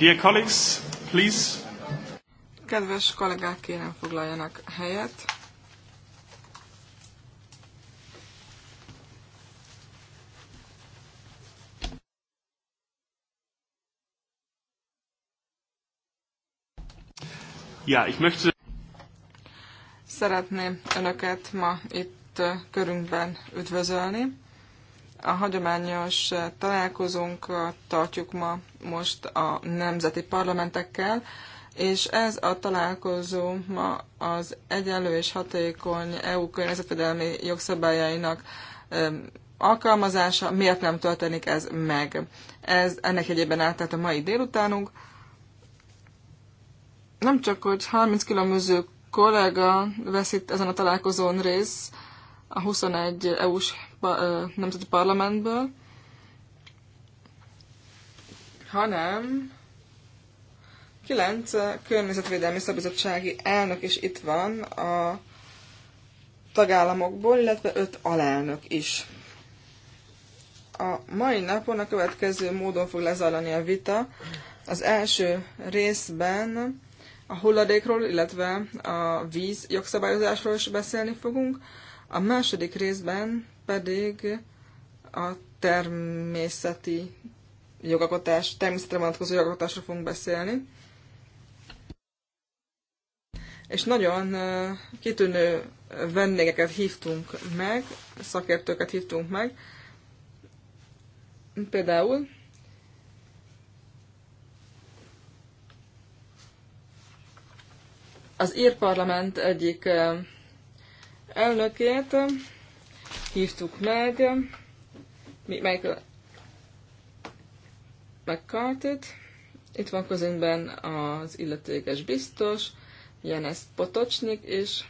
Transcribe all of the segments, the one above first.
Dear colleagues, please. Kedves kollégák, kérem foglaljanak helyet. Ja, ich möchte... Szeretném Önöket ma itt körünkben üdvözölni. A hagyományos találkozónkat tartjuk ma most a nemzeti parlamentekkel, és ez a találkozó ma az egyenlő és hatékony EU környezetvédelmi jogszabályainak alkalmazása, miért nem történik ez meg. Ez ennek egyében állt a mai délutánunk. Nem csak, hogy 30 különböző kollega vesz itt ezen a találkozón rész, a 21 EU-s nemzeti parlamentből, hanem kilenc környezetvédelmi szabizottsági elnök is itt van a tagállamokból, illetve öt alelnök is. A mai napon a következő módon fog lezajlani a vita. Az első részben a hulladékról, illetve a víz jogszabályozásról is beszélni fogunk. A második részben pedig a természeti jogalkotás, természetre vonatkozó jogalkotásra fogunk beszélni. És nagyon kitűnő vendégeket hívtunk meg, szakértőket hívtunk meg. Például az ír parlament egyik elnökét hívtuk meg, Michael McCartit. Itt van közünkben az illetékes biztos, Janes Potocsnik is,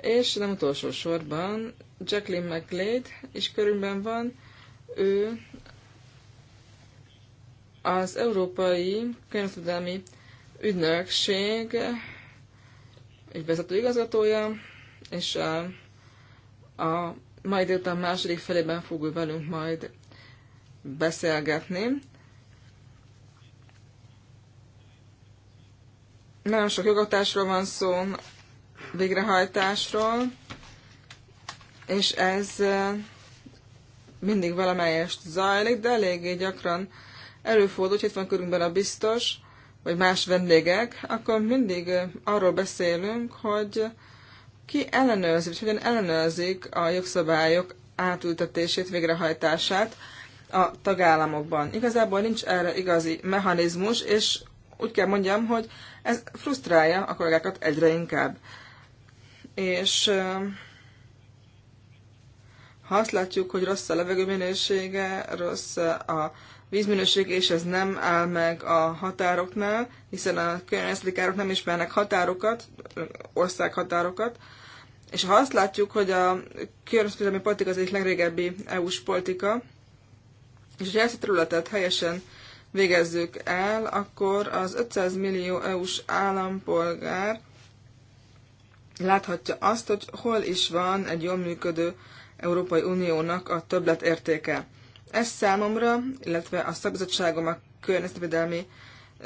és nem utolsó sorban Jacqueline McLeod is körünkben van. Ő az Európai Könyvtudelmi Ügynökség egy vezető igazgatója, és a mai délután második felében fog velünk majd beszélgetni. Nagyon sok jogatásról van szó, végrehajtásról, és ez mindig valamelyest zajlik, de eléggé gyakran előfordul, hogy itt van körünkben a biztos, vagy más vendégek, akkor mindig arról beszélünk, hogy ki ellenőrzi, és hogyan ellenőrzik a jogszabályok átültetését, végrehajtását a tagállamokban. Igazából nincs erre igazi mechanizmus, és úgy kell mondjam, hogy ez frusztrálja a kollégákat egyre inkább. És ha azt látjuk, hogy rossz a levegő minősége, rossz a vízminőség, és ez nem áll meg a határoknál, hiszen a környezetlikárok nem ismernek határokat, országhatárokat, és ha azt látjuk, hogy a környezetvédelmi politika az egyik legrégebbi EU-s politika, és hogyha ezt a területet helyesen végezzük el, akkor az 500 millió EU-s állampolgár láthatja azt, hogy hol is van egy jól működő Európai Uniónak a többletértéke. Ez számomra, illetve a szakbizottságom a környezetvédelmi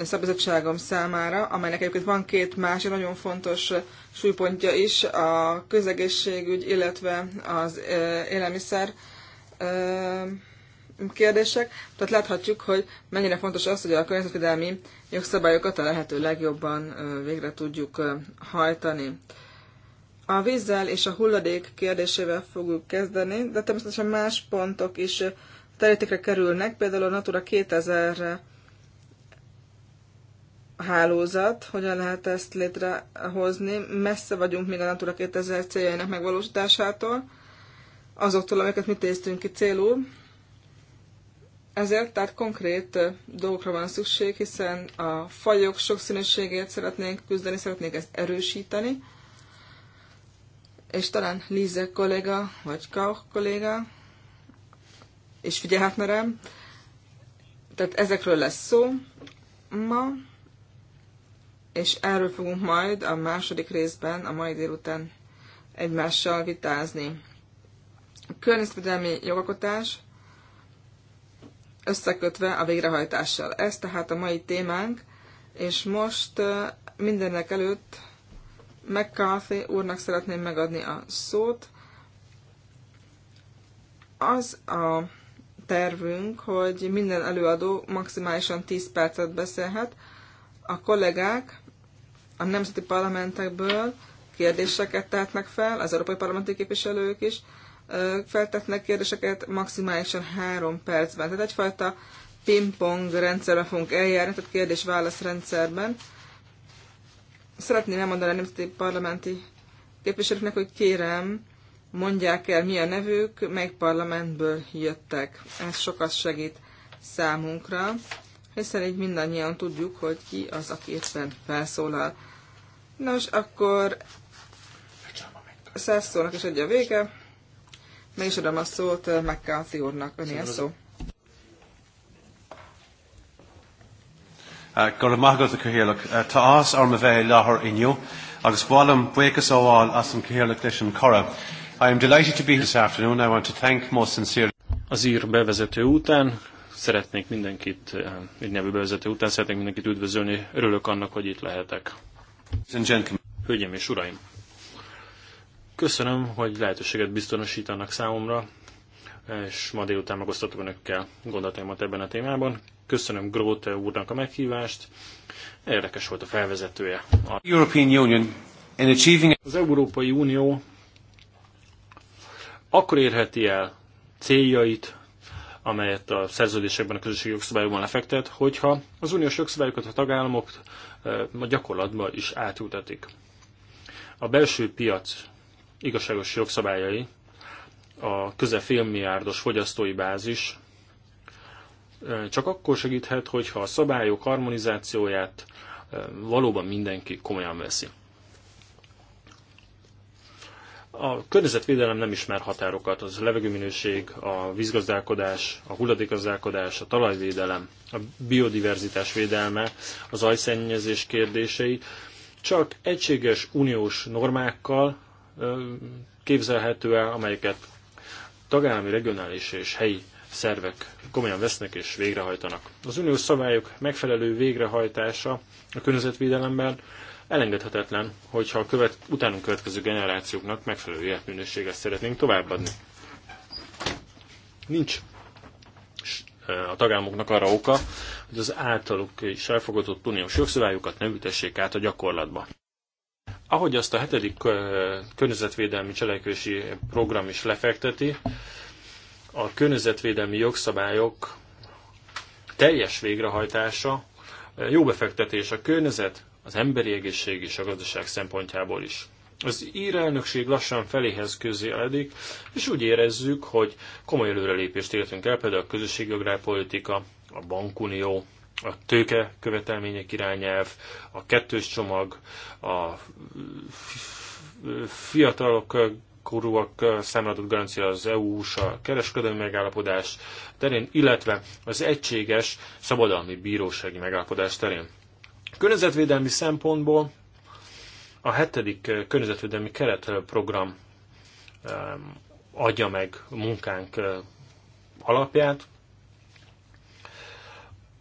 szabadságom számára, amelynek egyébként van két másik nagyon fontos súlypontja is, a közegészségügy, illetve az élelmiszer kérdések. Tehát láthatjuk, hogy mennyire fontos az, hogy a környezetvédelmi jogszabályokat a lehető legjobban végre tudjuk hajtani. A vízzel és a hulladék kérdésével fogjuk kezdeni, de természetesen más pontok is terítékre kerülnek, például a Natura 2000 hálózat, hogyan lehet ezt létrehozni. Messze vagyunk a Natura 2000 céljainak megvalósításától, azoktól, amiket mi tésztünk ki célul. Ezért tehát konkrét dolgokra van szükség, hiszen a fajok sokszínűségét szeretnénk küzdeni, szeretnénk ezt erősíteni. És talán Líze kolléga, vagy Kauk kolléga, és figyelhetne rám. Tehát ezekről lesz szó ma és erről fogunk majd a második részben, a mai délután egymással vitázni. A környezetvédelmi jogalkotás összekötve a végrehajtással. Ez tehát a mai témánk, és most mindennek előtt McCarthy úrnak szeretném megadni a szót. Az a tervünk, hogy minden előadó maximálisan 10 percet beszélhet, a kollégák a nemzeti parlamentekből kérdéseket tehetnek fel, az európai parlamenti képviselők is feltetnek kérdéseket maximálisan három percben. Tehát egyfajta pingpong rendszerben fogunk eljárni, tehát kérdés-válasz rendszerben. Szeretném elmondani a nemzeti parlamenti képviselőknek, hogy kérem, mondják el, mi a nevük, melyik parlamentből jöttek. Ez sokat segít számunkra, hiszen így mindannyian tudjuk, hogy ki az, aki éppen felszólal. Nos, akkor száz szónak is egy a vége. Meg is adom a szót eh, McCarthy úrnak. Öné a szó. Eh, Goramagat a cahélaach eh, táás ar ma bheith láthair inniu, agus bhálam buchas óháil as an cahélaach leis an I am delighted to be here this afternoon. I want to thank most sincerely. Az ír bevezető után szeretnék mindenkit, egy nevű bevezető után szeretnék mindenkit üdvözölni. Örülök annak, hogy itt lehetek. Hölgyeim és uraim! Köszönöm, hogy lehetőséget biztosítanak számomra, és ma délután megosztottuk önökkel gondolataimat ebben a témában. Köszönöm Gróte úrnak a meghívást, érdekes volt a felvezetője. A European Union and achieving... Az Európai Unió akkor érheti el céljait, amelyet a szerződésekben, a közösségi jogszabályokban lefektet, hogyha az uniós jogszabályokat a tagállamok a eh, gyakorlatban is átültetik. A belső piac igazságos jogszabályai, a közel félmilliárdos fogyasztói bázis eh, csak akkor segíthet, hogyha a szabályok harmonizációját eh, valóban mindenki komolyan veszi a környezetvédelem nem ismer határokat, az a levegőminőség, a vízgazdálkodás, a hulladékgazdálkodás, a talajvédelem, a biodiverzitás védelme, az ajszennyezés kérdései, csak egységes uniós normákkal képzelhető el, amelyeket tagállami, regionális és helyi szervek komolyan vesznek és végrehajtanak. Az uniós szabályok megfelelő végrehajtása a környezetvédelemben elengedhetetlen, hogyha a követ, utánunk következő generációknak megfelelő életminőséget szeretnénk továbbadni. Nincs a tagállamoknak arra oka, hogy az általuk is elfogadott uniós jogszabályokat ne ütessék át a gyakorlatba. Ahogy azt a hetedik környezetvédelmi cselekvési program is lefekteti, a környezetvédelmi jogszabályok teljes végrehajtása jó befektetés a környezet, az emberi egészség és a gazdaság szempontjából is. Az ír elnökség lassan feléhez eledik, és úgy érezzük, hogy komoly előrelépést értünk el, például a közösségi agrárpolitika, a bankunió, a tőke követelmények irányelv, a kettős csomag, a fiatalok korúak számládott garancia az EU-s a kereskedelmi megállapodás terén, illetve az egységes szabadalmi bírósági megállapodás terén. Környezetvédelmi szempontból a hetedik eh, környezetvédelmi keretprogram eh, eh, adja meg munkánk alapját.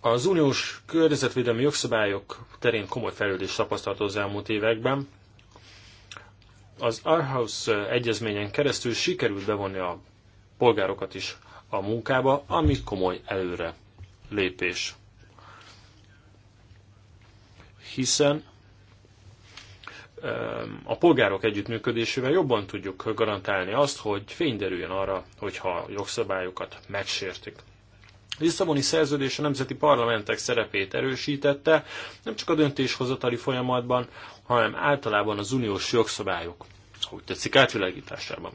Az uniós környezetvédelmi jogszabályok terén komoly fejlődés tapasztalható az elmúlt években. Az Arhaus egyezményen keresztül sikerült bevonni a polgárokat is a munkába, ami komoly előre lépés hiszen a polgárok együttműködésével jobban tudjuk garantálni azt, hogy fény derüljön arra, hogyha a jogszabályokat megsértik. A Lisszaboni szerződés a nemzeti parlamentek szerepét erősítette, nem csak a döntéshozatali folyamatban, hanem általában az uniós jogszabályok, úgy tetszik, átvilágításában.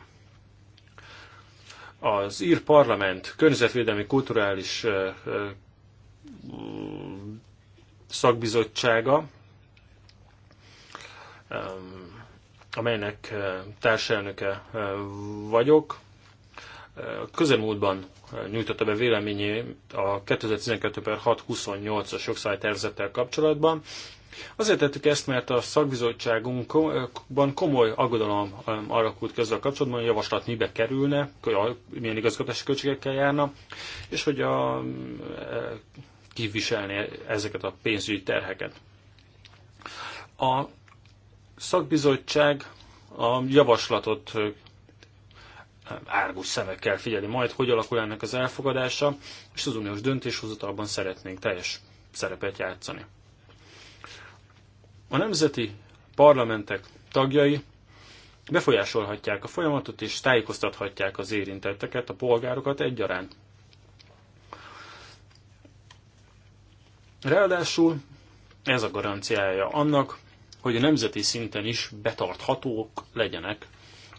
Az ír parlament környezetvédelmi kulturális eh, eh, szakbizottsága, amelynek eh, társelnöke eh, vagyok. Eh, közelmúltban nyújtotta be véleményét a 2012 per 628-as jogszabálytervezettel kapcsolatban. Azért tettük ezt, mert a szakbizottságunkban komoly aggodalom alakult ki ezzel kapcsolatban, hogy a javaslat mibe kerülne, milyen igazgatási költségekkel járna, és hogy a kiviselni ezeket a pénzügyi terheket. A szakbizottság a javaslatot árgus szemekkel figyeli majd, hogy alakul ennek az elfogadása, és az uniós döntéshozatalban szeretnénk teljes szerepet játszani. A nemzeti parlamentek tagjai befolyásolhatják a folyamatot és tájékoztathatják az érintetteket, a polgárokat egyaránt. Ráadásul ez a garanciája annak, hogy a nemzeti szinten is betarthatók legyenek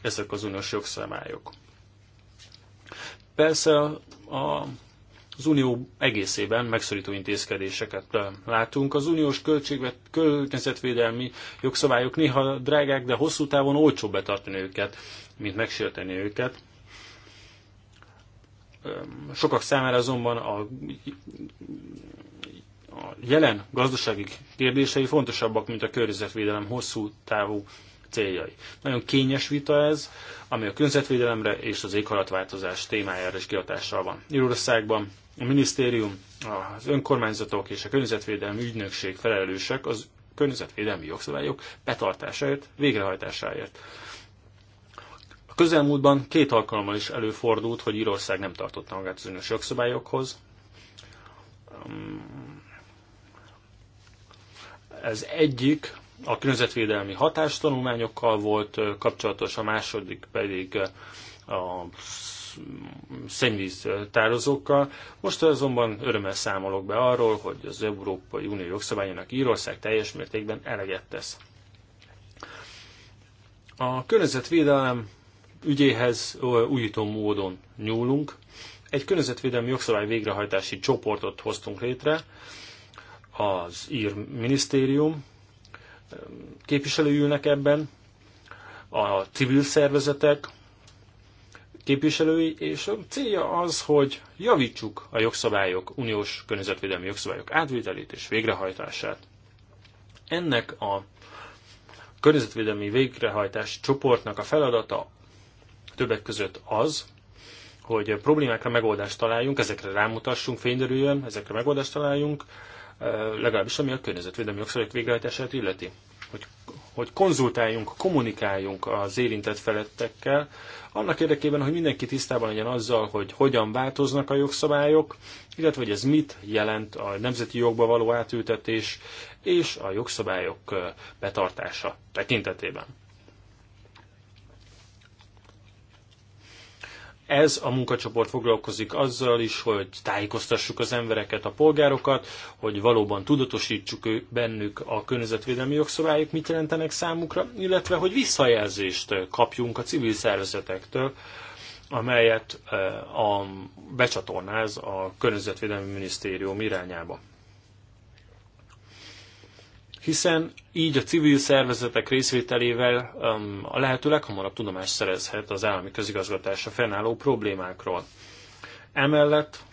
ezek az uniós jogszabályok. Persze a, az unió egészében megszorító intézkedéseket látunk. Az uniós költségvet, környezetvédelmi jogszabályok néha drágák, de hosszú távon olcsóbb betartani őket, mint megsérteni őket. Sokak számára azonban a a jelen gazdasági kérdései fontosabbak, mint a környezetvédelem hosszú távú céljai. Nagyon kényes vita ez, ami a környezetvédelemre és az éghajlatváltozás témájára is kihatással van. Írországban a minisztérium, az önkormányzatok és a környezetvédelmi ügynökség felelősek az környezetvédelmi jogszabályok betartásáért, végrehajtásáért. A közelmúltban két alkalommal is előfordult, hogy Írország nem tartotta magát az önös jogszabályokhoz. Um, ez egyik a környezetvédelmi hatástanulmányokkal volt kapcsolatos, a második pedig a szennyvíz tározókkal. Most azonban örömmel számolok be arról, hogy az Európai Unió jogszabályának Írország teljes mértékben eleget tesz. A környezetvédelem ügyéhez újító módon nyúlunk. Egy környezetvédelmi jogszabály végrehajtási csoportot hoztunk létre, az ír minisztérium képviselői ülnek ebben, a civil szervezetek képviselői, és a célja az, hogy javítsuk a jogszabályok, uniós környezetvédelmi jogszabályok átvételét és végrehajtását. Ennek a környezetvédelmi végrehajtás csoportnak a feladata többek között az, hogy problémákra megoldást találjunk, ezekre rámutassunk, fényderüljön, ezekre megoldást találjunk, legalábbis ami a környezetvédelmi jogszabályok végrehajtását illeti. Hogy, hogy konzultáljunk, kommunikáljunk az érintett felettekkel, annak érdekében, hogy mindenki tisztában legyen azzal, hogy hogyan változnak a jogszabályok, illetve hogy ez mit jelent a nemzeti jogba való átültetés és a jogszabályok betartása tekintetében. Ez a munkacsoport foglalkozik azzal is, hogy tájékoztassuk az embereket, a polgárokat, hogy valóban tudatosítsuk bennük a környezetvédelmi jogszabályok mit jelentenek számukra, illetve hogy visszajelzést kapjunk a civil szervezetektől, amelyet eh, a becsatornáz a Környezetvédelmi Minisztérium irányába hiszen így a civil szervezetek részvételével um, a lehető leghamarabb tudomást szerezhet az állami közigazgatásra fennálló problémákról. Emellett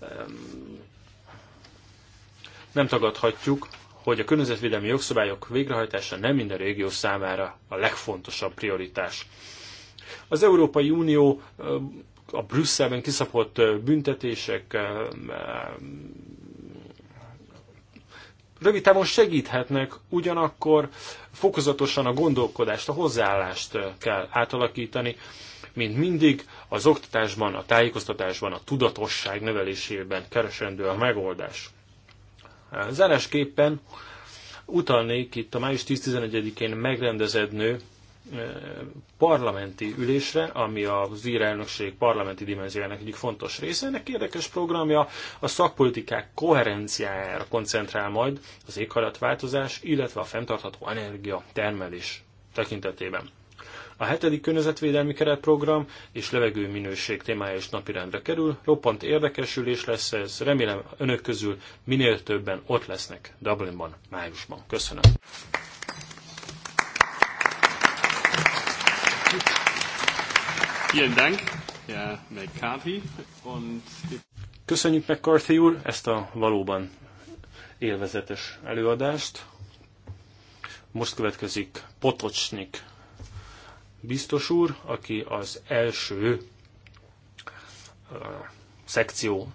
um, nem tagadhatjuk, hogy a környezetvédelmi jogszabályok végrehajtása nem minden régió számára a legfontosabb prioritás. Az Európai Unió um, a Brüsszelben kiszapott uh, büntetések um, um, rövid távon segíthetnek, ugyanakkor fokozatosan a gondolkodást, a hozzáállást eh, kell átalakítani, mint mindig az oktatásban, a tájékoztatásban, a tudatosság növelésében keresendő a megoldás. Zenesképpen utalnék itt a május 10-11-én megrendezednő parlamenti ülésre, ami az ír elnökség parlamenti dimenziójának egyik fontos része. Ennek érdekes programja a szakpolitikák koherenciájára koncentrál majd az éghajlatváltozás, illetve a fenntartható energia termelés tekintetében. A hetedik környezetvédelmi keretprogram és levegőminőség témája is napirendre kerül. Roppant érdekesülés lesz ez. Remélem önök közül minél többen ott lesznek Dublinban, májusban. Köszönöm. Vielen Dank, Herr McCarthy. Und... Köszönjük McCarthy úr ezt a valóban élvezetes előadást. Most következik Potocsnik biztos úr, aki az első szekció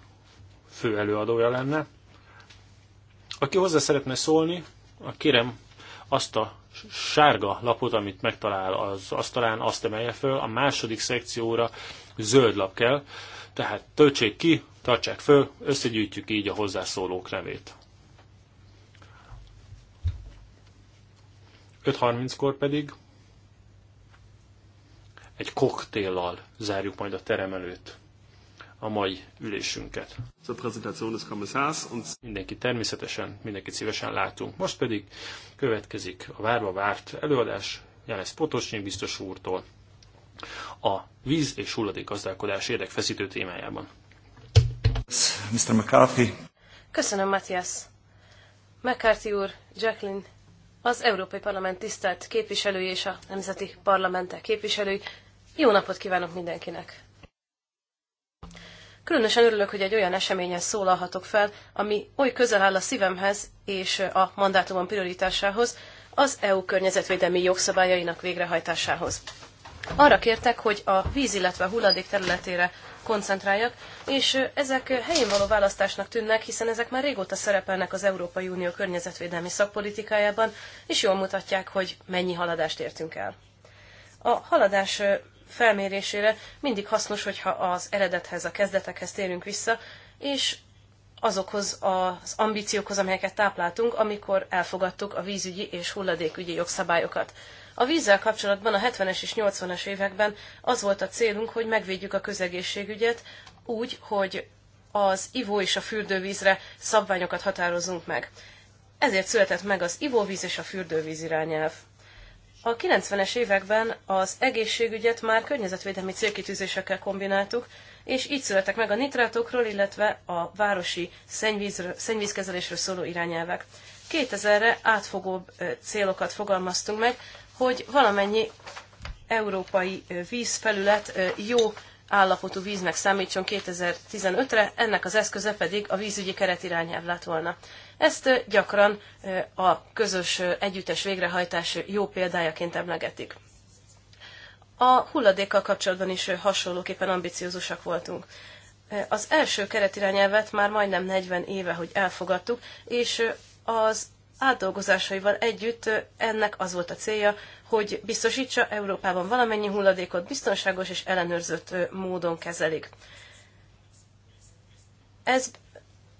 fő előadója lenne. Aki hozzá szeretne szólni, kérem azt a sárga lapot, amit megtalál az asztalán, azt emelje föl, a második szekcióra zöld lap kell, tehát töltsék ki, tartsák föl, összegyűjtjük így a hozzászólók nevét. 5.30-kor pedig egy koktéllal zárjuk majd a terem előtt a mai ülésünket. Mindenki természetesen, mindenkit szívesen látunk. Most pedig következik a várva várt előadás János Potosnyi biztos úrtól a víz és hulladék gazdálkodás érdekfeszítő témájában. Mr. McCarthy. Köszönöm, Matthias. McCarthy úr, Jacqueline, az Európai Parlament tisztelt képviselői és a nemzeti parlamentek képviselői. Jó napot kívánok mindenkinek! Különösen örülök, hogy egy olyan eseményen szólalhatok fel, ami oly közel áll a szívemhez és a mandátumom prioritásához, az EU környezetvédelmi jogszabályainak végrehajtásához. Arra kértek, hogy a víz, illetve a hulladék területére koncentráljak, és ezek helyén való választásnak tűnnek, hiszen ezek már régóta szerepelnek az Európai Unió környezetvédelmi szakpolitikájában, és jól mutatják, hogy mennyi haladást értünk el. A haladás felmérésére mindig hasznos, hogyha az eredethez, a kezdetekhez térünk vissza, és azokhoz az ambíciókhoz, amelyeket tápláltunk, amikor elfogadtuk a vízügyi és hulladékügyi jogszabályokat. A vízzel kapcsolatban a 70-es és 80-es években az volt a célunk, hogy megvédjük a közegészségügyet úgy, hogy az ivó és a fürdővízre szabványokat határozunk meg. Ezért született meg az ivóvíz és a fürdővíz irányelv. A 90-es években az egészségügyet már környezetvédelmi célkitűzésekkel kombináltuk, és így születtek meg a nitrátokról, illetve a városi szennyvízkezelésről szóló irányelvek. 2000-re átfogóbb célokat fogalmaztunk meg, hogy valamennyi európai vízfelület jó állapotú víznek számítson 2015-re, ennek az eszköze pedig a vízügyi keretirányelv lett volna. Ezt gyakran a közös együttes végrehajtás jó példájaként emlegetik. A hulladékkal kapcsolatban is hasonlóképpen ambiciózusak voltunk. Az első keretirányelvet már majdnem 40 éve, hogy elfogadtuk, és az átdolgozásaival együtt ennek az volt a célja, hogy biztosítsa Európában valamennyi hulladékot biztonságos és ellenőrzött módon kezelik. Ez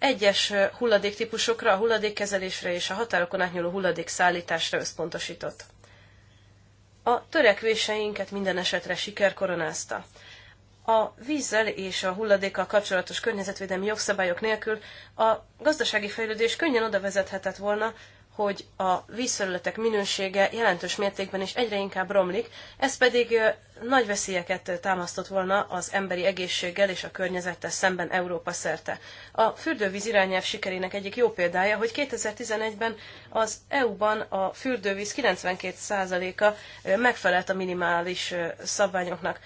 egyes hulladéktípusokra, a hulladékkezelésre és a határokon átnyúló hulladékszállításra összpontosított. A törekvéseinket minden esetre siker koronázta. A vízzel és a hulladékkal kapcsolatos környezetvédelmi jogszabályok nélkül a gazdasági fejlődés könnyen oda vezethetett volna, hogy a vízfelületek minősége jelentős mértékben is egyre inkább romlik, ez pedig nagy veszélyeket támasztott volna az emberi egészséggel és a környezettel szemben Európa szerte. A fürdővíz irányelv sikerének egyik jó példája, hogy 2011-ben az EU-ban a fürdővíz 92%-a megfelelt a minimális szabványoknak.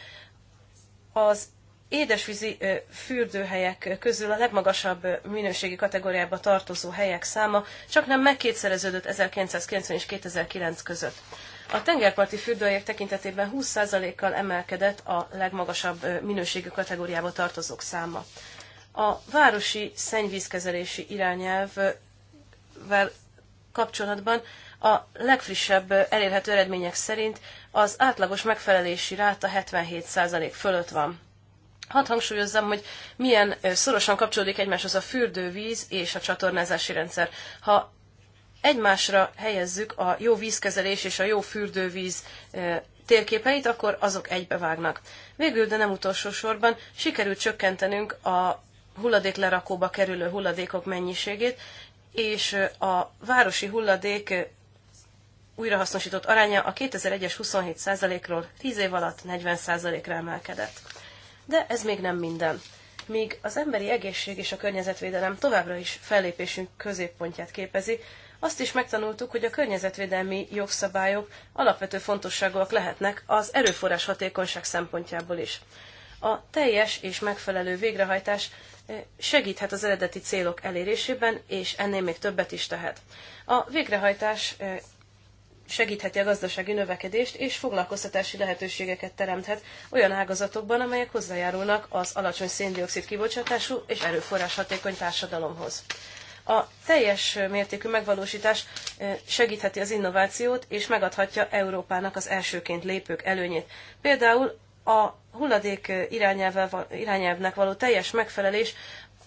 Az édesvízi fürdőhelyek közül a legmagasabb minőségi kategóriába tartozó helyek száma csak nem megkétszereződött 1990 és 2009 között. A tengerparti fürdőhelyek tekintetében 20%-kal emelkedett a legmagasabb minőségű kategóriába tartozók száma. A városi szennyvízkezelési irányelvvel kapcsolatban a legfrissebb elérhető eredmények szerint az átlagos megfelelési ráta 77% fölött van. Hadd hangsúlyozzam, hogy milyen szorosan kapcsolódik egymáshoz a fürdővíz és a csatornázási rendszer. Ha egymásra helyezzük a jó vízkezelés és a jó fürdővíz e, térképeit, akkor azok egybevágnak. Végül, de nem utolsó sorban, sikerült csökkentenünk a hulladéklerakóba kerülő hulladékok mennyiségét, és e, a városi hulladék e, újrahasznosított aránya a 2001-es 27%-ról 10 év alatt 40%-ra emelkedett. De ez még nem minden. Míg az emberi egészség és a környezetvédelem továbbra is fellépésünk középpontját képezi, azt is megtanultuk, hogy a környezetvédelmi jogszabályok alapvető fontosságúak lehetnek az erőforrás hatékonyság szempontjából is. A teljes és megfelelő végrehajtás eh, segíthet az eredeti célok elérésében, és ennél még többet is tehet. A végrehajtás eh, segítheti a gazdasági növekedést és foglalkoztatási lehetőségeket teremthet olyan ágazatokban, amelyek hozzájárulnak az alacsony széndiokszid kibocsátású és erőforrás hatékony társadalomhoz. A teljes mértékű megvalósítás eh, segítheti az innovációt, és megadhatja Európának az elsőként lépők előnyét. Például a hulladék eh, irányelvnek való teljes megfelelés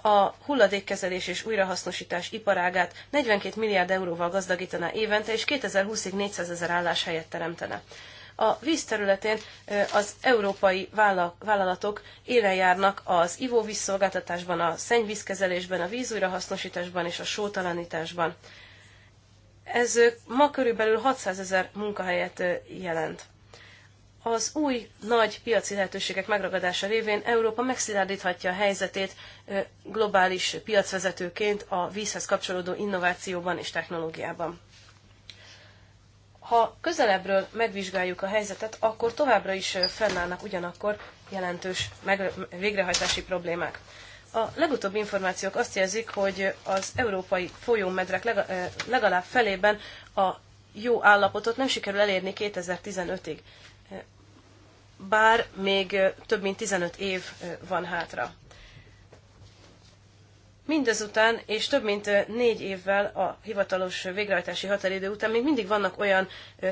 a hulladékkezelés és újrahasznosítás iparágát 42 milliárd euróval gazdagítaná évente, és 2020-ig 400 ezer álláshelyet teremtene. A víz területén az európai vállalatok élen járnak az ivóvízszolgáltatásban, a szennyvízkezelésben, a vízújrahasznosításban és a sótalanításban. Ez ma körülbelül 600 ezer munkahelyet jelent. Az új nagy piaci lehetőségek megragadása révén Európa megszilárdíthatja a helyzetét globális piacvezetőként a vízhez kapcsolódó innovációban és technológiában. Ha közelebbről megvizsgáljuk a helyzetet, akkor továbbra is fennállnak ugyanakkor jelentős végrehajtási problémák. A legutóbbi információk azt jelzik, hogy az európai folyómedrek legalább felében a jó állapotot nem sikerül elérni 2015-ig, bár még több mint 15 év van hátra. Mindezután, és több mint négy évvel a hivatalos végrehajtási határidő után még mindig vannak olyan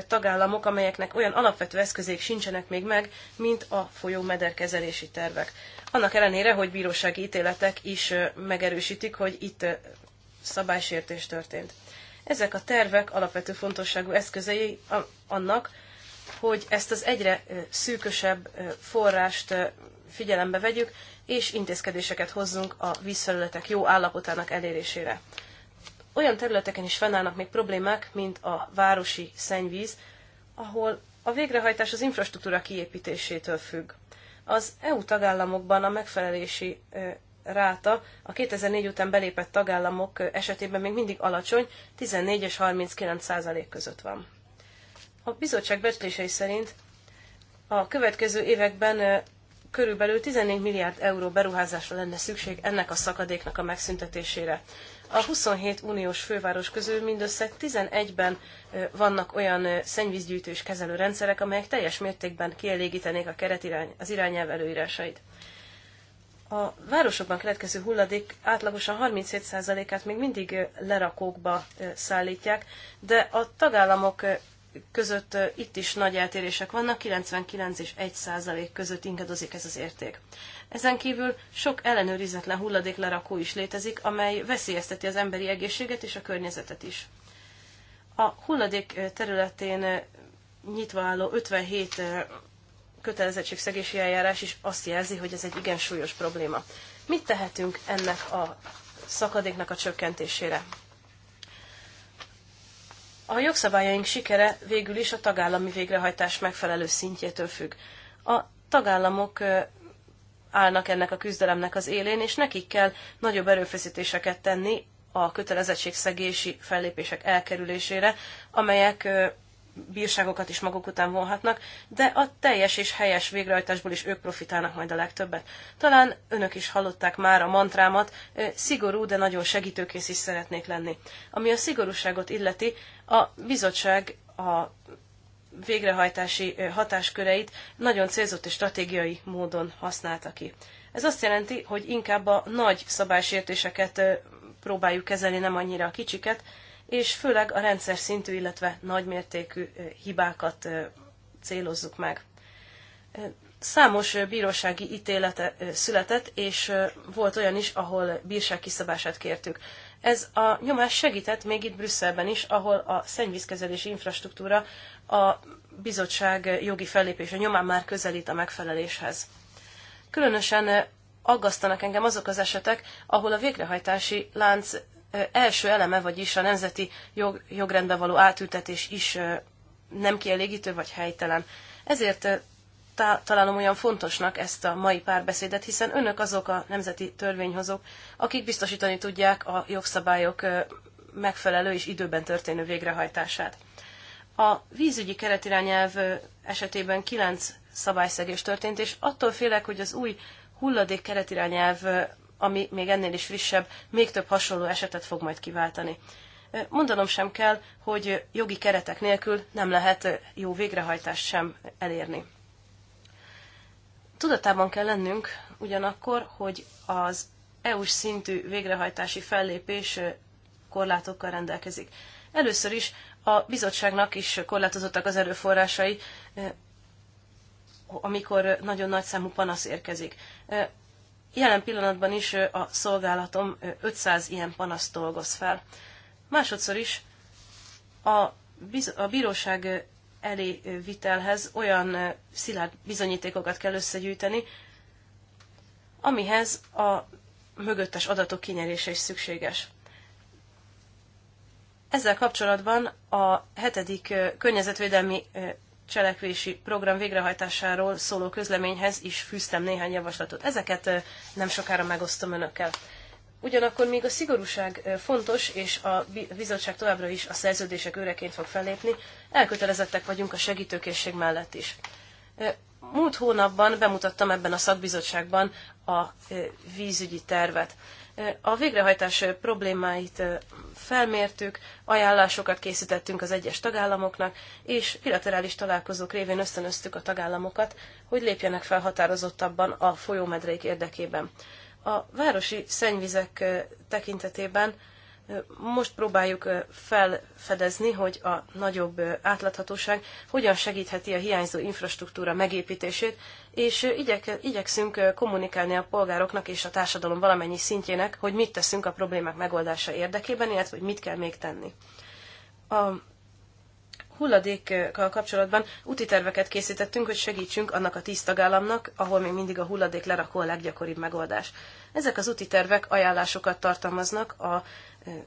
tagállamok, amelyeknek olyan alapvető eszközék sincsenek még meg, mint a folyó mederkezelési tervek. Annak ellenére, hogy bírósági ítéletek is megerősítik, hogy itt szabálysértés történt. Ezek a tervek alapvető fontosságú eszközei annak, hogy ezt az egyre szűkösebb forrást figyelembe vegyük, és intézkedéseket hozzunk a vízfelületek jó állapotának elérésére. Olyan területeken is fennállnak még problémák, mint a városi szennyvíz, ahol a végrehajtás az infrastruktúra kiépítésétől függ. Az EU tagállamokban a megfelelési ráta a 2004 után belépett tagállamok esetében még mindig alacsony, 14 és 39 százalék között van. A bizottság becslései szerint a következő években körülbelül 14 milliárd euró beruházásra lenne szükség ennek a szakadéknak a megszüntetésére. A 27 uniós főváros közül mindössze 11-ben vannak olyan szennyvízgyűjtő és kezelő rendszerek, amelyek teljes mértékben kielégítenék a keret irány, az irányelv előírásait. A városokban keletkező hulladék átlagosan 37%-át még mindig lerakókba szállítják, de a tagállamok között itt is nagy eltérések vannak, 99 és 1 százalék között ingadozik ez az érték. Ezen kívül sok ellenőrizetlen hulladéklerakó is létezik, amely veszélyezteti az emberi egészséget és a környezetet is. A hulladék területén nyitva álló 57 kötelezettségszegési eljárás is azt jelzi, hogy ez egy igen súlyos probléma. Mit tehetünk ennek a szakadéknak a csökkentésére? A jogszabályaink sikere végül is a tagállami végrehajtás megfelelő szintjétől függ. A tagállamok állnak ennek a küzdelemnek az élén, és nekik kell nagyobb erőfeszítéseket tenni a kötelezettségszegési fellépések elkerülésére, amelyek bírságokat is maguk után vonhatnak, de a teljes és helyes végrehajtásból is ők profitálnak majd a legtöbbet. Talán önök is hallották már a mantrámat, szigorú, de nagyon segítőkész is szeretnék lenni. Ami a szigorúságot illeti, a bizottság a végrehajtási hatásköreit nagyon célzott és stratégiai módon használta ki. Ez azt jelenti, hogy inkább a nagy szabálysértéseket próbáljuk kezelni, nem annyira a kicsiket, és főleg a rendszer szintű, illetve nagymértékű hibákat célozzuk meg. Számos bírósági ítélete született, és volt olyan is, ahol bírság kiszabását kértük. Ez a nyomás segített még itt Brüsszelben is, ahol a szennyvízkezelési infrastruktúra a bizottság jogi fellépése nyomán már közelít a megfeleléshez. Különösen aggasztanak engem azok az esetek, ahol a végrehajtási lánc első eleme, vagyis a nemzeti jog, jogrendbe való átültetés is nem kielégítő vagy helytelen. Ezért tá- találom olyan fontosnak ezt a mai párbeszédet, hiszen önök azok a nemzeti törvényhozók, akik biztosítani tudják a jogszabályok megfelelő és időben történő végrehajtását. A vízügyi keretirányelv esetében kilenc szabályszegés történt, és attól félek, hogy az új hulladék keretirányelv ami még ennél is frissebb, még több hasonló esetet fog majd kiváltani. Mondanom sem kell, hogy jogi keretek nélkül nem lehet jó végrehajtást sem elérni. Tudatában kell lennünk ugyanakkor, hogy az EU-s szintű végrehajtási fellépés korlátokkal rendelkezik. Először is a bizottságnak is korlátozottak az erőforrásai, amikor nagyon nagy számú panasz érkezik. Jelen pillanatban is a szolgálatom 500 ilyen panaszt dolgoz fel. Másodszor is a, biz- a bíróság elé vitelhez olyan szilárd bizonyítékokat kell összegyűjteni, amihez a mögöttes adatok kinyerése is szükséges. Ezzel kapcsolatban a hetedik környezetvédelmi cselekvési program végrehajtásáról szóló közleményhez is fűztem néhány javaslatot. Ezeket nem sokára megosztom önökkel. Ugyanakkor még a szigorúság fontos, és a bizottság továbbra is a szerződések őreként fog fellépni, elkötelezettek vagyunk a segítőkészség mellett is. Múlt hónapban bemutattam ebben a szakbizottságban a vízügyi tervet. A végrehajtás problémáit felmértük, ajánlásokat készítettünk az egyes tagállamoknak, és bilaterális találkozók révén ösztönöztük a tagállamokat, hogy lépjenek fel határozottabban a folyómedreik érdekében. A városi szennyvizek tekintetében most próbáljuk felfedezni, hogy a nagyobb átláthatóság hogyan segítheti a hiányzó infrastruktúra megépítését, és igyek, igyekszünk kommunikálni a polgároknak és a társadalom valamennyi szintjének, hogy mit teszünk a problémák megoldása érdekében, illetve hogy mit kell még tenni. A hulladékkal kapcsolatban úti terveket készítettünk, hogy segítsünk annak a tíz tagállamnak, ahol még mindig a hulladék lerakó a leggyakoribb megoldás. Ezek az úti tervek ajánlásokat tartalmaznak a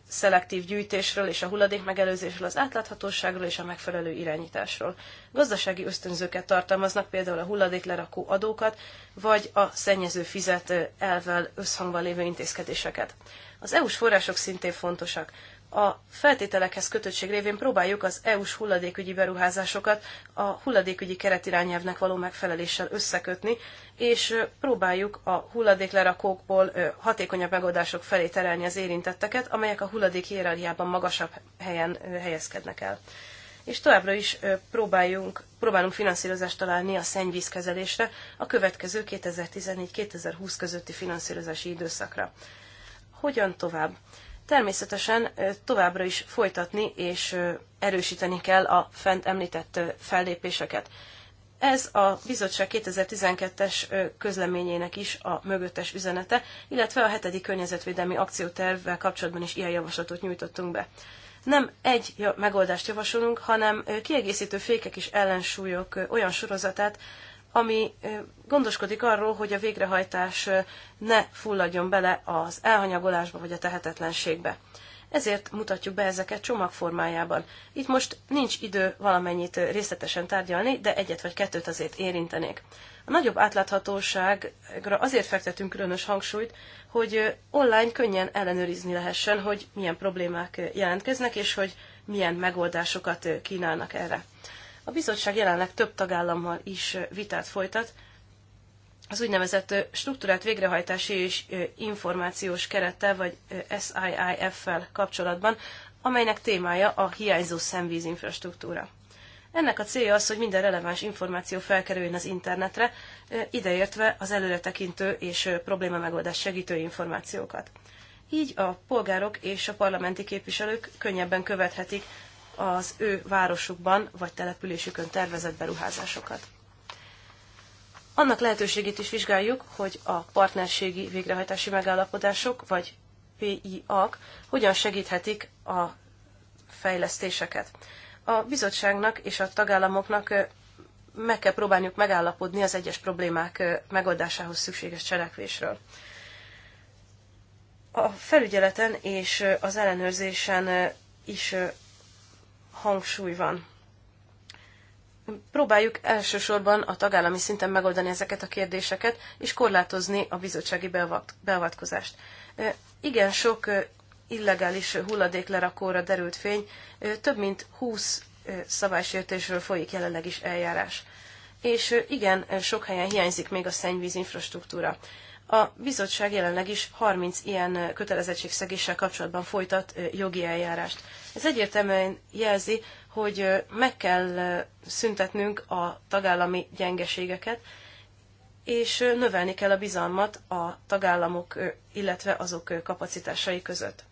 szelektív gyűjtésről és a hulladék megelőzésről, az átláthatóságról és a megfelelő irányításról. Gazdasági ösztönzőket tartalmaznak például a hulladéklerakó adókat, vagy a szennyező fizet elvel összhangban lévő intézkedéseket. Az EU-s források szintén fontosak. A feltételekhez kötöttség révén próbáljuk az EU-s hulladékügyi beruházásokat a hulladékügyi keretirányelvnek való megfeleléssel összekötni, és próbáljuk a hulladéklerakókból hatékonyabb megoldások felé terelni az érintetteket, amelyek a hulladék hierarchiában magasabb helyen helyezkednek el. És továbbra is próbáljunk, próbálunk finanszírozást találni a szennyvízkezelésre a következő 2014-2020 közötti finanszírozási időszakra. Hogyan tovább? Természetesen továbbra is folytatni és erősíteni kell a fent említett fellépéseket. Ez a bizottság 2012-es közleményének is a mögöttes üzenete, illetve a hetedik környezetvédelmi akciótervvel kapcsolatban is ilyen javaslatot nyújtottunk be. Nem egy megoldást javasolunk, hanem kiegészítő fékek és ellensúlyok olyan sorozatát, ami gondoskodik arról, hogy a végrehajtás ne fulladjon bele az elhanyagolásba vagy a tehetetlenségbe. Ezért mutatjuk be ezeket csomagformájában. Itt most nincs idő valamennyit részletesen tárgyalni, de egyet vagy kettőt azért érintenék. A nagyobb átláthatóságra azért fektetünk különös hangsúlyt, hogy online könnyen ellenőrizni lehessen, hogy milyen problémák jelentkeznek, és hogy milyen megoldásokat kínálnak erre. A bizottság jelenleg több tagállammal is vitát folytat, az úgynevezett struktúrát végrehajtási és információs kerettel, vagy SIIF-fel kapcsolatban, amelynek témája a hiányzó infrastruktúra. Ennek a célja az, hogy minden releváns információ felkerüljön az internetre, ideértve az előretekintő és probléma megoldás segítő információkat. Így a polgárok és a parlamenti képviselők könnyebben követhetik az ő városukban vagy településükön tervezett beruházásokat. Annak lehetőségét is vizsgáljuk, hogy a partnerségi végrehajtási megállapodások, vagy PIA-k hogyan segíthetik a fejlesztéseket. A bizottságnak és a tagállamoknak meg kell próbálniuk megállapodni az egyes problémák megoldásához szükséges cselekvésről. A felügyeleten és az ellenőrzésen is hangsúly van. Próbáljuk elsősorban a tagállami szinten megoldani ezeket a kérdéseket, és korlátozni a bizottsági beavatkozást. Igen sok illegális hulladéklerakóra derült fény, több mint 20 szabálysértésről folyik jelenleg is eljárás. És igen, sok helyen hiányzik még a szennyvíz infrastruktúra. A bizottság jelenleg is 30 ilyen kötelezettségszegéssel kapcsolatban folytat jogi eljárást. Ez egyértelműen jelzi, hogy meg kell szüntetnünk a tagállami gyengeségeket, és növelni kell a bizalmat a tagállamok, illetve azok kapacitásai között.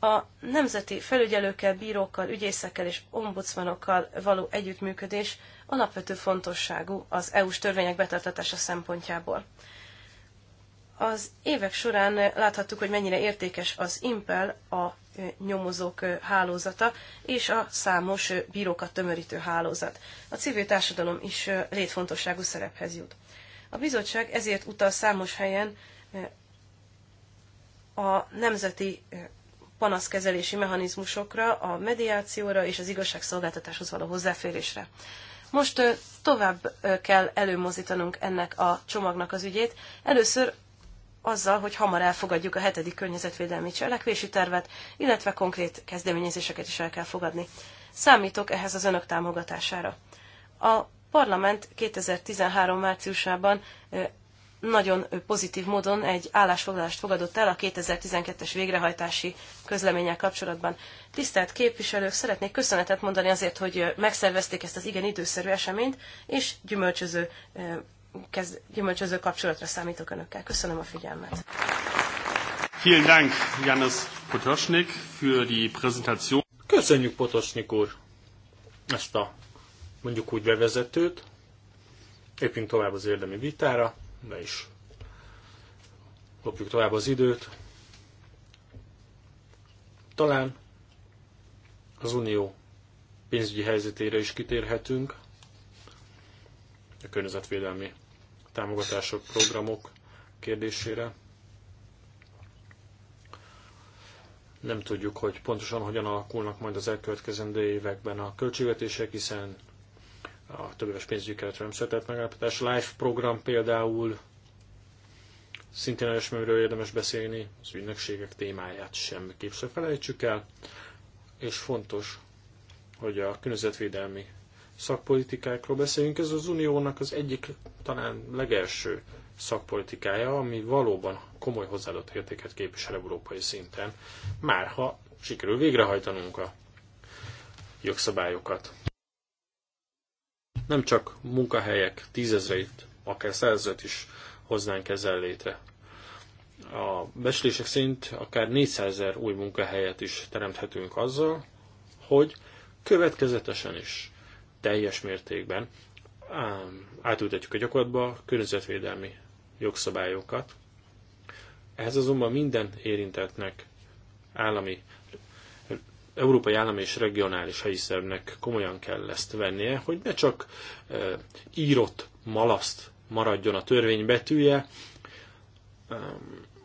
A nemzeti felügyelőkkel, bírókkal, ügyészekkel és ombudsmanokkal való együttműködés alapvető fontosságú az EU-s törvények betartatása szempontjából. Az évek során láthattuk, hogy mennyire értékes az Impel, a nyomozók hálózata és a számos bírókat tömörítő hálózat. A civil társadalom is létfontosságú szerephez jut. A bizottság ezért utal számos helyen a nemzeti panaszkezelési mechanizmusokra, a mediációra és az igazságszolgáltatáshoz való hozzáférésre. Most tovább kell előmozdítanunk ennek a csomagnak az ügyét. Először azzal, hogy hamar elfogadjuk a hetedik környezetvédelmi cselekvési tervet, illetve konkrét kezdeményezéseket is el kell fogadni. Számítok ehhez az önök támogatására. A parlament 2013 márciusában nagyon pozitív módon egy állásfoglalást fogadott el a 2012-es végrehajtási közleménnyel kapcsolatban. Tisztelt képviselők, szeretnék köszönetet mondani azért, hogy megszervezték ezt az igen időszerű eseményt, és gyümölcsöző kezd, gyümölcsöző kapcsolatra számítok önökkel. Köszönöm a figyelmet. Vielen Dank, Janusz Potosnik, für die Präsentation. Köszönjük, Potosnik úr, ezt a mondjuk úgy bevezetőt. Lépjünk tovább az érdemi vitára, de is lopjuk tovább az időt. Talán az unió pénzügyi helyzetére is kitérhetünk, a környezetvédelmi támogatások, programok kérdésére. Nem tudjuk, hogy pontosan hogyan alakulnak majd az elkövetkezendő években a költségvetések, hiszen a többéves pénzügyi keretre nem született megállapítás. Life program például szintén olyasmiről érdemes beszélni, az ügynökségek témáját sem se felejtsük el, és fontos, hogy a környezetvédelmi szakpolitikákról beszélünk. Ez az uniónak az egyik talán legelső szakpolitikája, ami valóban komoly hozzáadott értéket képvisel európai szinten, már ha sikerül végrehajtanunk a jogszabályokat. Nem csak munkahelyek tízezreit, akár százezret is hoznánk ezzel létre. A beszélések szerint akár 400 ezer új munkahelyet is teremthetünk azzal, hogy következetesen is teljes mértékben átültetjük a gyakorlatba a környezetvédelmi jogszabályokat. Ehhez azonban minden érintetnek állami európai állami és regionális helyi szervnek komolyan kell ezt vennie, hogy ne csak e, írott malaszt maradjon a törvény betűje, e,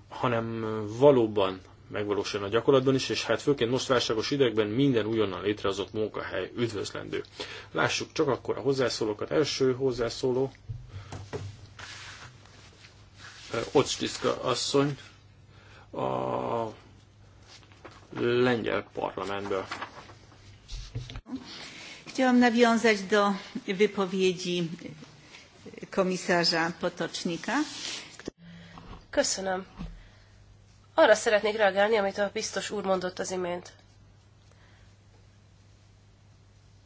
hanem valóban megvalósuljon a gyakorlatban is, és hát főként most válságos időkben minden újonnan létrehozott munkahely üdvözlendő. Lássuk csak akkor a hozzászólókat. Első hozzászóló, eh, Ocstiszka asszony, a lengyel parlamentből. Chciałam nawiązać do wypowiedzi komisarza Potocznika. Köszönöm. Arra szeretnék reagálni, amit a biztos úr mondott az imént.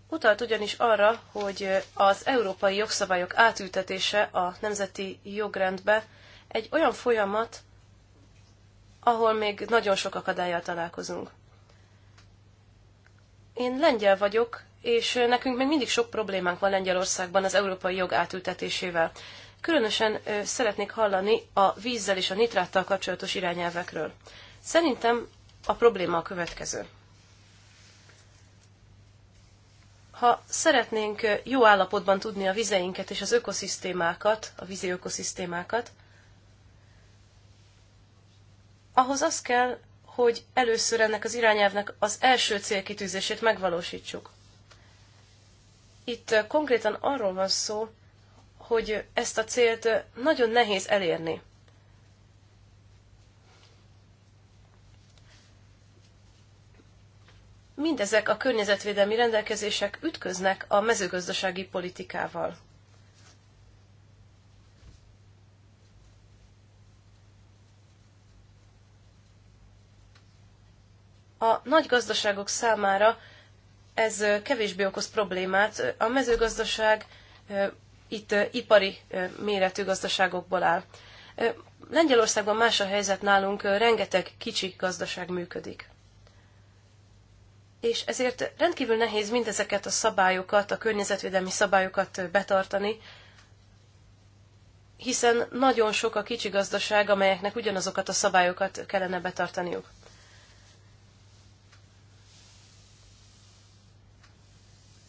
Utalt ugyanis arra, hogy az európai jogszabályok átültetése a nemzeti jogrendbe egy olyan folyamat, ahol még nagyon sok akadályjal találkozunk. Én lengyel vagyok, és nekünk még mindig sok problémánk van Lengyelországban az európai jog átültetésével. Különösen szeretnék hallani a vízzel és a nitráttal kapcsolatos irányelvekről. Szerintem a probléma a következő. Ha szeretnénk jó állapotban tudni a vizeinket és az ökoszisztémákat, a vízi ökoszisztémákat, ahhoz az kell, hogy először ennek az irányelvnek az első célkitűzését megvalósítsuk. Itt konkrétan arról van szó, hogy ezt a célt nagyon nehéz elérni. Mindezek a környezetvédelmi rendelkezések ütköznek a mezőgazdasági politikával. A nagy gazdaságok számára ez kevésbé okoz problémát. A mezőgazdaság itt ipari méretű gazdaságokból áll. Lengyelországban más a helyzet nálunk, rengeteg kicsi gazdaság működik. És ezért rendkívül nehéz mindezeket a szabályokat, a környezetvédelmi szabályokat betartani, hiszen nagyon sok a kicsi gazdaság, amelyeknek ugyanazokat a szabályokat kellene betartaniuk.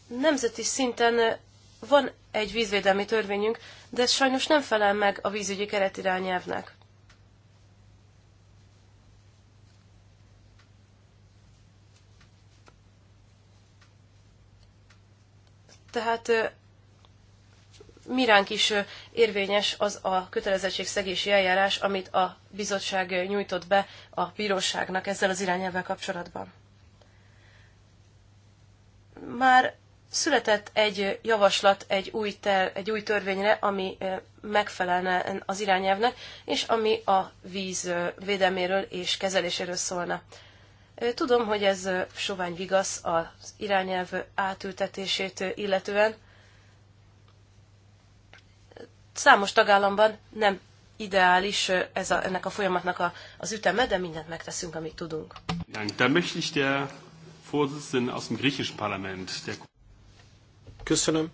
Nemzeti szinten van egy vízvédelmi törvényünk, de ez sajnos nem felel meg a vízügyi keretirányelvnek. Tehát miránk is érvényes az a kötelezettségszegési eljárás, amit a bizottság nyújtott be a bíróságnak ezzel az irányelvvel kapcsolatban. Már Született egy javaslat egy új, ter, egy új törvényre, ami megfelelne az irányelvnek, és ami a víz védelméről és kezeléséről szólna. Tudom, hogy ez sovány vigasz az irányelv átültetését illetően. Számos tagállamban nem ideális ez a, ennek a folyamatnak a, az üteme, de mindent megteszünk, amit tudunk. Da möchte ich der Vorsitzende aus dem griechischen Parlament, der Köszönöm.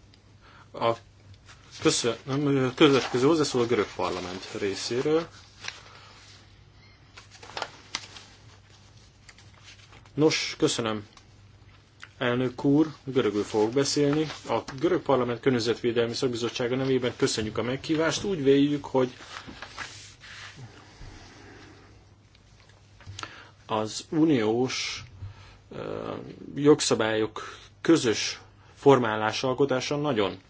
A köszönöm, következő hozzászól a görög parlament részéről. Nos, köszönöm. Elnök úr, görögül fogok beszélni. A görög parlament környezetvédelmi szakbizottsága nevében köszönjük a meghívást. Úgy véljük, hogy az uniós jogszabályok közös formálás alkotása nagyon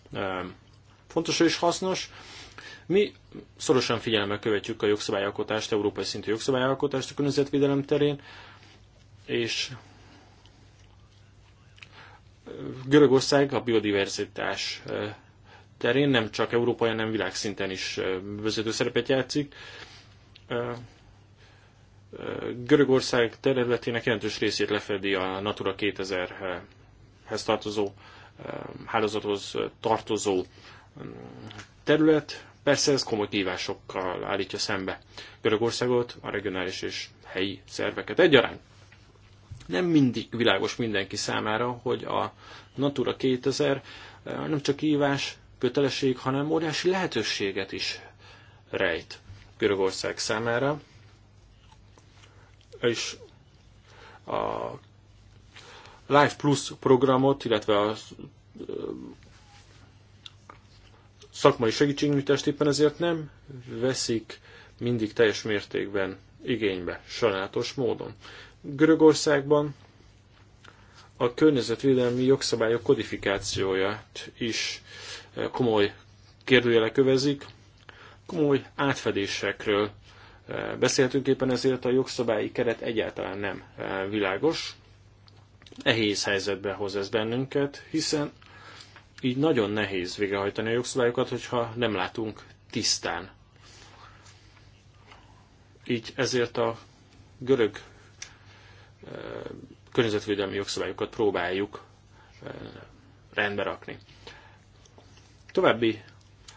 fontos és hasznos. Mi szorosan figyelemmel követjük a jogszabályalkotást, európai szintű jogszabályalkotást a környezetvédelem terén, és Görögország a biodiverzitás terén nem csak európai, hanem világszinten is vezető szerepet játszik. Görögország területének jelentős részét lefedi a Natura 2000-hez tartozó Um, hálózathoz tartozó um, terület. Persze ez komoly kívásokkal állítja szembe Görögországot, a regionális és helyi szerveket egyaránt. Nem mindig világos mindenki számára, hogy a Natura 2000 uh, nem csak kívás, kötelesség, hanem óriási lehetőséget is rejt Görögország számára. És a Life Plus programot, illetve a szakmai segítségnyújtást éppen ezért nem veszik mindig teljes mértékben igénybe, sajnálatos módon. Görögországban a környezetvédelmi jogszabályok kodifikációját is komoly kérdőjelek övezik, komoly átfedésekről beszélhetünk éppen ezért a jogszabályi keret egyáltalán nem világos nehéz helyzetbe hoz ez bennünket, hiszen így nagyon nehéz végrehajtani a jogszabályokat, hogyha nem látunk tisztán. Így ezért a görög eh, környezetvédelmi jogszabályokat próbáljuk eh, rendbe rakni. További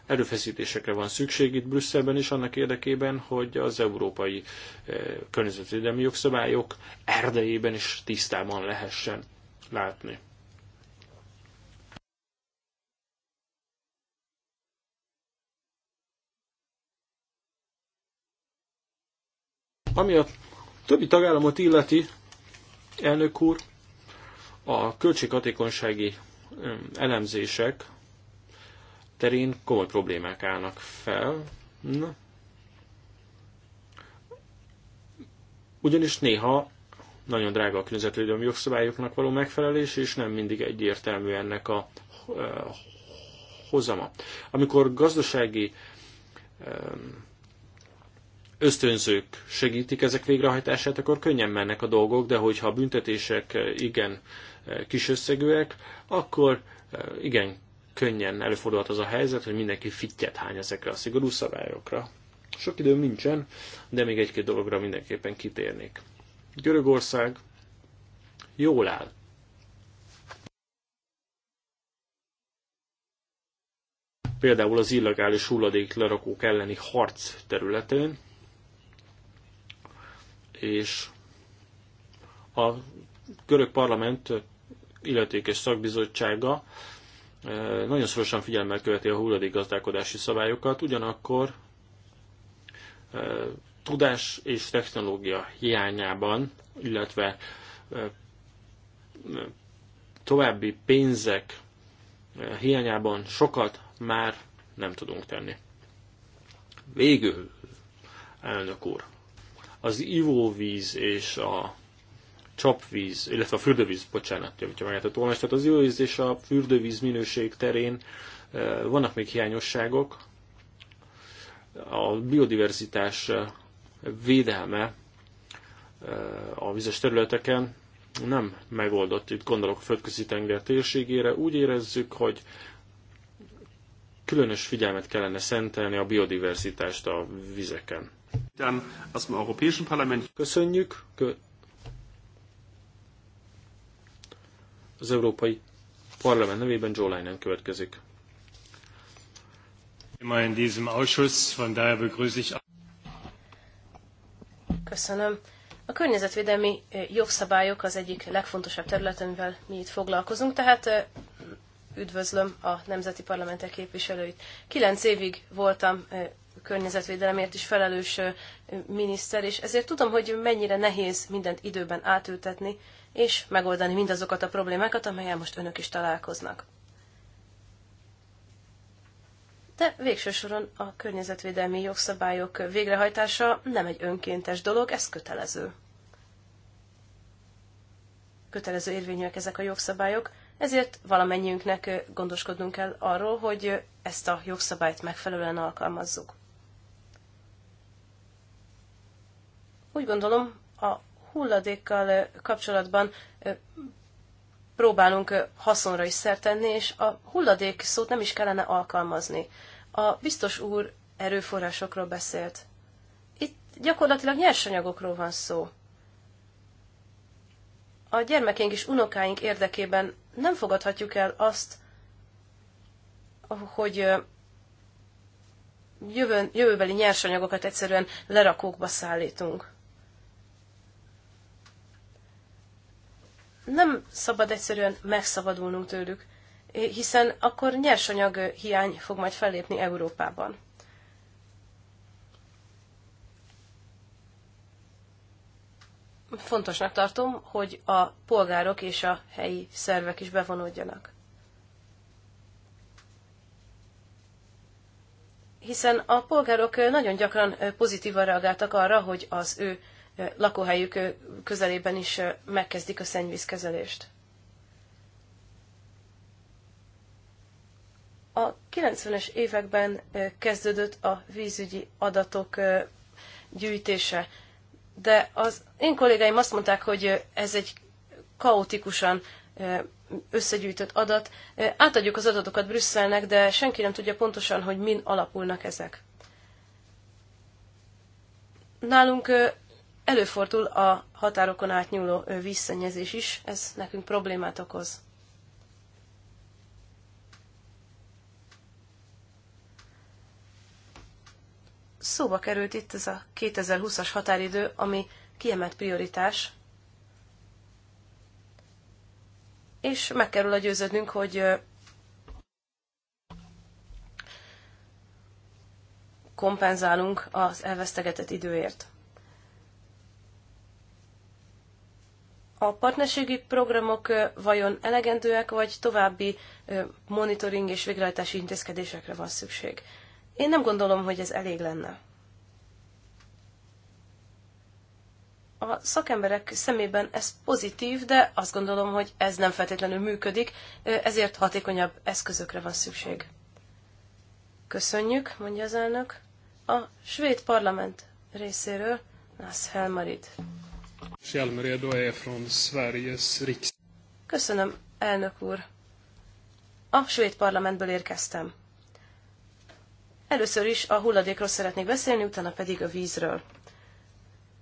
Erőfeszítésekre van szükség itt Brüsszelben is annak érdekében, hogy az európai eh, környezetvédelmi jogszabályok erdejében is tisztában lehessen látni. Ami a többi tagállamot illeti, elnök úr, a költséghatékonysági elemzések terén komoly problémák állnak fel. Na. Ugyanis néha nagyon drága a környezetvédelmi jogszabályoknak való megfelelés, és nem mindig egyértelmű ennek a hozama. Amikor gazdasági ösztönzők segítik ezek végrehajtását, akkor könnyen mennek a dolgok, de hogyha a büntetések igen kis összegűek, akkor igen könnyen előfordulhat az a helyzet, hogy mindenki fittyet hány ezekre a szigorú szabályokra. Sok időm nincsen, de még egy-két dologra mindenképpen kitérnék. Görögország jól áll. Például az illegális lerakók elleni harc területén, és a görög parlament illetékes szakbizottsága nagyon szorosan figyelmel követi a gazdálkodási szabályokat, ugyanakkor tudás és technológia hiányában, illetve további pénzek hiányában sokat már nem tudunk tenni. Végül, elnök úr, az ivóvíz és a csapvíz, illetve a fürdővíz, bocsánat, javítja a tolmács, tehát az ivóvíz és a fürdővíz minőség terén eh, vannak még hiányosságok. A biodiverzitás eh, védelme eh, a vizes területeken nem megoldott, itt gondolok a földközi tenger térségére. Úgy érezzük, hogy különös figyelmet kellene szentelni a biodiverzitást a vizeken. Köszönjük, Az Európai Parlament nevében Joe Leinen következik. Köszönöm. A környezetvédelmi jogszabályok az egyik legfontosabb terület, amivel mi itt foglalkozunk, tehát üdvözlöm a nemzeti parlamentek képviselőit. Kilenc évig voltam környezetvédelemért is felelős miniszter, és ezért tudom, hogy mennyire nehéz mindent időben átültetni, és megoldani mindazokat a problémákat, amelyel most önök is találkoznak. De végső soron a környezetvédelmi jogszabályok végrehajtása nem egy önkéntes dolog, ez kötelező. Kötelező érvényűek ezek a jogszabályok, ezért valamennyiünknek gondoskodnunk kell arról, hogy ezt a jogszabályt megfelelően alkalmazzuk. Úgy gondolom, a hulladékkal kapcsolatban próbálunk haszonra is szert tenni, és a hulladék szót nem is kellene alkalmazni. A biztos úr erőforrásokról beszélt. Itt gyakorlatilag nyersanyagokról van szó. A gyermekénk és unokáink érdekében nem fogadhatjuk el azt, hogy jövőbeli nyersanyagokat egyszerűen lerakókba szállítunk. nem szabad egyszerűen megszabadulnunk tőlük, hiszen akkor nyersanyag hiány fog majd fellépni Európában. Fontosnak tartom, hogy a polgárok és a helyi szervek is bevonódjanak. Hiszen a polgárok nagyon gyakran pozitívan reagáltak arra, hogy az ő lakóhelyük közelében is megkezdik a szennyvízkezelést. A 90-es években kezdődött a vízügyi adatok gyűjtése, de az én kollégáim azt mondták, hogy ez egy kaotikusan összegyűjtött adat. Átadjuk az adatokat Brüsszelnek, de senki nem tudja pontosan, hogy min alapulnak ezek. Nálunk Előfordul a határokon átnyúló vízszennyezés is, ez nekünk problémát okoz. Szóba került itt ez a 2020-as határidő, ami kiemelt prioritás, és meg kell győződnünk, hogy kompenzálunk az elvesztegetett időért. a partnerségi programok vajon elegendőek, vagy további monitoring és végrehajtási intézkedésekre van szükség. Én nem gondolom, hogy ez elég lenne. A szakemberek szemében ez pozitív, de azt gondolom, hogy ez nem feltétlenül működik, ezért hatékonyabb eszközökre van szükség. Köszönjük, mondja az elnök. A svéd parlament részéről Lász Helmarit är från Sveriges riksdag. Köszönöm, elnök úr. A svéd parlamentből érkeztem. Először is a hulladékról szeretnék beszélni, utána pedig a vízről.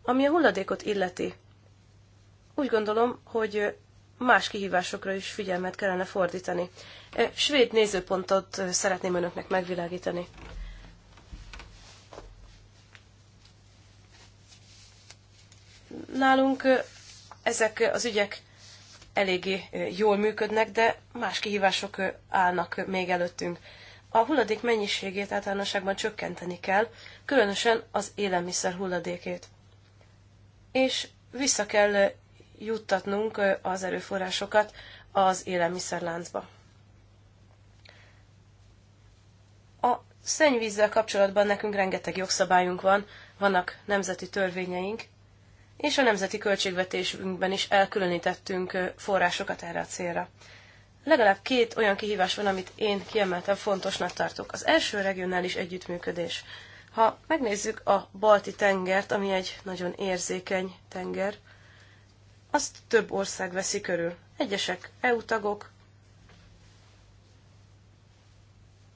Ami a hulladékot illeti, úgy gondolom, hogy más kihívásokra is figyelmet kellene fordítani. Svéd nézőpontot szeretném önöknek megvilágítani. nálunk ezek az ügyek eléggé jól működnek, de más kihívások állnak még előttünk. A hulladék mennyiségét általánosságban csökkenteni kell, különösen az élelmiszer hulladékét. És vissza kell juttatnunk az erőforrásokat az élelmiszerláncba. A szennyvízzel kapcsolatban nekünk rengeteg jogszabályunk van, vannak nemzeti törvényeink, és a nemzeti költségvetésünkben is elkülönítettünk forrásokat erre a célra. Legalább két olyan kihívás van, amit én kiemeltem fontosnak tartok. Az első regionális együttműködés. Ha megnézzük a balti tengert, ami egy nagyon érzékeny tenger, azt több ország veszi körül. Egyesek EU tagok,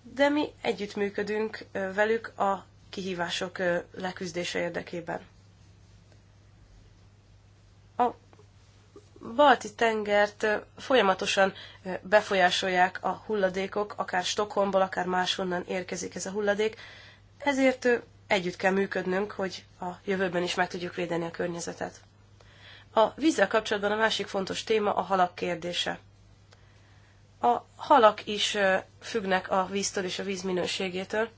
de mi együttműködünk velük a kihívások leküzdése érdekében. balti tengert folyamatosan befolyásolják a hulladékok, akár Stockholmból, akár máshonnan érkezik ez a hulladék, ezért együtt kell működnünk, hogy a jövőben is meg tudjuk védeni a környezetet. A vízzel kapcsolatban a másik fontos téma a halak kérdése. A halak is függnek a víztől és a víz minőségétől,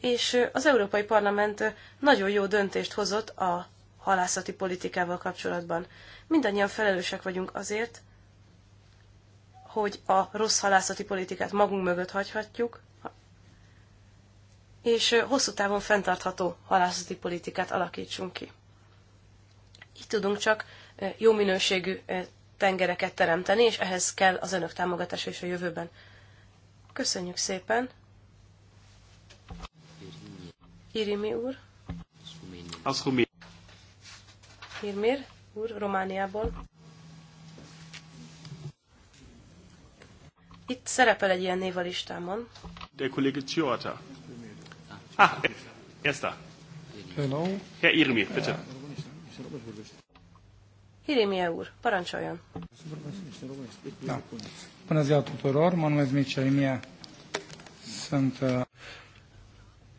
és az Európai Parlament nagyon jó döntést hozott a halászati politikával kapcsolatban. Mindannyian felelősek vagyunk azért, hogy a rossz halászati politikát magunk mögött hagyhatjuk, és hosszú távon fenntartható halászati politikát alakítsunk ki. Így tudunk csak jó minőségű tengereket teremteni, és ehhez kell az önök támogatása is a jövőben. Köszönjük szépen! Irimi úr! Az Hírmér úr Romániából. Itt szerepel egy ilyen név a listámon. Der Kollege Ciorta. Ah, erster. Hello. Herr Irmir, bitte. Irimie úr, parancsoljon. Bună ziua tuturor, mă numesc Mircea Irimie. Sunt... Uh,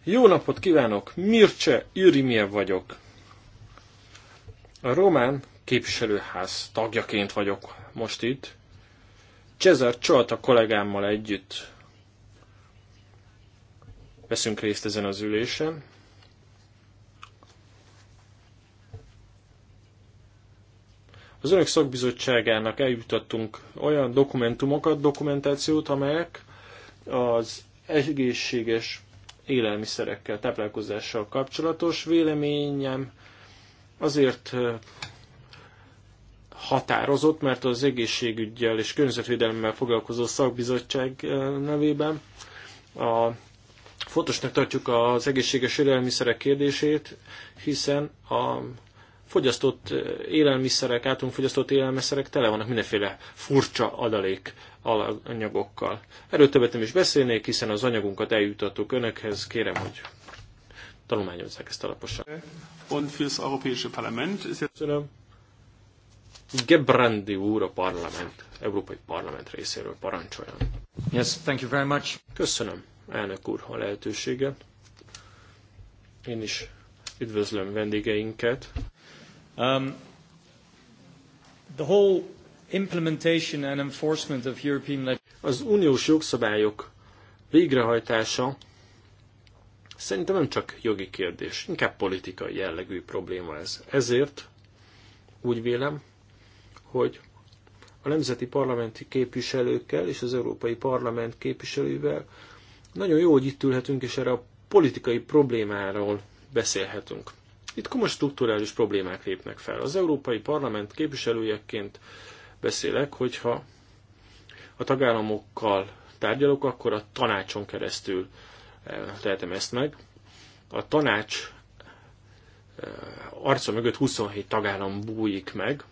Jó napot kívánok, Mircea Irimie vagyok. A román képviselőház tagjaként vagyok most itt. Cezar a kollégámmal együtt veszünk részt ezen az ülésen. Az Önök Szakbizottságának eljutottunk olyan dokumentumokat, dokumentációt, amelyek az egészséges élelmiszerekkel, táplálkozással kapcsolatos véleményem Azért határozott, mert az egészségügyel és környezetvédelemmel foglalkozó szakbizottság nevében a fontosnak tartjuk az egészséges élelmiszerek kérdését, hiszen a fogyasztott élelmiszerek, általunk fogyasztott élelmiszerek tele vannak mindenféle furcsa adalék anyagokkal. Erről többet nem is beszélnék, hiszen az anyagunkat eljutattuk önökhez. Kérem, hogy tanulmányozzák ezt alaposan. Und fürs Europäische Parlament ist jetzt... Gebrandi úr a parlament, Európai Parlament részéről parancsoljon. Yes, thank you very much. Köszönöm, elnök úr, a lehetőséget. Én is üdvözlöm vendégeinket. Um, the whole implementation and enforcement of European Az uniós jogszabályok végrehajtása Szerintem nem csak jogi kérdés, inkább politikai jellegű probléma ez. Ezért úgy vélem, hogy a nemzeti parlamenti képviselőkkel és az Európai Parlament képviselővel nagyon jó, hogy itt ülhetünk, és erre a politikai problémáról beszélhetünk. Itt komoly strukturális problémák lépnek fel. Az Európai Parlament képviselőjeként beszélek, hogyha a tagállamokkal tárgyalok, akkor a tanácson keresztül tehetem ezt meg. A tanács eh, arca mögött 27 tagállam bújik meg.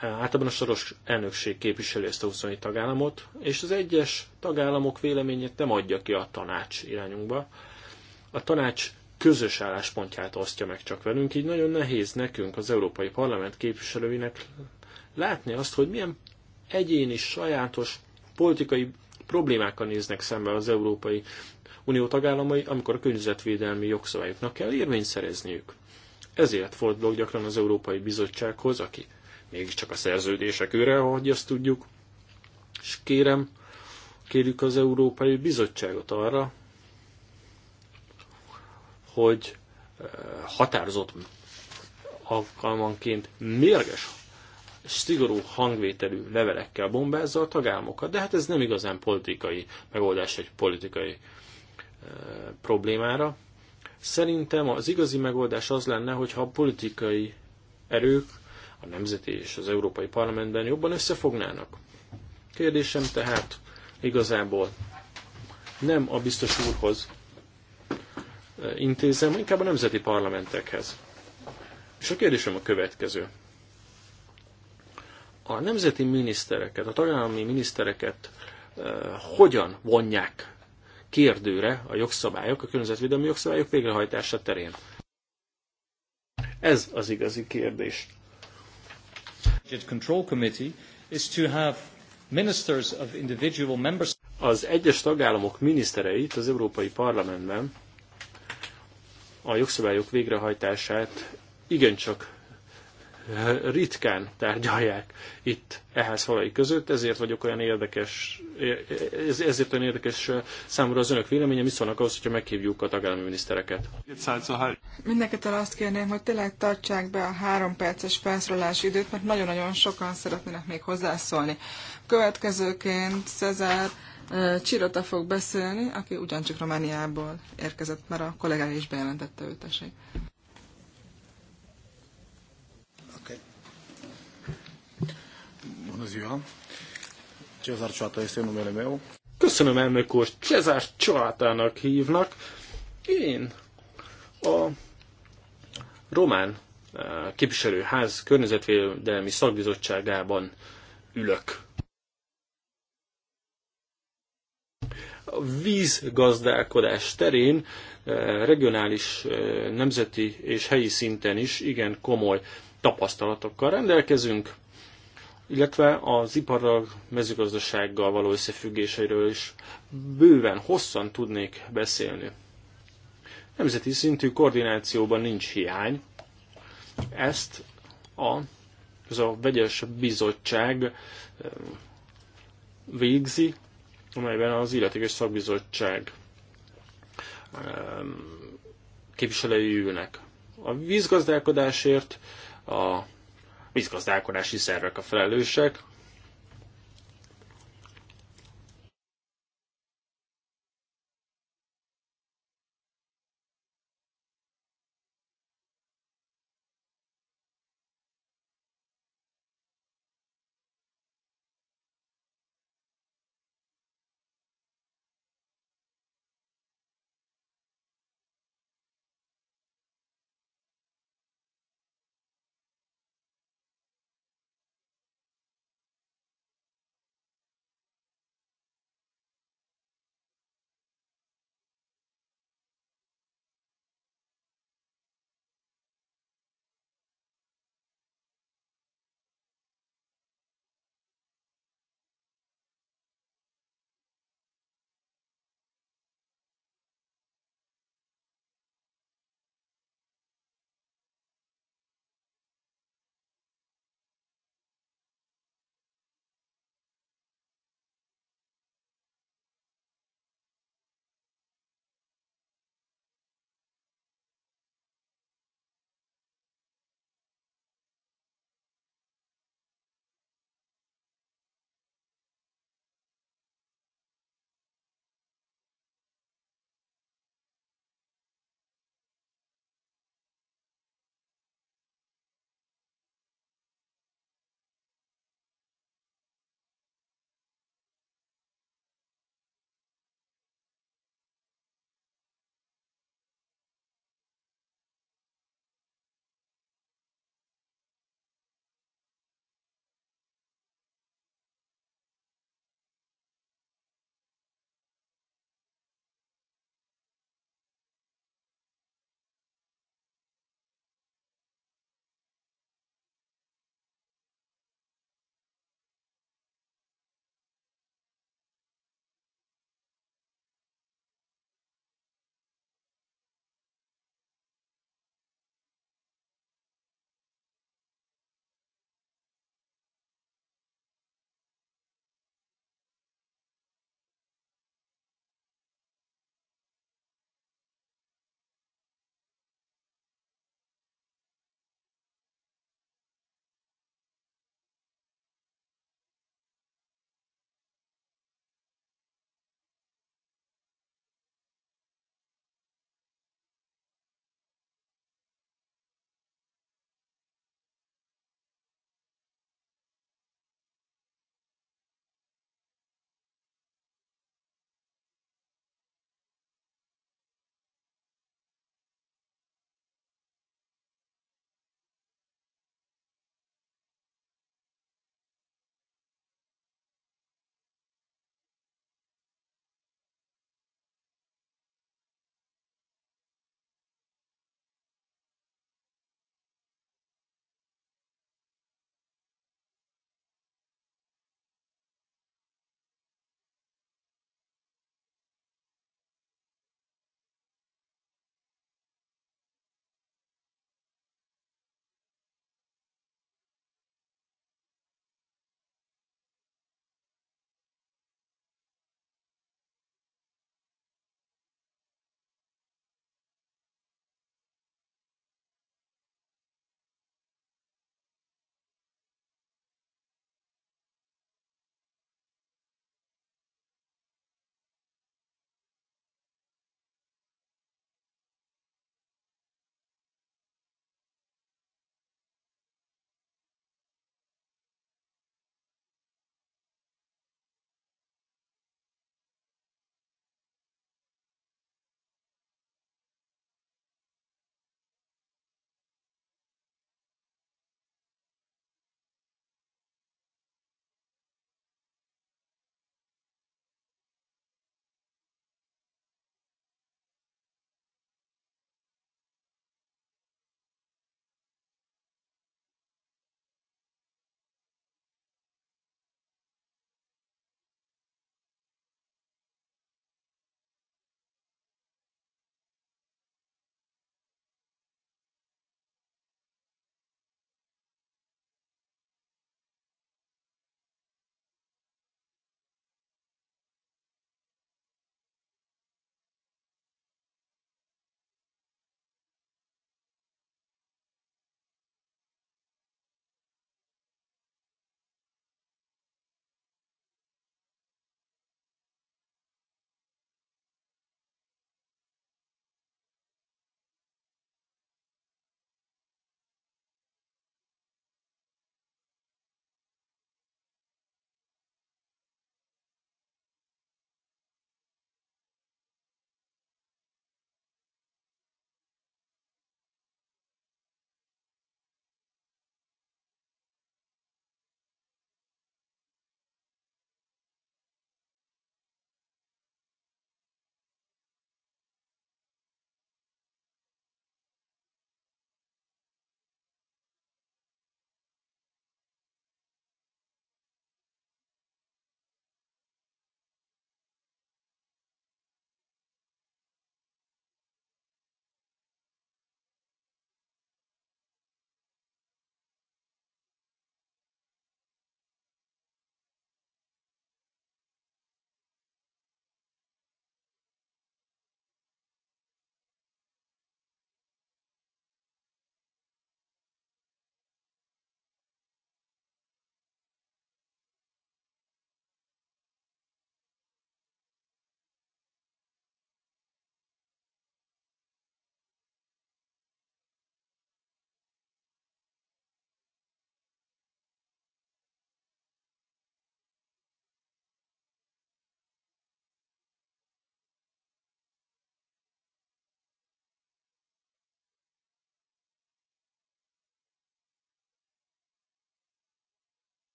Általában a soros elnökség képviseli ezt a 27 tagállamot, és az egyes tagállamok véleményét nem adja ki a tanács irányunkba. A tanács közös álláspontját osztja meg csak velünk, így nagyon nehéz nekünk, az Európai Parlament képviselőinek látni azt, hogy milyen egyéni, sajátos politikai problémákkal néznek szembe az Európai Unió tagállamai, amikor a környezetvédelmi jogszabályoknak kell érvényt szerezniük. Ezért fordulok gyakran az Európai Bizottsághoz, aki mégiscsak a szerződések őre, ahogy azt tudjuk, és kérem, kérjük az Európai Bizottságot arra, hogy eh, határozott alkalmanként mérges szigorú hangvételű levelekkel bombázza a tagállamokat, de hát ez nem igazán politikai megoldás egy politikai e, problémára. Szerintem az igazi megoldás az lenne, hogyha a politikai erők a nemzeti és az európai parlamentben jobban összefognának. Kérdésem tehát igazából nem a biztos úrhoz eh, intézem, inkább a nemzeti parlamentekhez. És a kérdésem a következő a nemzeti minisztereket, a tagállami minisztereket eh, hogyan vonják kérdőre a jogszabályok, a környezetvédelmi jogszabályok végrehajtása terén? Ez az igazi kérdés. Az egyes tagállamok minisztereit az Európai Parlamentben a jogszabályok végrehajtását igencsak ritkán tárgyalják itt ehhez falai között, ezért vagyok olyan érdekes, ezért olyan érdekes uh, számomra az önök véleménye, mi szólnak ahhoz, hogyha meghívjuk a tagállami minisztereket. Mindenkitől azt kérném, hogy tényleg tartsák be a három perces felszólalási időt, mert nagyon-nagyon sokan szeretnének még hozzászólni. Következőként Cezár uh, Csirota fog beszélni, aki ugyancsak Romániából érkezett, mert a kollégája is bejelentette őt, esély. Bună ziua! Cezar Cioata este numele meu. Köszönöm, elnök úr! Cezár Csoátának hívnak. Én a román eh, képviselőház környezetvédelmi szakbizottságában ülök. A vízgazdálkodás terén eh, regionális, eh, nemzeti és helyi szinten is igen komoly tapasztalatokkal rendelkezünk illetve az iparral, mezőgazdasággal való összefüggéseiről is bőven, hosszan tudnék beszélni. Nemzeti szintű koordinációban nincs hiány. Ezt a, ez a vegyes bizottság eh, végzi, amelyben az illetékes szakbizottság eh, képviselői ülnek. A vízgazdálkodásért, a vízgazdálkodási szervek a felelősek,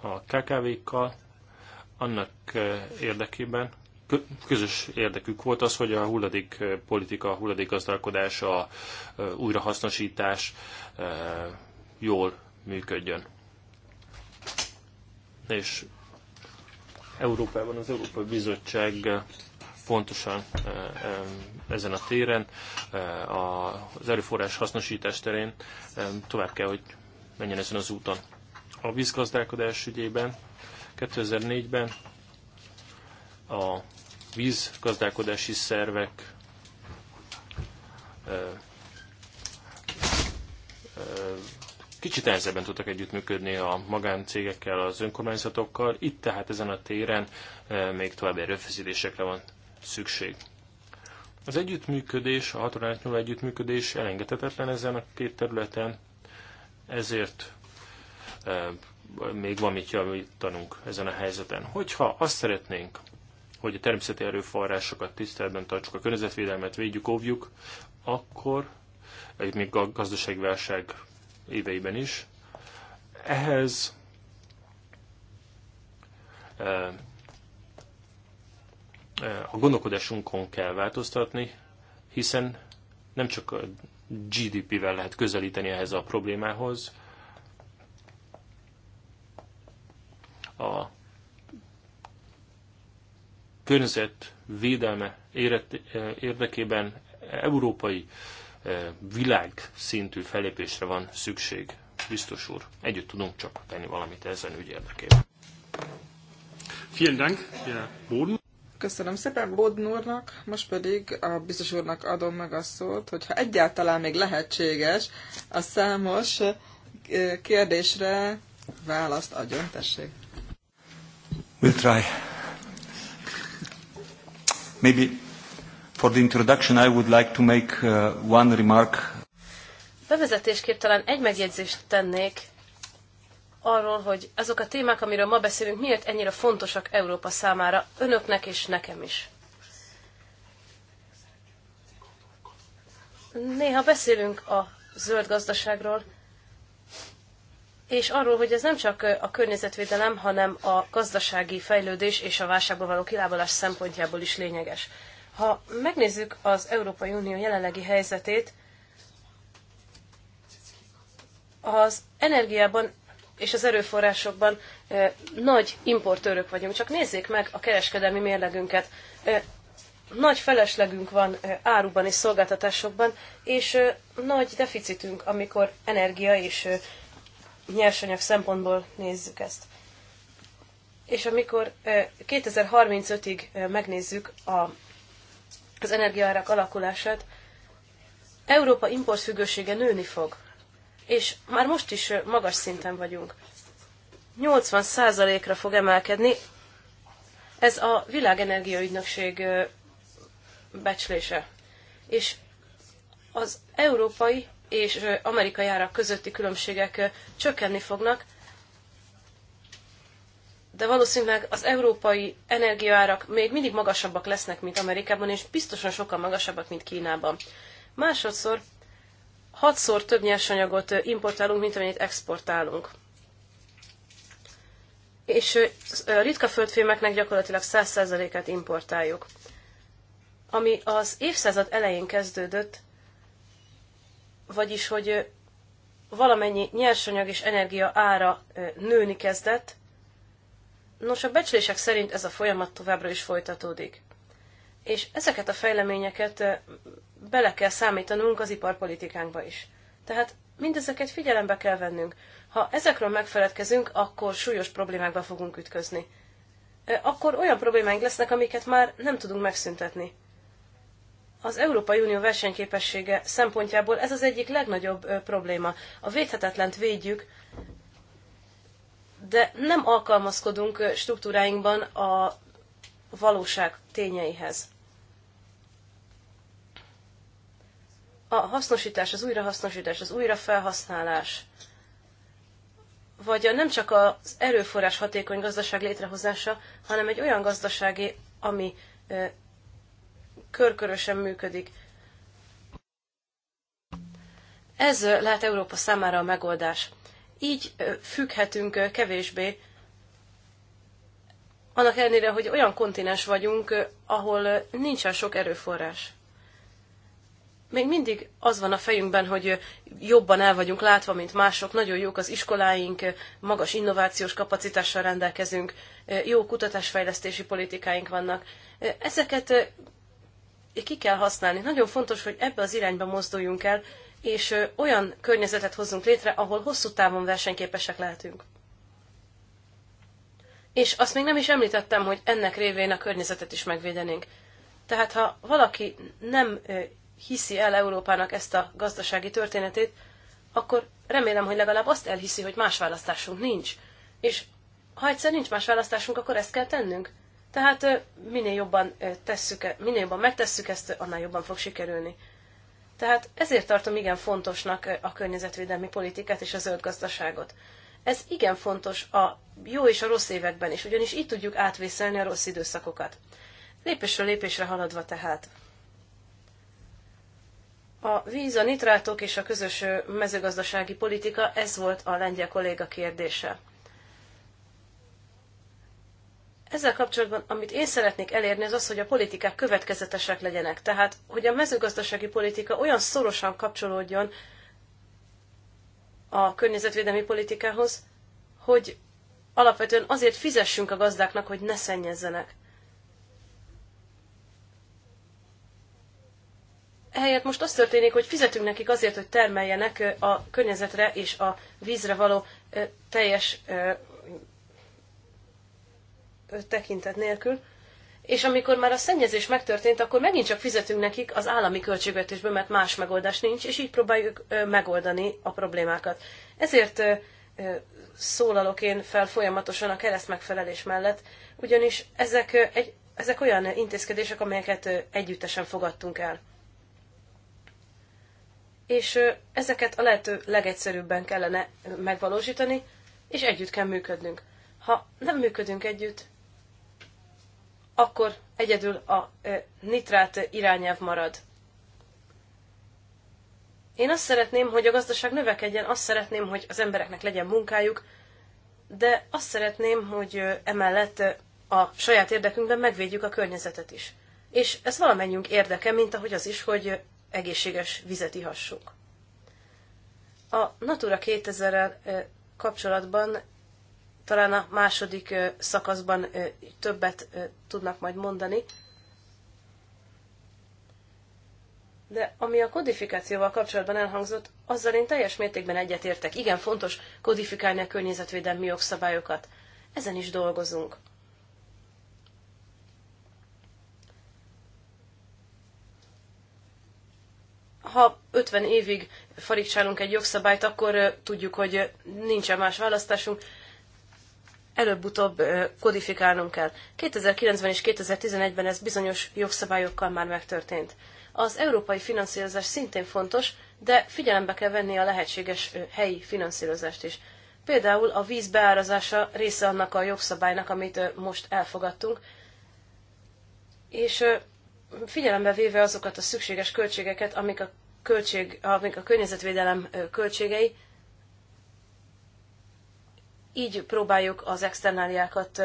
a KKV-kkal, annak eh, érdekében, közös érdekük volt az, hogy a hulladék eh, politika, a hulladék gazdálkodás, a eh, újrahasznosítás jól működjön. És Európában az Európai Bizottság fontosan ezen a téren, az erőforrás hasznosítás terén tovább kell, hogy menjen ezen az úton a vízgazdálkodás ügyében 2004-ben a vízgazdálkodási szervek kicsit nehezebben tudtak együttműködni a magáncégekkel, az önkormányzatokkal. Itt tehát ezen a téren még további erőfeszítésekre van szükség. Az együttműködés, a hatorányát együttműködés elengedhetetlen ezen a két területen, ezért még van mit javítanunk ezen a helyzeten. Hogyha azt szeretnénk, hogy a természeti erőforrásokat tiszteletben tartsuk, a környezetvédelmet védjük, óvjuk, akkor, egy még a gazdasági válság éveiben is, ehhez a gondolkodásunkon kell változtatni, hiszen nem csak a GDP-vel lehet közelíteni ehhez a problémához, a környezet védelme eh, érdekében európai eh, világszintű felépésre van szükség. Biztos úr, együtt tudunk csak tenni valamit ezen ügy érdekében. Vielen Dank, Boden. Köszönöm szépen Bodn úrnak, most pedig a biztos úrnak adom meg a szót, hogyha egyáltalán még lehetséges, a számos eh, kérdésre választ adjon, tessék. We'll try. Maybe for the introduction I would like to make uh, one remark. Bevezetésképp talán egy megjegyzést tennék arról, hogy azok a témák, amiről ma beszélünk, miért ennyire fontosak Európa számára, önöknek és nekem is. Néha beszélünk a zöld gazdaságról, és arról, hogy ez nem csak a környezetvédelem, hanem a gazdasági fejlődés és a válságba való kilábalás szempontjából is lényeges. Ha megnézzük az Európai Unió jelenlegi helyzetét, az energiában és az erőforrásokban nagy importőrök vagyunk. Csak nézzék meg a kereskedelmi mérlegünket. nagy feleslegünk van áruban és szolgáltatásokban, és nagy deficitünk, amikor energia és nyersanyag szempontból nézzük ezt. És amikor 2035-ig megnézzük a, az energiaárak alakulását, Európa importfüggősége nőni fog. És már most is magas szinten vagyunk. 80%-ra fog emelkedni. Ez a világenergiaügynökség becslése. És az európai és amerikai árak közötti különbségek csökkenni fognak, de valószínűleg az európai energiaárak még mindig magasabbak lesznek, mint Amerikában, és biztosan sokkal magasabbak, mint Kínában. Másodszor, hatszor több nyersanyagot importálunk, mint amennyit exportálunk. És ritka földfémeknek gyakorlatilag 100%-át importáljuk. Ami az évszázad elején kezdődött, vagyis hogy valamennyi nyersanyag és energia ára nőni kezdett, nos a becslések szerint ez a folyamat továbbra is folytatódik. És ezeket a fejleményeket bele kell számítanunk az iparpolitikánkba is. Tehát mindezeket figyelembe kell vennünk. Ha ezekről megfeledkezünk, akkor súlyos problémákba fogunk ütközni. Akkor olyan problémáink lesznek, amiket már nem tudunk megszüntetni. Az Európai Unió versenyképessége szempontjából ez az egyik legnagyobb probléma. A védhetetlent védjük, de nem alkalmazkodunk struktúráinkban a valóság tényeihez. A hasznosítás, az újrahasznosítás, az újrafelhasználás, vagy a nem csak az erőforrás hatékony gazdaság létrehozása, hanem egy olyan gazdaságé, ami körkörösen működik. Ez lehet Európa számára a megoldás. Így függhetünk kevésbé, annak ellenére, hogy olyan kontinens vagyunk, ahol nincsen sok erőforrás. Még mindig az van a fejünkben, hogy jobban el vagyunk látva, mint mások, nagyon jók az iskoláink, magas innovációs kapacitással rendelkezünk, jó kutatásfejlesztési politikáink vannak. Ezeket ki kell használni. Nagyon fontos, hogy ebbe az irányba mozduljunk el, és olyan környezetet hozzunk létre, ahol hosszú távon versenyképesek lehetünk. És azt még nem is említettem, hogy ennek révén a környezetet is megvédenénk. Tehát ha valaki nem hiszi el Európának ezt a gazdasági történetét, akkor remélem, hogy legalább azt elhiszi, hogy más választásunk nincs. És ha egyszer nincs más választásunk, akkor ezt kell tennünk. Tehát minél jobban, tesszük, e- minél jobban megtesszük ezt, annál jobban fog sikerülni. Tehát ezért tartom igen fontosnak a környezetvédelmi politikát és a zöld gazdaságot. Ez igen fontos a jó és a rossz években is, ugyanis így tudjuk átvészelni a rossz időszakokat. Lépésről lépésre haladva tehát. A víz, a nitrátok és a közös mezőgazdasági politika, ez volt a lengyel kolléga kérdése. Ezzel kapcsolatban, amit én szeretnék elérni, az az, hogy a politikák következetesek legyenek. Tehát, hogy a mezőgazdasági politika olyan szorosan kapcsolódjon a környezetvédelmi politikához, hogy alapvetően azért fizessünk a gazdáknak, hogy ne szennyezzenek. Ehelyett most az történik, hogy fizetünk nekik azért, hogy termeljenek a környezetre és a vízre való teljes tekintet nélkül, és amikor már a szennyezés megtörtént, akkor megint csak fizetünk nekik az állami költségvetésből, mert más megoldás nincs, és így próbáljuk megoldani a problémákat. Ezért szólalok én fel folyamatosan a megfelelés mellett, ugyanis ezek, egy, ezek olyan intézkedések, amelyeket együttesen fogadtunk el. És ezeket a lehető legegyszerűbben kellene megvalósítani, és együtt kell működnünk. Ha nem működünk együtt, akkor egyedül a nitrát irányelv marad. Én azt szeretném, hogy a gazdaság növekedjen, azt szeretném, hogy az embereknek legyen munkájuk, de azt szeretném, hogy emellett a saját érdekünkben megvédjük a környezetet is. És ez valamennyünk érdeke, mint ahogy az is, hogy egészséges vizet ihassunk. A Natura 2000-rel kapcsolatban talán a második szakaszban többet tudnak majd mondani. De ami a kodifikációval kapcsolatban elhangzott, azzal én teljes mértékben egyetértek. Igen, fontos kodifikálni a környezetvédelmi jogszabályokat. Ezen is dolgozunk. ha 50 évig farigcsálunk egy jogszabályt, akkor tudjuk, hogy nincsen más választásunk, előbb-utóbb kodifikálnunk kell. 2009-ben és 2011-ben ez bizonyos jogszabályokkal már megtörtént. Az európai finanszírozás szintén fontos, de figyelembe kell venni a lehetséges helyi finanszírozást is. Például a víz beárazása része annak a jogszabálynak, amit most elfogadtunk, és figyelembe véve azokat a szükséges költségeket, amik a, költség, amik a környezetvédelem költségei, így próbáljuk az externáliákat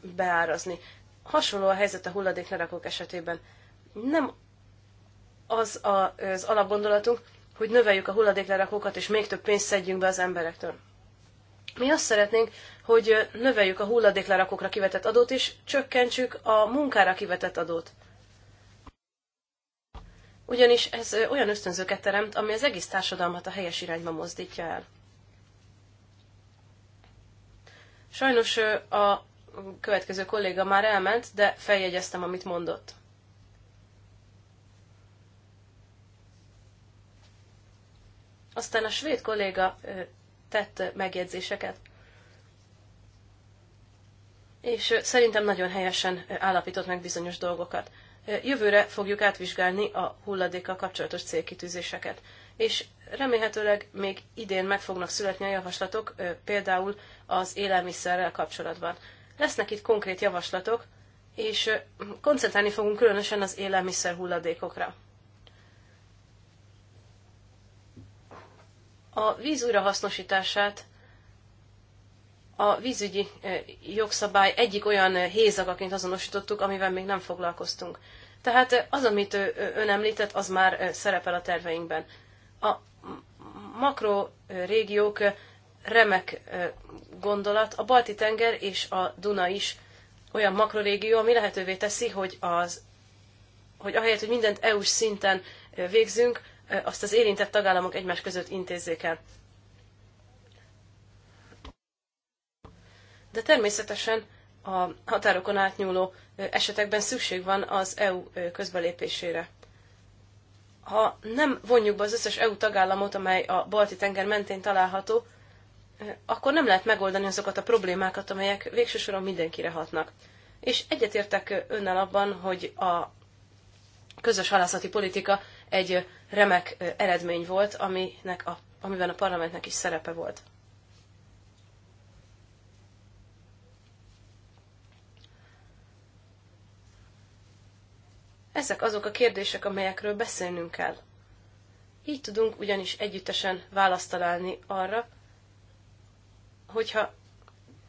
beárazni. Hasonló a helyzet a hulladéklerakók esetében. Nem az a, az alapgondolatunk, hogy növeljük a hulladéklerakókat, és még több pénzt szedjünk be az emberektől. Mi azt szeretnénk, hogy növeljük a hulladéklerakókra kivetett adót, és csökkentsük a munkára kivetett adót. Ugyanis ez olyan ösztönzőket teremt, ami az egész társadalmat a helyes irányba mozdítja el. Sajnos a következő kolléga már elment, de feljegyeztem, amit mondott. Aztán a svéd kolléga tett megjegyzéseket. És szerintem nagyon helyesen állapított meg bizonyos dolgokat. Jövőre fogjuk átvizsgálni a hulladékkal kapcsolatos célkitűzéseket és remélhetőleg még idén meg fognak születni a javaslatok, például az élelmiszerrel kapcsolatban. Lesznek itt konkrét javaslatok, és koncentrálni fogunk különösen az élelmiszer hulladékokra. A víz újrahasznosítását a vízügyi jogszabály egyik olyan hézagaként azonosítottuk, amivel még nem foglalkoztunk. Tehát az, amit ön említett, az már szerepel a terveinkben. A régiók remek gondolat. A Balti-tenger és a Duna is olyan makrorégió, ami lehetővé teszi, hogy, az, hogy ahelyett, hogy mindent EU-s szinten végzünk, azt az érintett tagállamok egymás között intézzék el. De természetesen a határokon átnyúló esetekben szükség van az EU közbelépésére ha nem vonjuk be az összes EU tagállamot, amely a balti tenger mentén található, akkor nem lehet megoldani azokat a problémákat, amelyek végső soron mindenkire hatnak. És egyetértek önnel abban, hogy a közös halászati politika egy remek eredmény volt, aminek a, amiben a parlamentnek is szerepe volt. Ezek azok a kérdések, amelyekről beszélnünk kell. Így tudunk ugyanis együttesen választ találni arra, hogyha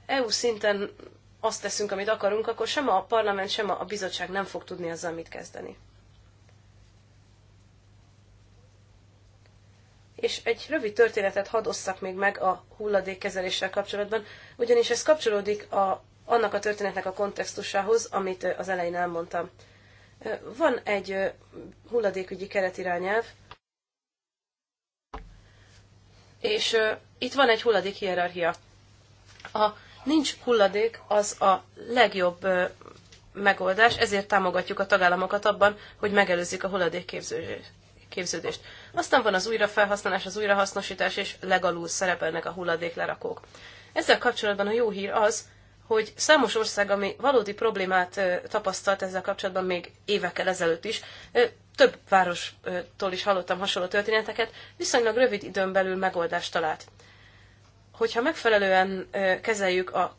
EU szinten azt teszünk, amit akarunk, akkor sem a parlament, sem a bizottság nem fog tudni azzal mit kezdeni. És egy rövid történetet hadd osszak még meg a hulladékkezeléssel kapcsolatban, ugyanis ez kapcsolódik a, annak a történetnek a kontextusához, amit az elején elmondtam. Van egy hulladékügyi keretirányelv, és itt van egy hulladék hierarchia. A nincs hulladék az a legjobb megoldás, ezért támogatjuk a tagállamokat abban, hogy megelőzzük a hulladék képződést. Aztán van az újrafelhasználás, az újrahasznosítás, és legalul szerepelnek a hulladéklerakók. Ezzel kapcsolatban a jó hír az, hogy számos ország, ami valódi problémát tapasztalt ezzel kapcsolatban még évekkel ezelőtt is, több várostól is hallottam hasonló történeteket, viszonylag rövid időn belül megoldást talált. Hogyha megfelelően kezeljük a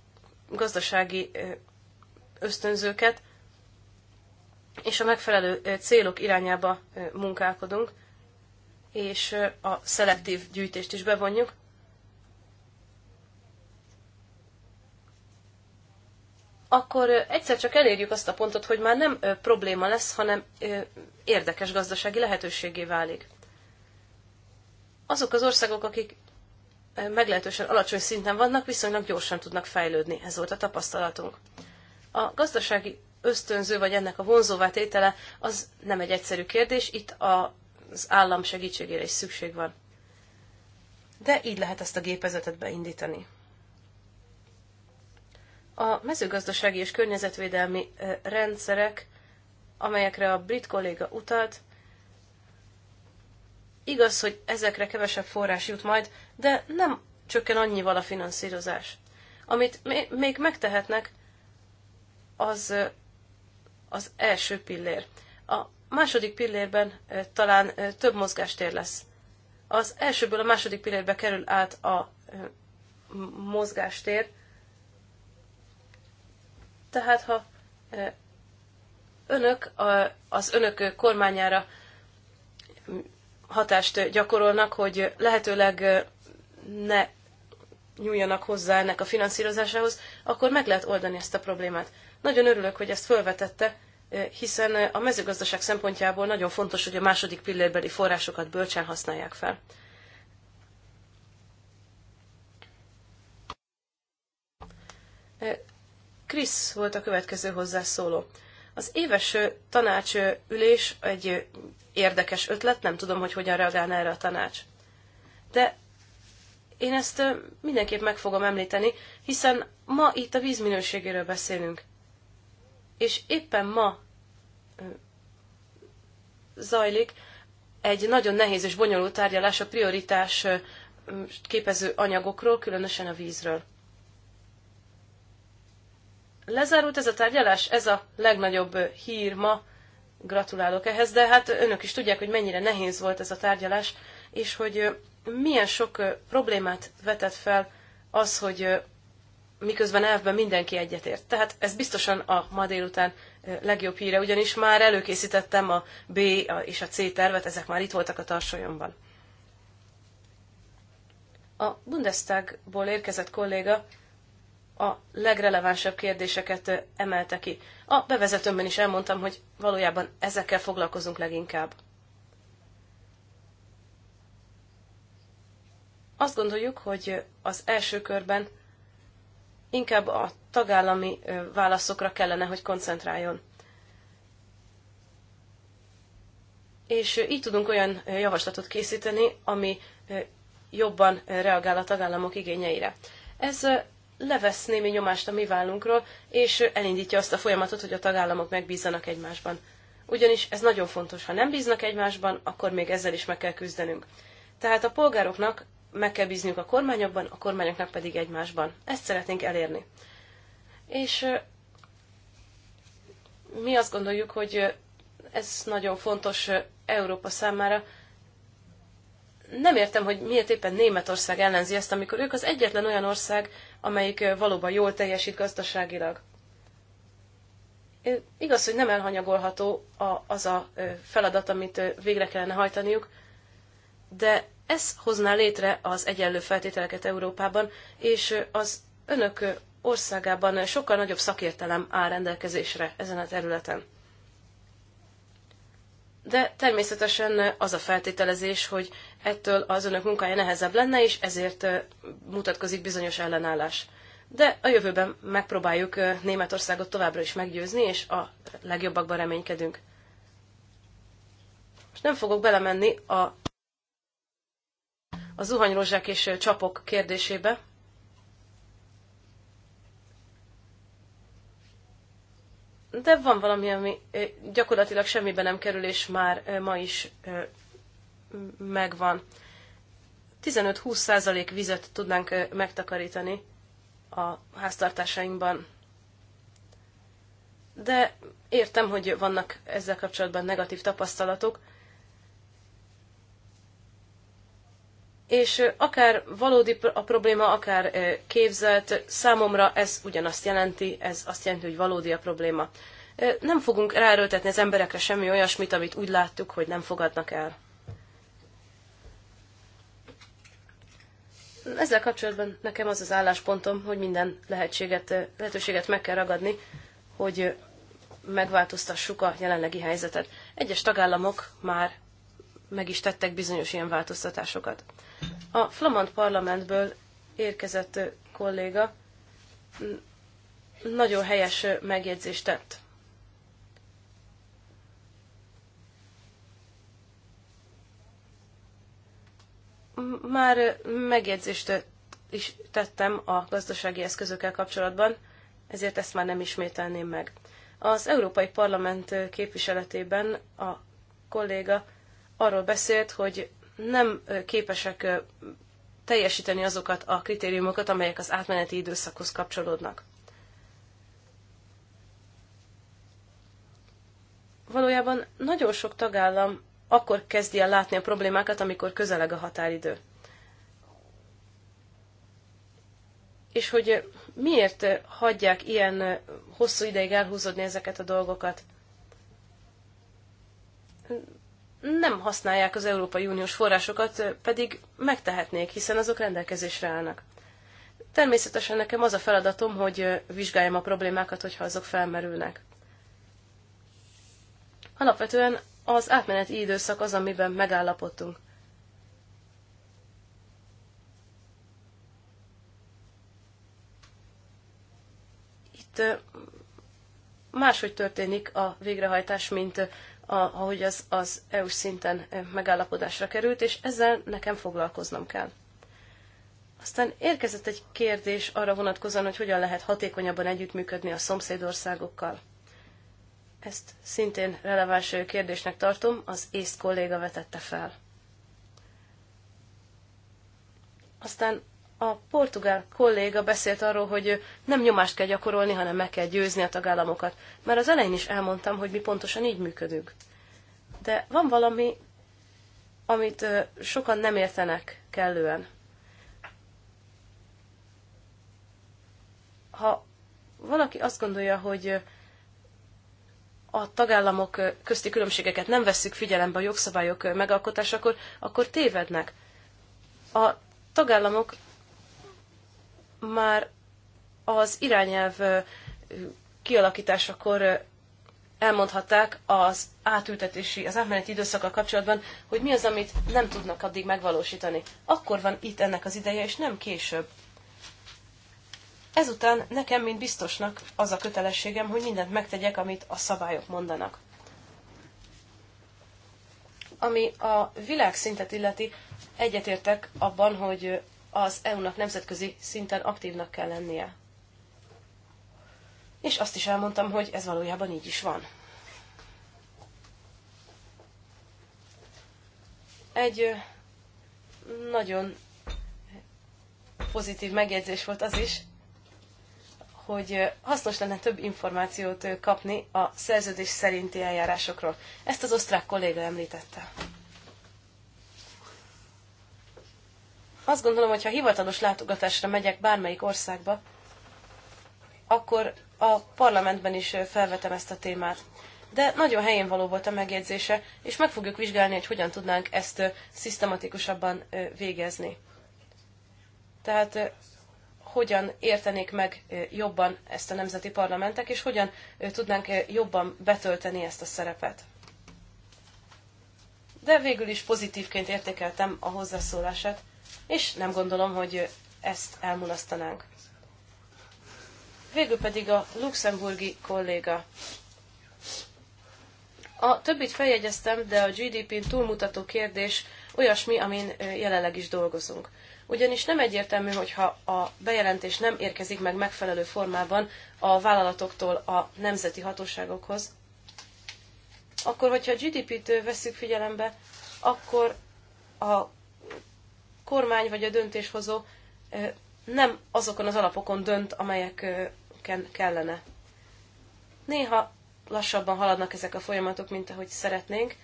gazdasági ösztönzőket, és a megfelelő célok irányába munkálkodunk, és a szelektív gyűjtést is bevonjuk, akkor egyszer csak elérjük azt a pontot, hogy már nem probléma lesz, hanem érdekes gazdasági lehetőségé válik. Azok az országok, akik meglehetősen alacsony szinten vannak, viszonylag gyorsan tudnak fejlődni. Ez volt a tapasztalatunk. A gazdasági ösztönző, vagy ennek a vonzóvá tétele, az nem egy egyszerű kérdés, itt az állam segítségére is szükség van. De így lehet ezt a gépezetet beindítani. A mezőgazdasági és környezetvédelmi rendszerek, amelyekre a brit kolléga utalt, igaz, hogy ezekre kevesebb forrás jut majd, de nem csökken annyival a finanszírozás. Amit még megtehetnek, az az első pillér. A második pillérben talán több mozgástér lesz. Az elsőből a második pillérbe kerül át a mozgástér, tehát ha önök az önök kormányára hatást gyakorolnak, hogy lehetőleg ne nyúljanak hozzá ennek a finanszírozásához, akkor meg lehet oldani ezt a problémát. Nagyon örülök, hogy ezt felvetette, hiszen a mezőgazdaság szempontjából nagyon fontos, hogy a második pillérbeli forrásokat bölcsen használják fel. Krisz volt a következő hozzászóló. Az éves tanácsülés egy érdekes ötlet, nem tudom, hogy hogyan reagálna erre a tanács. De én ezt mindenképp meg fogom említeni, hiszen ma itt a vízminőségéről beszélünk. És éppen ma zajlik egy nagyon nehéz és bonyolult tárgyalás a prioritás képező anyagokról, különösen a vízről lezárult ez a tárgyalás, ez a legnagyobb hír ma. Gratulálok ehhez, de hát önök is tudják, hogy mennyire nehéz volt ez a tárgyalás, és hogy milyen sok problémát vetett fel az, hogy miközben elvben mindenki egyetért. Tehát ez biztosan a ma délután legjobb híre, ugyanis már előkészítettem a B és a C tervet, ezek már itt voltak a tarsolyomban. A Bundestagból érkezett kolléga a legrelevánsabb kérdéseket emelte ki. A bevezetőmben is elmondtam, hogy valójában ezekkel foglalkozunk leginkább. Azt gondoljuk, hogy az első körben inkább a tagállami válaszokra kellene, hogy koncentráljon. És így tudunk olyan javaslatot készíteni, ami jobban reagál a tagállamok igényeire. Ez levesz némi nyomást a mi vállunkról, és elindítja azt a folyamatot, hogy a tagállamok megbízzanak egymásban. Ugyanis ez nagyon fontos, ha nem bíznak egymásban, akkor még ezzel is meg kell küzdenünk. Tehát a polgároknak meg kell bíznünk a kormányokban, a kormányoknak pedig egymásban. Ezt szeretnénk elérni. És mi azt gondoljuk, hogy ez nagyon fontos Európa számára. Nem értem, hogy miért éppen Németország ellenzi ezt, amikor ők az egyetlen olyan ország, amelyik valóban jól teljesít gazdaságilag. Igaz, hogy nem elhanyagolható az a feladat, amit végre kellene hajtaniuk, de ez hozná létre az egyenlő feltételeket Európában, és az önök országában sokkal nagyobb szakértelem áll rendelkezésre ezen a területen de természetesen az a feltételezés, hogy ettől az önök munkája nehezebb lenne, és ezért mutatkozik bizonyos ellenállás. De a jövőben megpróbáljuk Németországot továbbra is meggyőzni, és a legjobbakban reménykedünk. Most nem fogok belemenni a, a zuhanyrózsák és csapok kérdésébe, De van valami, ami gyakorlatilag semmibe nem kerül, és már ma is megvan. 15-20 százalék vizet tudnánk megtakarítani a háztartásainkban. De értem, hogy vannak ezzel kapcsolatban negatív tapasztalatok, és akár valódi a probléma, akár képzelt, számomra ez ugyanazt jelenti, ez azt jelenti, hogy valódi a probléma. Nem fogunk ráerőltetni az emberekre semmi olyasmit, amit úgy láttuk, hogy nem fogadnak el. Ezzel kapcsolatban nekem az az álláspontom, hogy minden lehetséget, lehetőséget meg kell ragadni, hogy megváltoztassuk a jelenlegi helyzetet. Egyes tagállamok már meg is tettek bizonyos ilyen változtatásokat. A flamand parlamentből érkezett kolléga nagyon helyes megjegyzést tett. Már megjegyzést is tettem a gazdasági eszközökkel kapcsolatban, ezért ezt már nem ismételném meg. Az Európai Parlament képviseletében a kolléga arról beszélt, hogy nem képesek teljesíteni azokat a kritériumokat, amelyek az átmeneti időszakhoz kapcsolódnak. Valójában nagyon sok tagállam akkor kezdi el látni a problémákat, amikor közeleg a határidő. És hogy miért hagyják ilyen hosszú ideig elhúzódni ezeket a dolgokat? nem használják az Európai Uniós forrásokat, pedig megtehetnék, hiszen azok rendelkezésre állnak. Természetesen nekem az a feladatom, hogy vizsgáljam a problémákat, hogyha azok felmerülnek. Alapvetően az átmeneti időszak az, amiben megállapodtunk. Itt máshogy történik a végrehajtás, mint ahogy az, az EU szinten megállapodásra került, és ezzel nekem foglalkoznom kell. Aztán érkezett egy kérdés arra vonatkozóan, hogy hogyan lehet hatékonyabban együttműködni a szomszédországokkal. Ezt szintén releváns kérdésnek tartom, az észt kolléga vetette fel. Aztán a portugál kolléga beszélt arról, hogy nem nyomást kell gyakorolni, hanem meg kell győzni a tagállamokat. Már az elején is elmondtam, hogy mi pontosan így működünk. De van valami, amit sokan nem értenek kellően. Ha valaki azt gondolja, hogy a tagállamok közti különbségeket nem vesszük figyelembe a jogszabályok megalkotásakor, akkor tévednek. A tagállamok már az irányelv kialakításakor elmondhatták az átültetési, az átmeneti időszakkal kapcsolatban, hogy mi az, amit nem tudnak addig megvalósítani. Akkor van itt ennek az ideje, és nem később. Ezután nekem, mint biztosnak, az a kötelességem, hogy mindent megtegyek, amit a szabályok mondanak. Ami a világszintet illeti, egyetértek abban, hogy az EU-nak nemzetközi szinten aktívnak kell lennie. És azt is elmondtam, hogy ez valójában így is van. Egy nagyon pozitív megjegyzés volt az is, hogy hasznos lenne több információt kapni a szerződés szerinti eljárásokról. Ezt az osztrák kolléga említette. Azt gondolom, hogy ha hivatalos látogatásra megyek bármelyik országba, akkor a parlamentben is felvetem ezt a témát. De nagyon helyén való volt a megjegyzése, és meg fogjuk vizsgálni, hogy hogyan tudnánk ezt szisztematikusabban végezni. Tehát hogyan értenék meg jobban ezt a nemzeti parlamentek, és hogyan tudnánk jobban betölteni ezt a szerepet. De végül is pozitívként értékeltem a hozzászólását, és nem gondolom, hogy ezt elmulasztanánk. Végül pedig a luxemburgi kolléga. A többit feljegyeztem, de a GDP-n túlmutató kérdés olyasmi, amin jelenleg is dolgozunk. Ugyanis nem egyértelmű, hogyha a bejelentés nem érkezik meg megfelelő formában a vállalatoktól a nemzeti hatóságokhoz, akkor hogyha a GDP-t veszük figyelembe, akkor a kormány vagy a döntéshozó nem azokon az alapokon dönt, amelyeken kellene. Néha lassabban haladnak ezek a folyamatok, mint ahogy szeretnénk,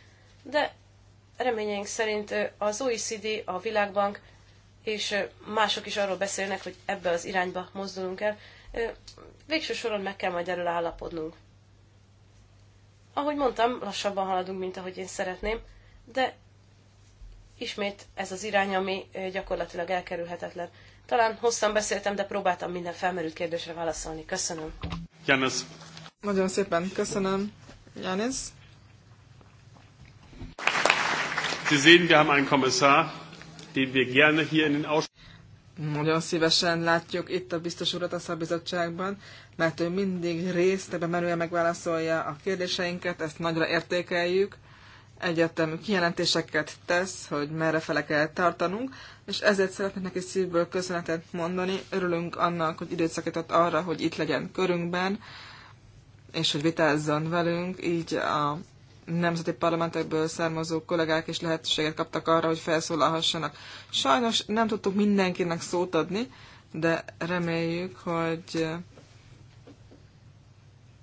de reményeink szerint az OECD, a Világbank és mások is arról beszélnek, hogy ebbe az irányba mozdulunk el. Végső soron meg kell majd erről állapodnunk. Ahogy mondtam, lassabban haladunk, mint ahogy én szeretném, de Ismét ez az irány, ami gyakorlatilag elkerülhetetlen. Talán hosszan beszéltem, de próbáltam minden felmerült kérdésre válaszolni. Köszönöm. Janusz. Nagyon szépen köszönöm. Janusz. Sie sehen, wir haben einen Kommissar, den wir gerne hier in den nagyon szívesen látjuk itt a biztos urat a szabizottságban, mert ő mindig részt ebben merően megválaszolja a kérdéseinket, ezt nagyra értékeljük egyértelmű kijelentéseket tesz, hogy merre fele kell tartanunk, és ezért szeretnék neki szívből köszönetet mondani. Örülünk annak, hogy időt szakított arra, hogy itt legyen körünkben, és hogy vitázzon velünk, így a nemzeti parlamentekből származó kollégák is lehetőséget kaptak arra, hogy felszólalhassanak. Sajnos nem tudtuk mindenkinek szót adni, de reméljük, hogy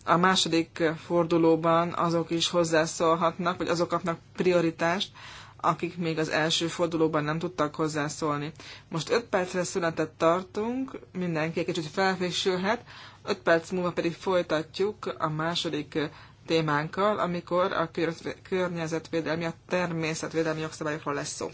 a második fordulóban azok is hozzászólhatnak, vagy azok kapnak prioritást, akik még az első fordulóban nem tudtak hozzászólni. Most 5 percre szünetet tartunk, mindenki egy kicsit felfésülhet, 5 perc múlva pedig folytatjuk a második témánkkal, amikor a környezetvédelmi, a természetvédelmi jogszabályokról lesz szó.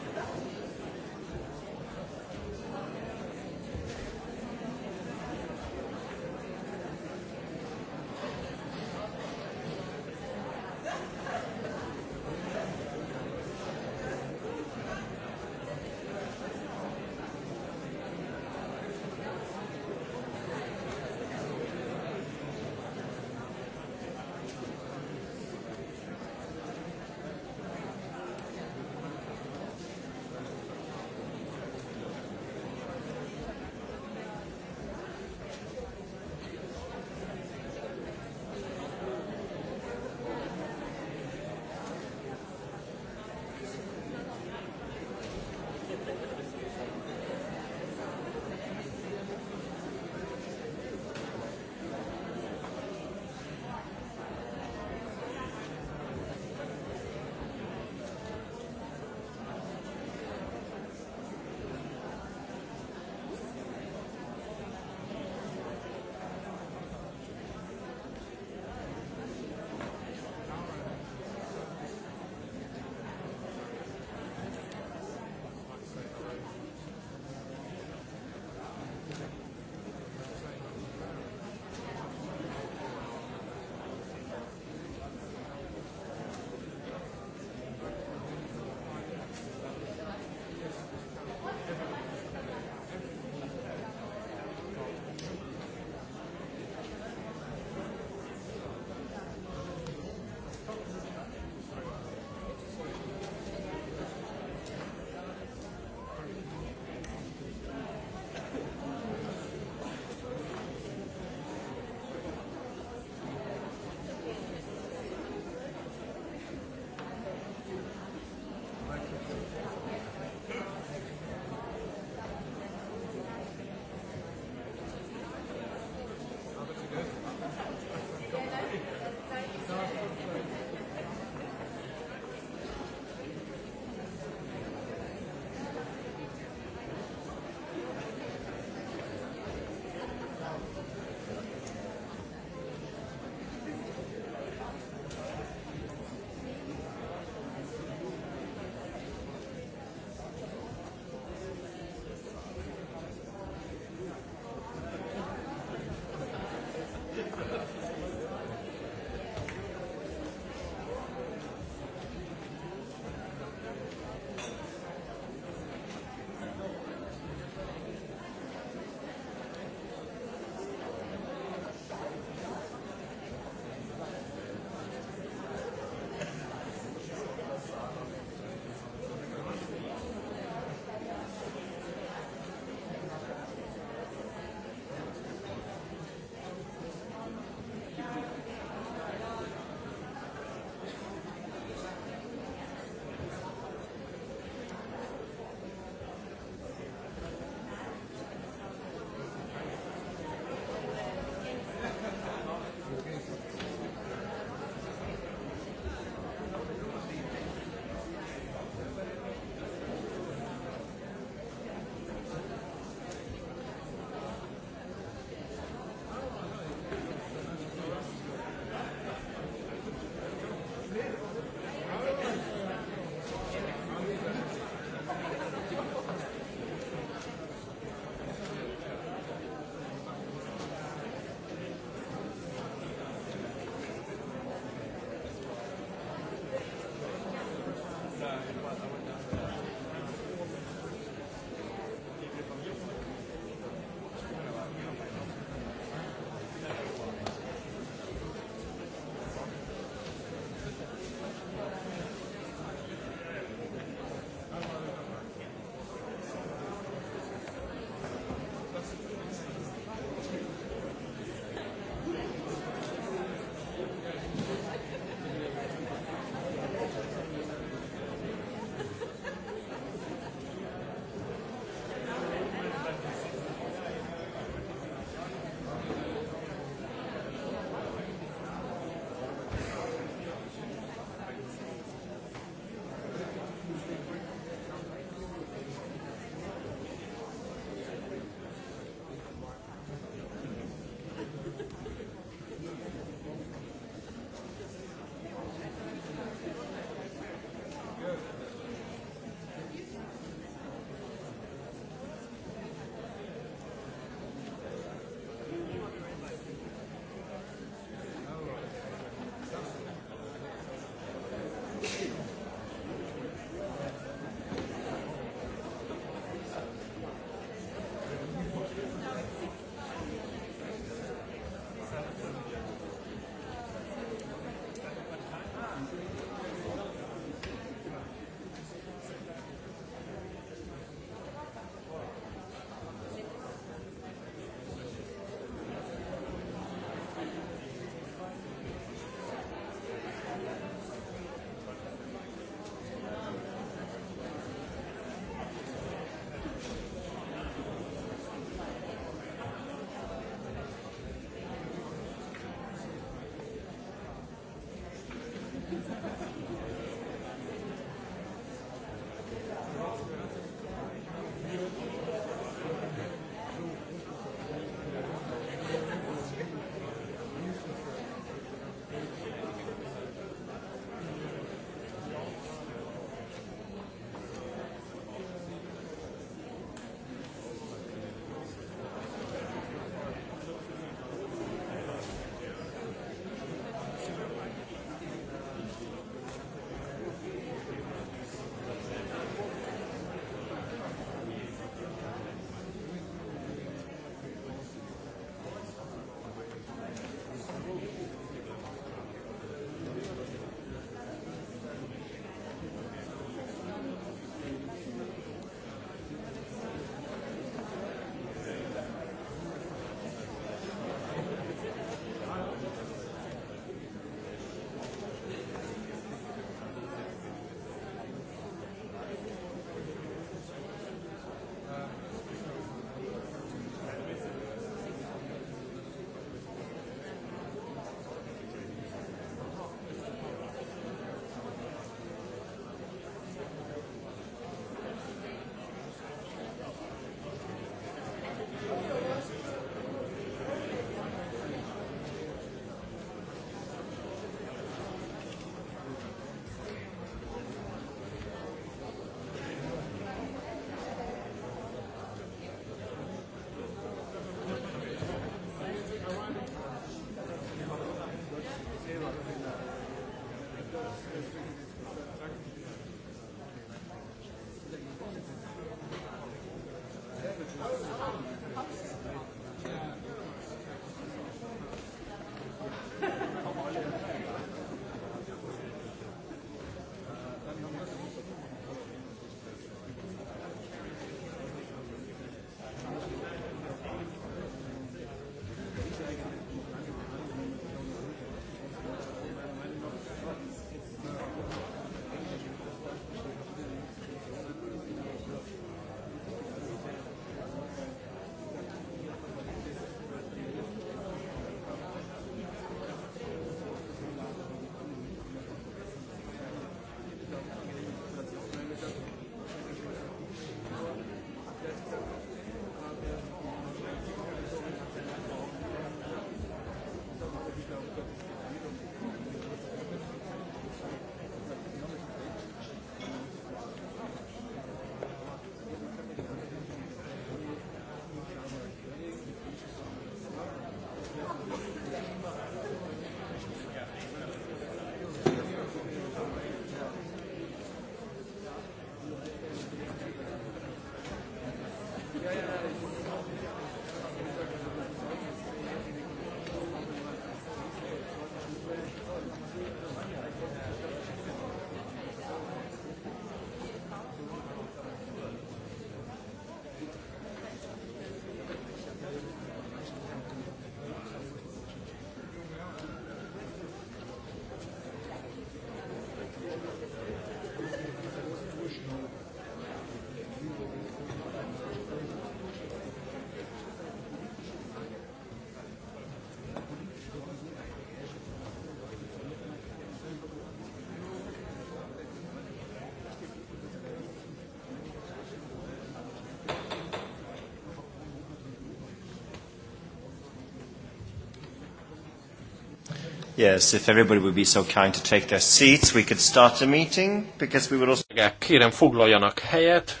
Yes, if everybody would be so kind to take their seats, we could start the meeting, because we would also... Kérem, foglaljanak helyet,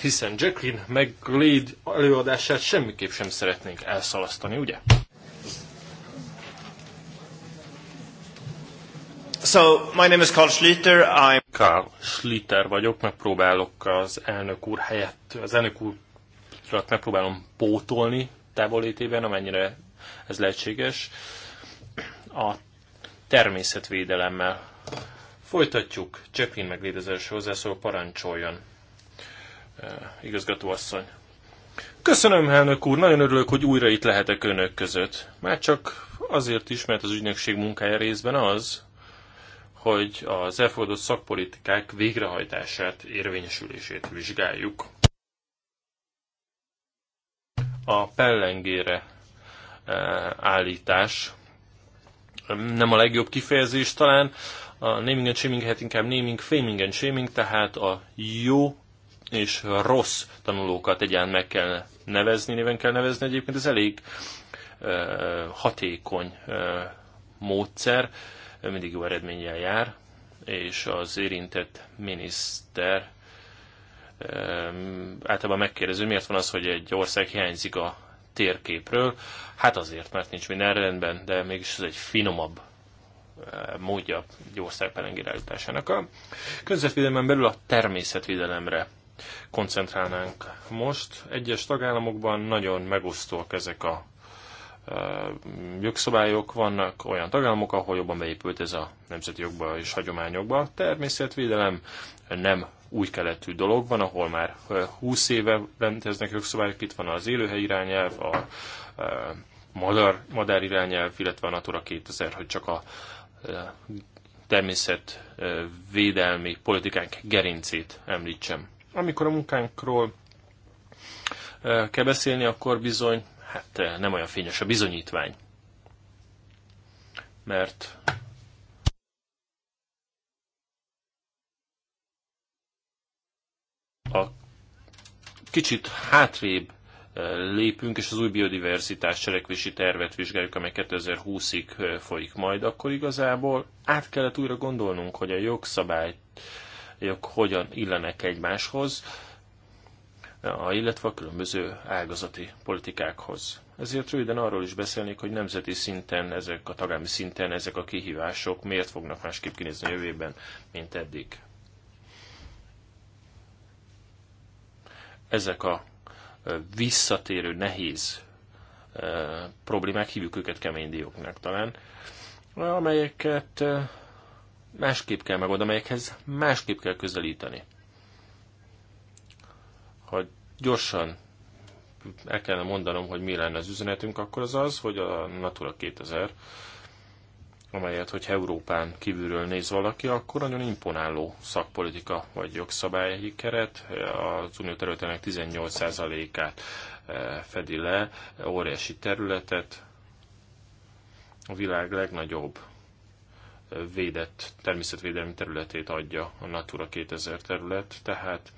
hiszen Jacqueline McGlead előadását semmiképp sem szeretnénk elszalasztani, ugye? So, my name is Carl Schlitter, I'm... Carl Schlitter vagyok, megpróbálok az elnök úr helyett, az elnök úr megpróbálom pótolni távolétében, amennyire ez lehetséges a természetvédelemmel. Folytatjuk, Csepin megvéd az első hozzászól, parancsoljon, igazgatóasszony. Köszönöm, elnök úr, nagyon örülök, hogy újra itt lehetek önök között. Már csak azért is, mert az ügynökség munkája részben az, hogy az elfogadott szakpolitikák végrehajtását, érvényesülését vizsgáljuk. A pellengére állítás nem a legjobb kifejezés talán, a naming and shaming hát inkább naming, faming and shaming, tehát a jó és rossz tanulókat egyáltalán meg kell nevezni, néven kell nevezni. Egyébként ez elég hatékony módszer, mindig jó eredménnyel jár, és az érintett miniszter általában megkérdező, miért van az, hogy egy ország hiányzik a térképről. Hát azért, mert nincs minden rendben, de mégis ez egy finomabb eh, módja egy ország pelengére A környezetvédelmen belül a természetvédelemre koncentrálnánk most. Egyes tagállamokban nagyon megosztóak ezek a eh, jogszabályok vannak, olyan tagállamok, ahol jobban beépült ez a nemzeti jogba és hagyományokba. Természetvédelem nem új keletű dolog van, ahol már 20 éve rendeznek jogszabályok, itt van az élőhely irányelv, a, a madár, madár irányelv, illetve a Natura 2000, hogy csak a természetvédelmi politikánk gerincét említsem. Amikor a munkánkról kell beszélni, akkor bizony, hát nem olyan fényes a bizonyítvány. Mert a kicsit hátrébb eh, lépünk, és az új biodiverzitás cselekvési tervet vizsgáljuk, amely 2020-ig eh, folyik majd, akkor igazából át kellett újra gondolnunk, hogy a jogszabályok hogyan illenek egymáshoz, illetve a különböző ágazati politikákhoz. Ezért röviden arról is beszélnék, hogy nemzeti szinten, ezek a tagállami szinten ezek a kihívások miért fognak másképp kinézni a jövőben, mint eddig. ezek a visszatérő nehéz problémák, hívjuk őket kemény dióknak talán, amelyeket másképp kell megoldani, amelyekhez másképp kell közelíteni. Ha gyorsan el kellene mondanom, hogy mi lenne az üzenetünk, akkor az az, hogy a Natura 2000 amelyet, hogy Európán kívülről néz valaki, akkor nagyon imponáló szakpolitika vagy jogszabályi keret. Az unió területének 18%-át e, fedi le, óriási területet, a világ legnagyobb e, védett természetvédelmi területét adja a Natura 2000 terület, tehát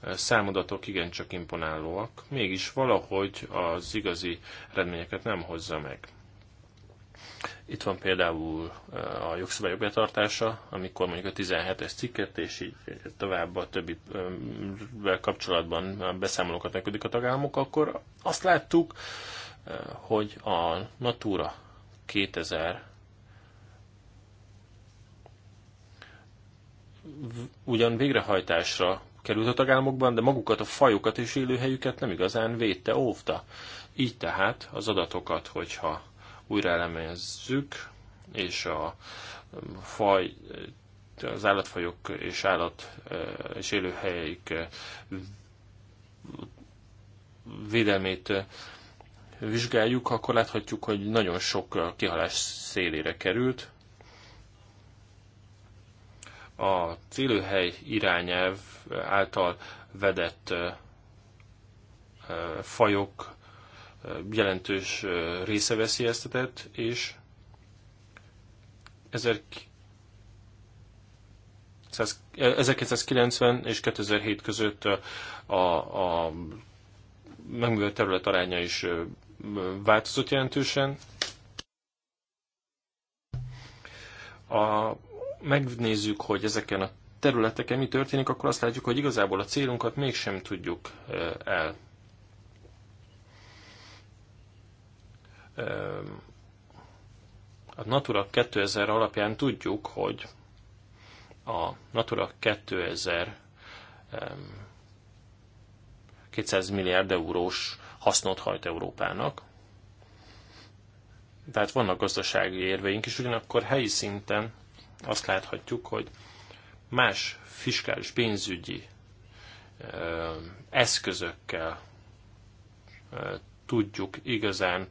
e, számodatok igencsak imponálóak, mégis valahogy az igazi eredményeket nem hozza meg. Itt van például eh, a jogszabályok betartása, amikor mondjuk a 17-es cikket, és így tovább a többi eh, kapcsolatban beszámolókat megködik a tagállamok, akkor azt láttuk, eh, hogy a Natura 2000 ugyan végrehajtásra került a tagállamokban, de magukat a fajokat és élőhelyüket nem igazán védte, óvta. Így tehát az adatokat, hogyha újra elemezzük, és a faj, az állatfajok és állat és élőhelyeik védelmét vizsgáljuk, akkor láthatjuk, hogy nagyon sok kihalás szélére került. A célőhely irányelv által vedett fajok jelentős része veszélyeztetett, és 1990 és 2007 között a, a megművelt terület aránya is változott jelentősen. A, megnézzük, hogy ezeken a területeken mi történik, akkor azt látjuk, hogy igazából a célunkat mégsem tudjuk el a Natura 2000 alapján tudjuk, hogy a Natura 2000 200 milliárd eurós hasznot hajt Európának. Tehát vannak gazdasági érveink is, ugyanakkor helyi szinten azt láthatjuk, hogy más fiskális pénzügyi eszközökkel tudjuk igazán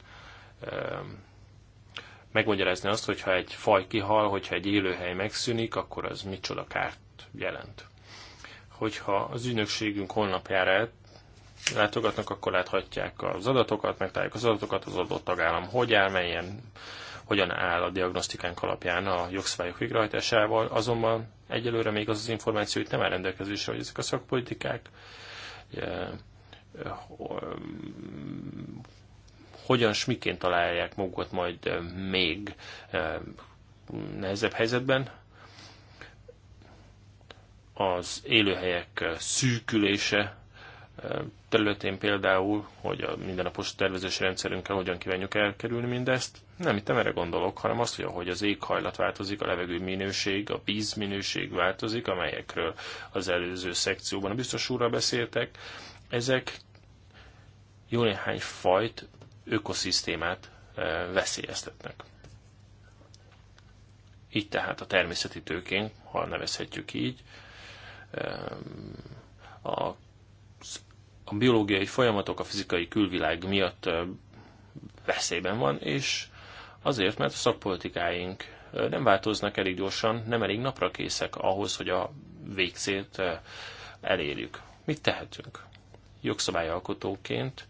megmagyarázni azt, hogyha egy faj kihal, hogyha egy élőhely megszűnik, akkor az micsoda kárt jelent. Hogyha az ügynökségünk honlapjára látogatnak, akkor láthatják az adatokat, megtalálják az adatokat, az adott tagállam hogy áll, melyen, hogyan áll a diagnosztikánk alapján a jogszabályok végrehajtásával, azonban egyelőre még az az információ hogy nem áll rendelkezésre, hogy ezek a szakpolitikák hogyan s miként találják magukat majd még nehezebb helyzetben. Az élőhelyek szűkülése területén például, hogy a mindennapos tervezési rendszerünkkel hogyan kívánjuk elkerülni mindezt. Nem itt nem erre gondolok, hanem azt, hogy ahogy az éghajlat változik, a levegő minőség, a víz minőség változik, amelyekről az előző szekcióban a biztos úrral beszéltek, ezek jó néhány fajt ökoszisztémát eh, veszélyeztetnek. Így tehát a természeti tőkén, ha nevezhetjük így, eh, a, a biológiai folyamatok a fizikai külvilág miatt eh, veszélyben van, és azért, mert a szakpolitikáink nem változnak elég gyorsan, nem elég napra készek ahhoz, hogy a végcélt elérjük. Mit tehetünk? Jogszabályalkotóként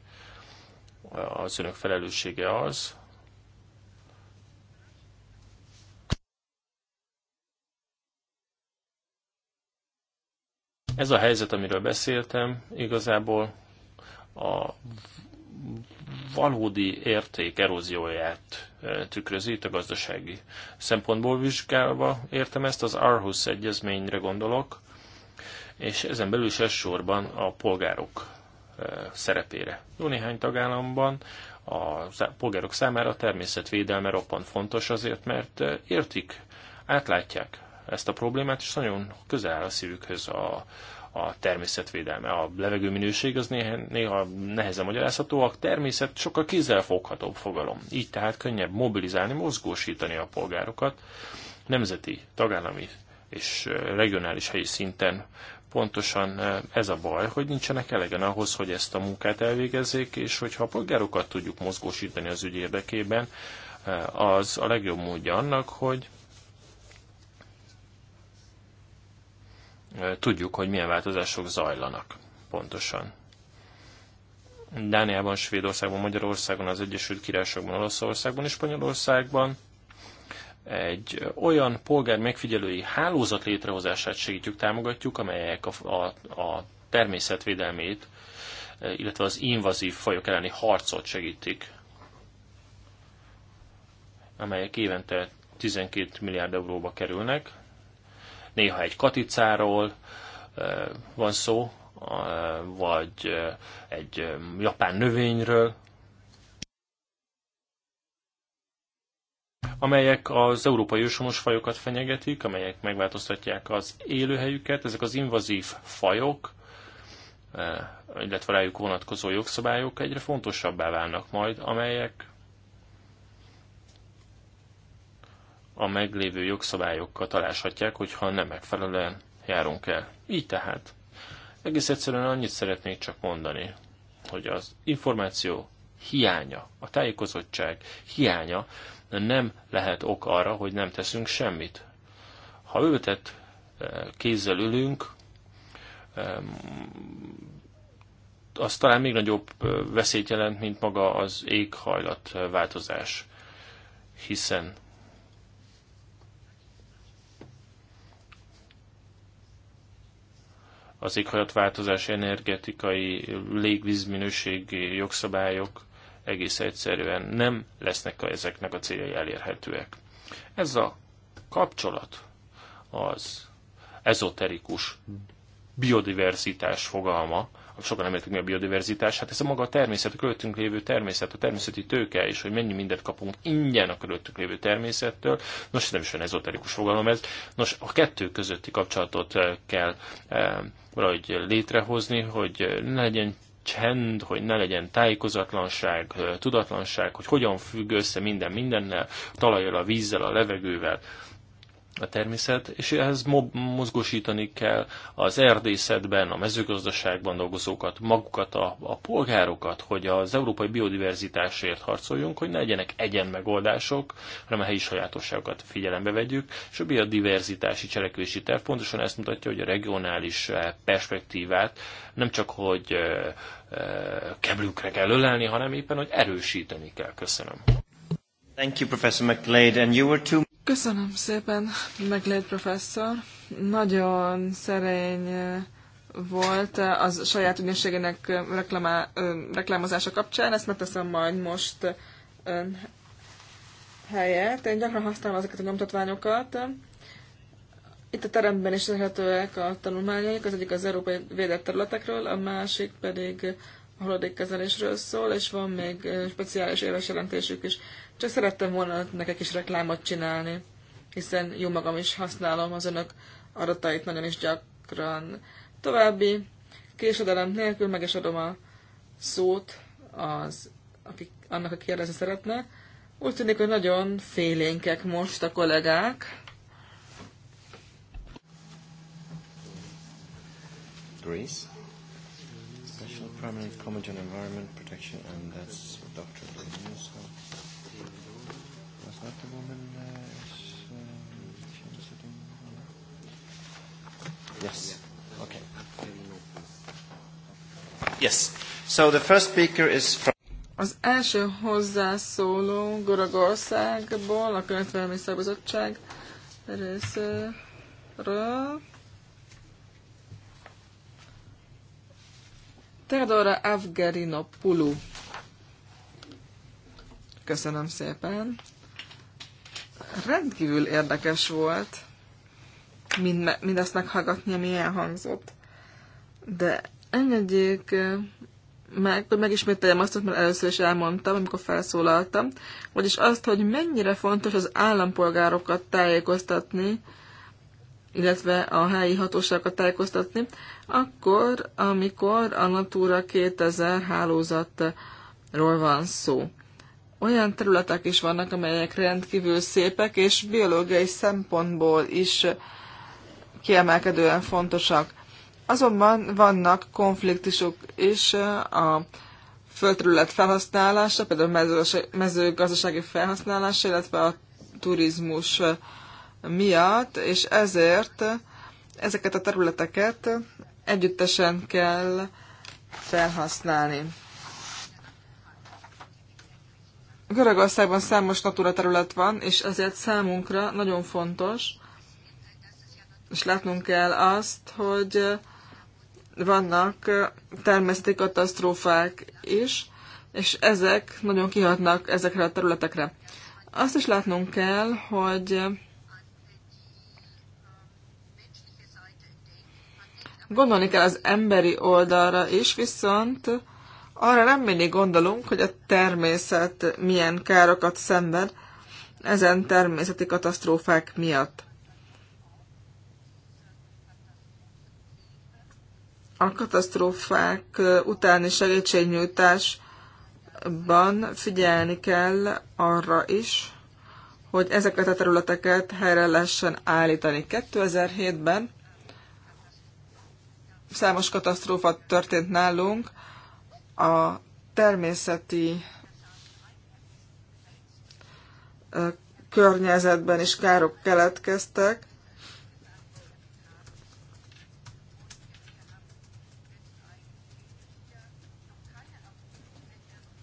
az önök felelőssége az, Ez a helyzet, amiről beszéltem, igazából a valódi érték erózióját e, tükrözi, itt a gazdasági szempontból vizsgálva értem ezt, az arhus egyezményre gondolok, és ezen belül is elsősorban a polgárok szerepére. Jó néhány tagállamban a polgárok számára a természetvédelme roppant fontos azért, mert értik, átlátják ezt a problémát, és nagyon közel áll a szívükhöz a, a természetvédelme. A levegőminőség az néha, néha nehezen magyarázható, a természet sokkal kézzelfoghatóbb fogalom. Így tehát könnyebb mobilizálni, mozgósítani a polgárokat nemzeti, tagállami és regionális helyi szinten Pontosan ez a baj, hogy nincsenek elegen ahhoz, hogy ezt a munkát elvégezzék, és hogyha a polgárokat tudjuk mozgósítani az ügy érdekében, az a legjobb módja annak, hogy tudjuk, hogy milyen változások zajlanak pontosan. Dániában, Svédországban, Magyarországon, az Egyesült Királyságban, Olaszországban és Spanyolországban egy olyan polgár megfigyelői hálózat létrehozását segítjük, támogatjuk, amelyek a, a, a természetvédelmét, illetve az invazív fajok elleni harcot segítik, amelyek évente 12 milliárd euróba kerülnek. Néha egy katicáról van szó, vagy egy japán növényről, amelyek az európai őshonos fajokat fenyegetik, amelyek megváltoztatják az élőhelyüket. Ezek az invazív fajok, eh, illetve rájuk vonatkozó jogszabályok egyre fontosabbá válnak majd, amelyek a meglévő jogszabályokkal találhatják, hogyha nem megfelelően járunk el. Így tehát. Egész egyszerűen annyit szeretnék csak mondani, hogy az információ hiánya, a tájékozottság hiánya nem lehet ok arra, hogy nem teszünk semmit. Ha ültet eh, kézzel ülünk, az talán még nagyobb eh, veszélyt jelent, mint maga az éghajlat változás, hiszen az éghajlatváltozás energetikai légvízminőségi jogszabályok egész egyszerűen nem lesznek a ezeknek a céljai elérhetőek. Ez a kapcsolat az ezoterikus biodiverzitás fogalma, sokan nem értik mi a biodiverzitás, hát ez a maga a természet, a körülöttünk lévő természet, a természeti tőke, és hogy mennyi mindent kapunk ingyen a körülöttünk lévő természettől, nos, nem is olyan ezoterikus fogalom ez, nos, a kettő közötti kapcsolatot eh, kell valahogy eh, létrehozni, hogy ne legyen csend, hogy ne legyen tájékozatlanság, tudatlanság, hogy hogyan függ össze minden mindennel, talajjal, a vízzel, a levegővel, a természet, és ehhez mozgosítani kell az erdészetben, a mezőgazdaságban dolgozókat, magukat, a, a polgárokat, hogy az európai biodiverzitásért harcoljunk, hogy ne legyenek egyen megoldások, hanem a helyi sajátosságokat figyelembe vegyük, és a biodiverzitási cselekvési terv pontosan ezt mutatja, hogy a regionális eh, perspektívát nem csak, hogy eh, eh, keblükre kell ölelni, hanem éppen, hogy erősíteni kell. Köszönöm. Thank you, Professor McLeod, and you were too Köszönöm szépen, Meglét professzor. Nagyon szerény volt az saját ügynökségének reklámozása kapcsán, ezt megteszem majd most ön helyett. Én gyakran használom ezeket a nyomtatványokat. Itt a teremben is lehetőek a tanulmányaik, az egyik az európai védett területekről, a másik pedig haladékkezelésről szól, és van még speciális éves jelentésük is. Csak szerettem volna nekik is reklámot csinálni, hiszen jó magam is használom az önök adatait nagyon is gyakran. További késedelem nélkül meg is adom a szót az, aki, annak, aki kérdezni szeretne. Úgy tűnik, hogy nagyon félénkek most a kollégák. Greece permanent comment on environment protection, and that's Dr. Lynn. Levinusa. Was that the woman? Uh, uh yes. Okay. Yes. So the first speaker is from. Az első hozzászóló Görögországból, a Könyvtelmi Szabizottság részéről. Teodora Avgerinopulu. Köszönöm szépen. Rendkívül érdekes volt mind, mindezt meghallgatni, ami elhangzott. De engedjék eh, meg, hogy megismételjem azt, amit először is elmondtam, amikor felszólaltam, vagyis azt, hogy mennyire fontos az állampolgárokat tájékoztatni, illetve a helyi hatóságokat tájékoztatni, akkor, amikor a Natura 2000 hálózatról van szó. Olyan területek is vannak, amelyek rendkívül szépek, és biológiai szempontból is kiemelkedően fontosak. Azonban vannak konfliktusok is a földterület felhasználása, például mezőgazdasági felhasználása, illetve a turizmus miatt, és ezért ezeket a területeket együttesen kell felhasználni. Görögországban számos natura terület van, és ezért számunkra nagyon fontos, és látnunk kell azt, hogy vannak természeti katasztrófák is, és ezek nagyon kihatnak ezekre a területekre. Azt is látnunk kell, hogy Gondolni kell az emberi oldalra is, viszont arra nem mindig gondolunk, hogy a természet milyen károkat szenved ezen természeti katasztrófák miatt. A katasztrófák utáni segítségnyújtásban figyelni kell arra is, hogy ezeket a területeket helyre lehessen állítani. 2007-ben számos katasztrófa történt nálunk. A természeti környezetben is károk keletkeztek.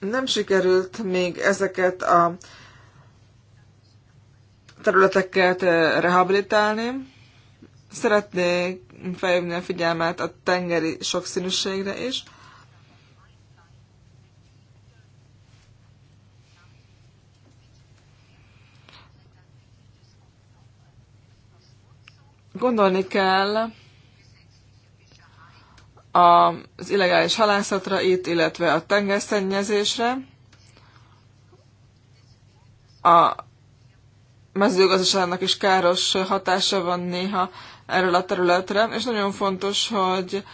Nem sikerült még ezeket a területeket rehabilitálni. Szeretnék felhívni a figyelmet a tengeri sokszínűségre is. Gondolni kell az illegális halászatra itt, illetve a tengerszennyezésre. A mezőgazdaságnak is káros hatása van néha erről a területre, és nagyon fontos, hogy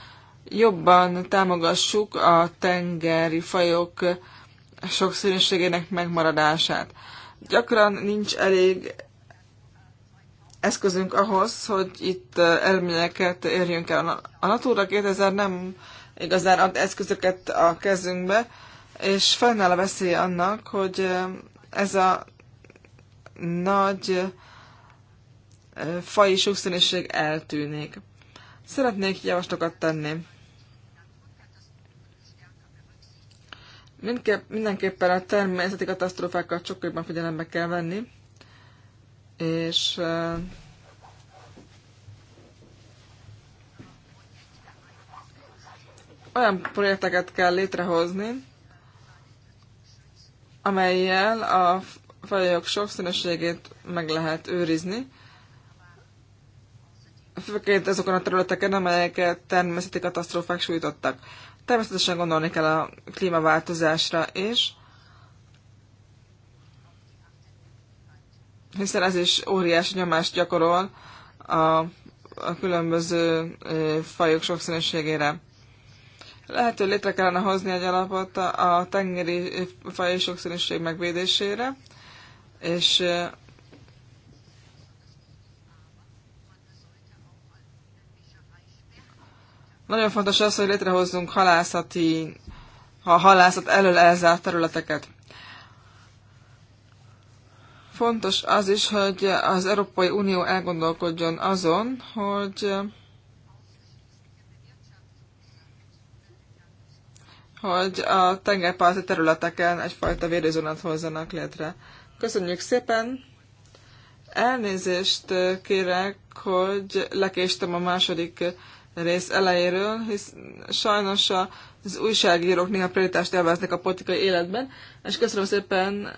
jobban támogassuk a tengeri fajok sokszínűségének megmaradását. Gyakran nincs elég eszközünk ahhoz, hogy itt eredményeket érjünk el. A Natura 2000 nem igazán ad eszközöket a kezünkbe, és fennáll a veszély annak, hogy ez a nagy faji sokszínűség eltűnik. Szeretnék javaslatokat tenni. Mindképp, mindenképpen a természeti katasztrófákat sokkal jobban figyelembe kell venni, és olyan projekteket kell létrehozni, amelyel a fajok sokszínűségét meg lehet őrizni, főként azokon a területeken, amelyeket természeti katasztrófák sújtottak. Természetesen gondolni kell a klímaváltozásra is, hiszen ez is óriási nyomást gyakorol a, a különböző fajok sokszínűségére. Lehet, hogy létre kellene hozni egy alapot a tengeri faj sokszínűség megvédésére, és Nagyon fontos az, hogy létrehozzunk halászati, a halászat elől elzárt területeket. Fontos az is, hogy az Európai Unió elgondolkodjon azon, hogy hogy a tengerparti területeken egyfajta védőzónát hozzanak létre. Köszönjük szépen! Elnézést kérek, hogy lekéstem a második rész elejéről, hisz sajnos az újságírók néha prioritást élveznek a politikai életben, és köszönöm szépen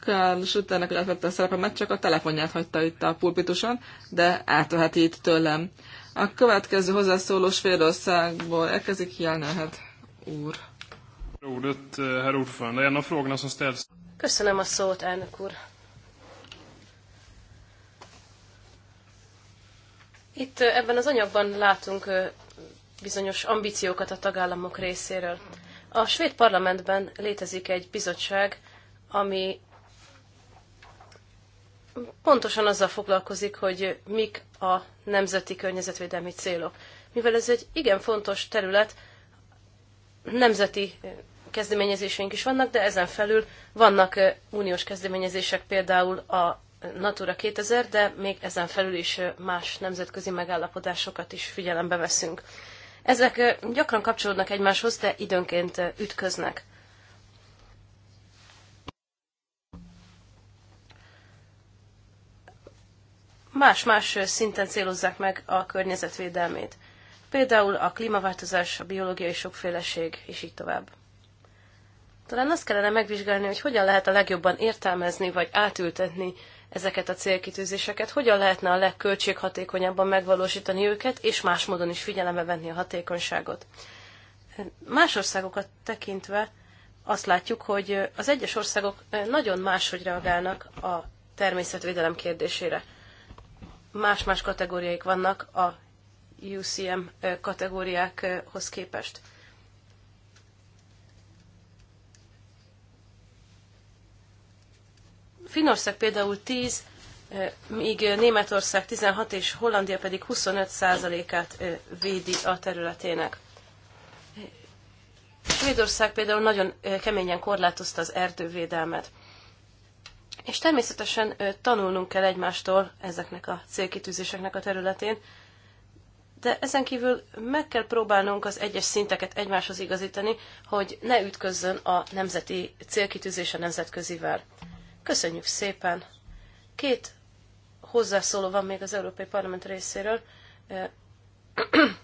Karl Schütternek, hogy átvette a szerepemet, csak a telefonját hagyta itt a pulpituson, de átveheti itt tőlem. A következő hozzászóló Svédországból elkezdik Jelnerhet úr. Köszönöm a szót, elnök úr. Itt ebben az anyagban látunk bizonyos ambíciókat a tagállamok részéről. A svéd parlamentben létezik egy bizottság, ami pontosan azzal foglalkozik, hogy mik a nemzeti környezetvédelmi célok. Mivel ez egy igen fontos terület, nemzeti kezdeményezéseink is vannak, de ezen felül vannak uniós kezdeményezések, például a Natura 2000, de még ezen felül is más nemzetközi megállapodásokat is figyelembe veszünk. Ezek gyakran kapcsolódnak egymáshoz, de időnként ütköznek. Más-más szinten célozzák meg a környezetvédelmét. Például a klímaváltozás, a biológiai sokféleség, és így tovább. Talán azt kellene megvizsgálni, hogy hogyan lehet a legjobban értelmezni vagy átültetni ezeket a célkitűzéseket, hogyan lehetne a legköltséghatékonyabban megvalósítani őket, és más módon is figyelembe venni a hatékonyságot. Más országokat tekintve azt látjuk, hogy az egyes országok nagyon máshogy reagálnak a természetvédelem kérdésére. Más-más kategóriáik vannak a UCM kategóriákhoz képest. Finország például 10, míg Németország 16 és Hollandia pedig 25 százalékát védi a területének. Svédország például nagyon keményen korlátozta az erdővédelmet. És természetesen tanulnunk kell egymástól ezeknek a célkitűzéseknek a területén, de ezen kívül meg kell próbálnunk az egyes szinteket egymáshoz igazítani, hogy ne ütközzön a nemzeti célkitűzés a nemzetközivel. Köszönjük szépen! Két hozzászóló van még az Európai Parlament részéről.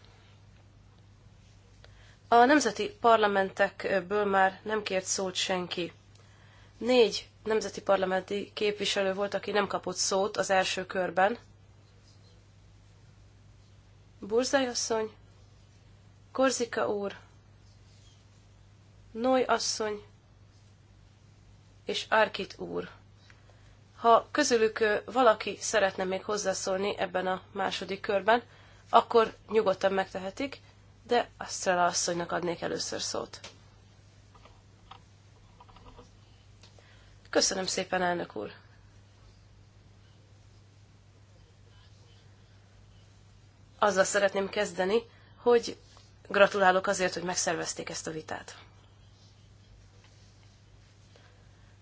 A nemzeti parlamentekből már nem kért szót senki. Négy nemzeti parlamenti képviselő volt, aki nem kapott szót az első körben. Burzai asszony, Korzika úr, Noy asszony, és Arkit úr. Ha közülük valaki szeretne még hozzászólni ebben a második körben, akkor nyugodtan megtehetik, de Astrella asszonynak adnék először szót. Köszönöm szépen, elnök úr! Azzal szeretném kezdeni, hogy gratulálok azért, hogy megszervezték ezt a vitát.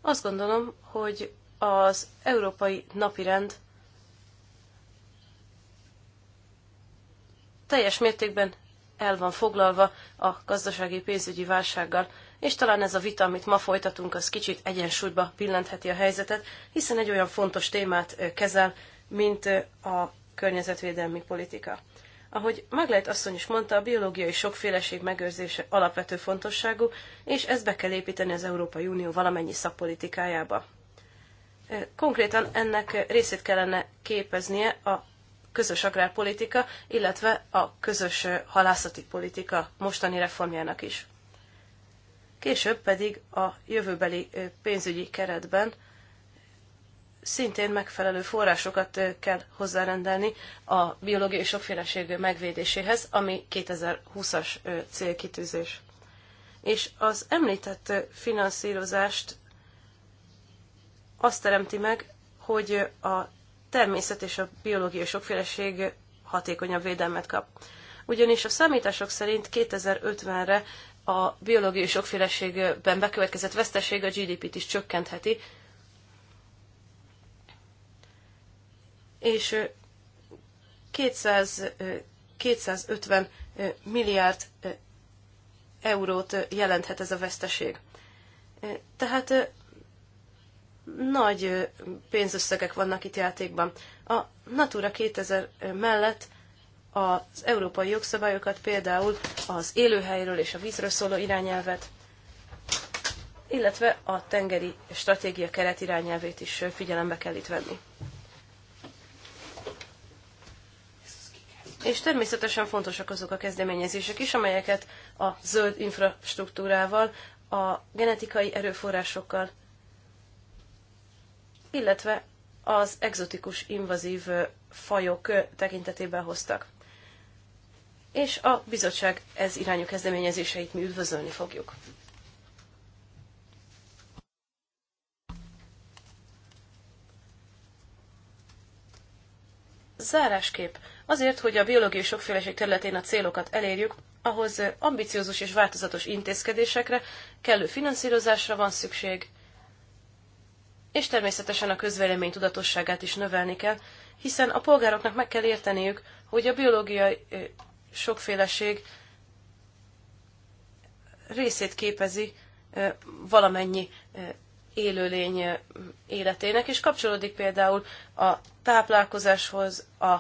Azt gondolom, hogy az európai napirend teljes mértékben el van foglalva a gazdasági pénzügyi válsággal, és talán ez a vita, amit ma folytatunk, az kicsit egyensúlyba pillentheti a helyzetet, hiszen egy olyan fontos témát kezel, mint a környezetvédelmi politika. Ahogy Maglejt asszony is mondta, a biológiai sokféleség megőrzése alapvető fontosságú, és ezt be kell építeni az Európai Unió valamennyi szakpolitikájába. Konkrétan ennek részét kellene képeznie a közös agrárpolitika, illetve a közös halászati politika mostani reformjának is. Később pedig a jövőbeli pénzügyi keretben szintén megfelelő forrásokat kell hozzárendelni a biológiai sokféleség megvédéséhez, ami 2020-as célkitűzés. És az említett finanszírozást azt teremti meg, hogy a természet és a biológiai sokféleség hatékonyabb védelmet kap. Ugyanis a számítások szerint 2050-re a biológiai sokféleségben bekövetkezett veszteség a GDP-t is csökkentheti, és 200, 250 milliárd eurót jelenthet ez a veszteség. Tehát nagy pénzösszegek vannak itt játékban. A Natura 2000 mellett az európai jogszabályokat, például az élőhelyről és a vízről szóló irányelvet, illetve a tengeri stratégia irányelvét is figyelembe kell itt venni. és természetesen fontosak azok a kezdeményezések is, amelyeket a zöld infrastruktúrával, a genetikai erőforrásokkal, illetve az egzotikus invazív fajok tekintetében hoztak. És a bizottság ez irányú kezdeményezéseit mi üdvözölni fogjuk. Zárásképp Azért, hogy a biológiai sokféleség területén a célokat elérjük, ahhoz ambiciózus és változatos intézkedésekre, kellő finanszírozásra van szükség, és természetesen a közvélemény tudatosságát is növelni kell, hiszen a polgároknak meg kell érteniük, hogy a biológiai sokféleség részét képezi valamennyi élőlény életének, és kapcsolódik például a táplálkozáshoz, a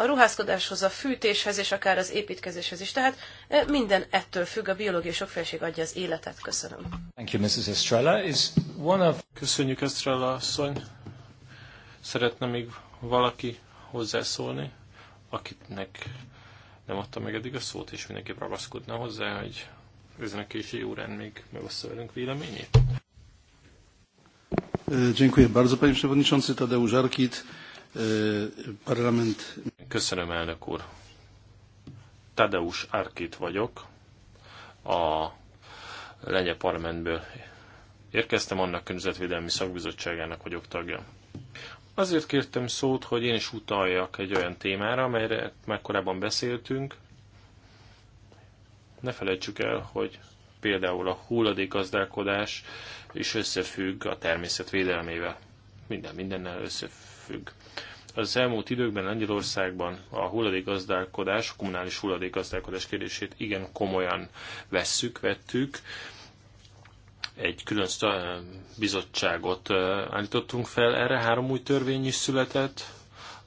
a ruházkodáshoz, a fűtéshez és akár az építkezéshez is. Tehát e, minden ettől függ, a biológiai sokféleség adja az életet. Köszönöm. Thank you, Mrs. Estrella. Is one of... Köszönjük, Estrella asszony. Szeretne még valaki hozzászólni, akitnek nem adta meg eddig a szót, és mindenki ragaszkodna hozzá, hogy ezen a késői órán még megosztja velünk véleményét. Dziękuję bardzo, panie przewodniczący Tadeusz Arkit. Parlament. Köszönöm, elnök úr. Tadeusz Arkit vagyok. A lengyel parlamentből érkeztem, annak környezetvédelmi szakbizottságának vagyok tagja. Azért kértem szót, hogy én is utaljak egy olyan témára, amelyre már korábban beszéltünk. Ne felejtsük el, hogy például a hulladékgazdálkodás is összefügg a természet védelmével. Minden mindennel összefügg. Az elmúlt időkben Lengyelországban a hulladékgazdálkodás, a kommunális hulladékgazdálkodás kérdését igen komolyan vesszük, vettük. Egy külön bizottságot állítottunk fel, erre három új törvény is született,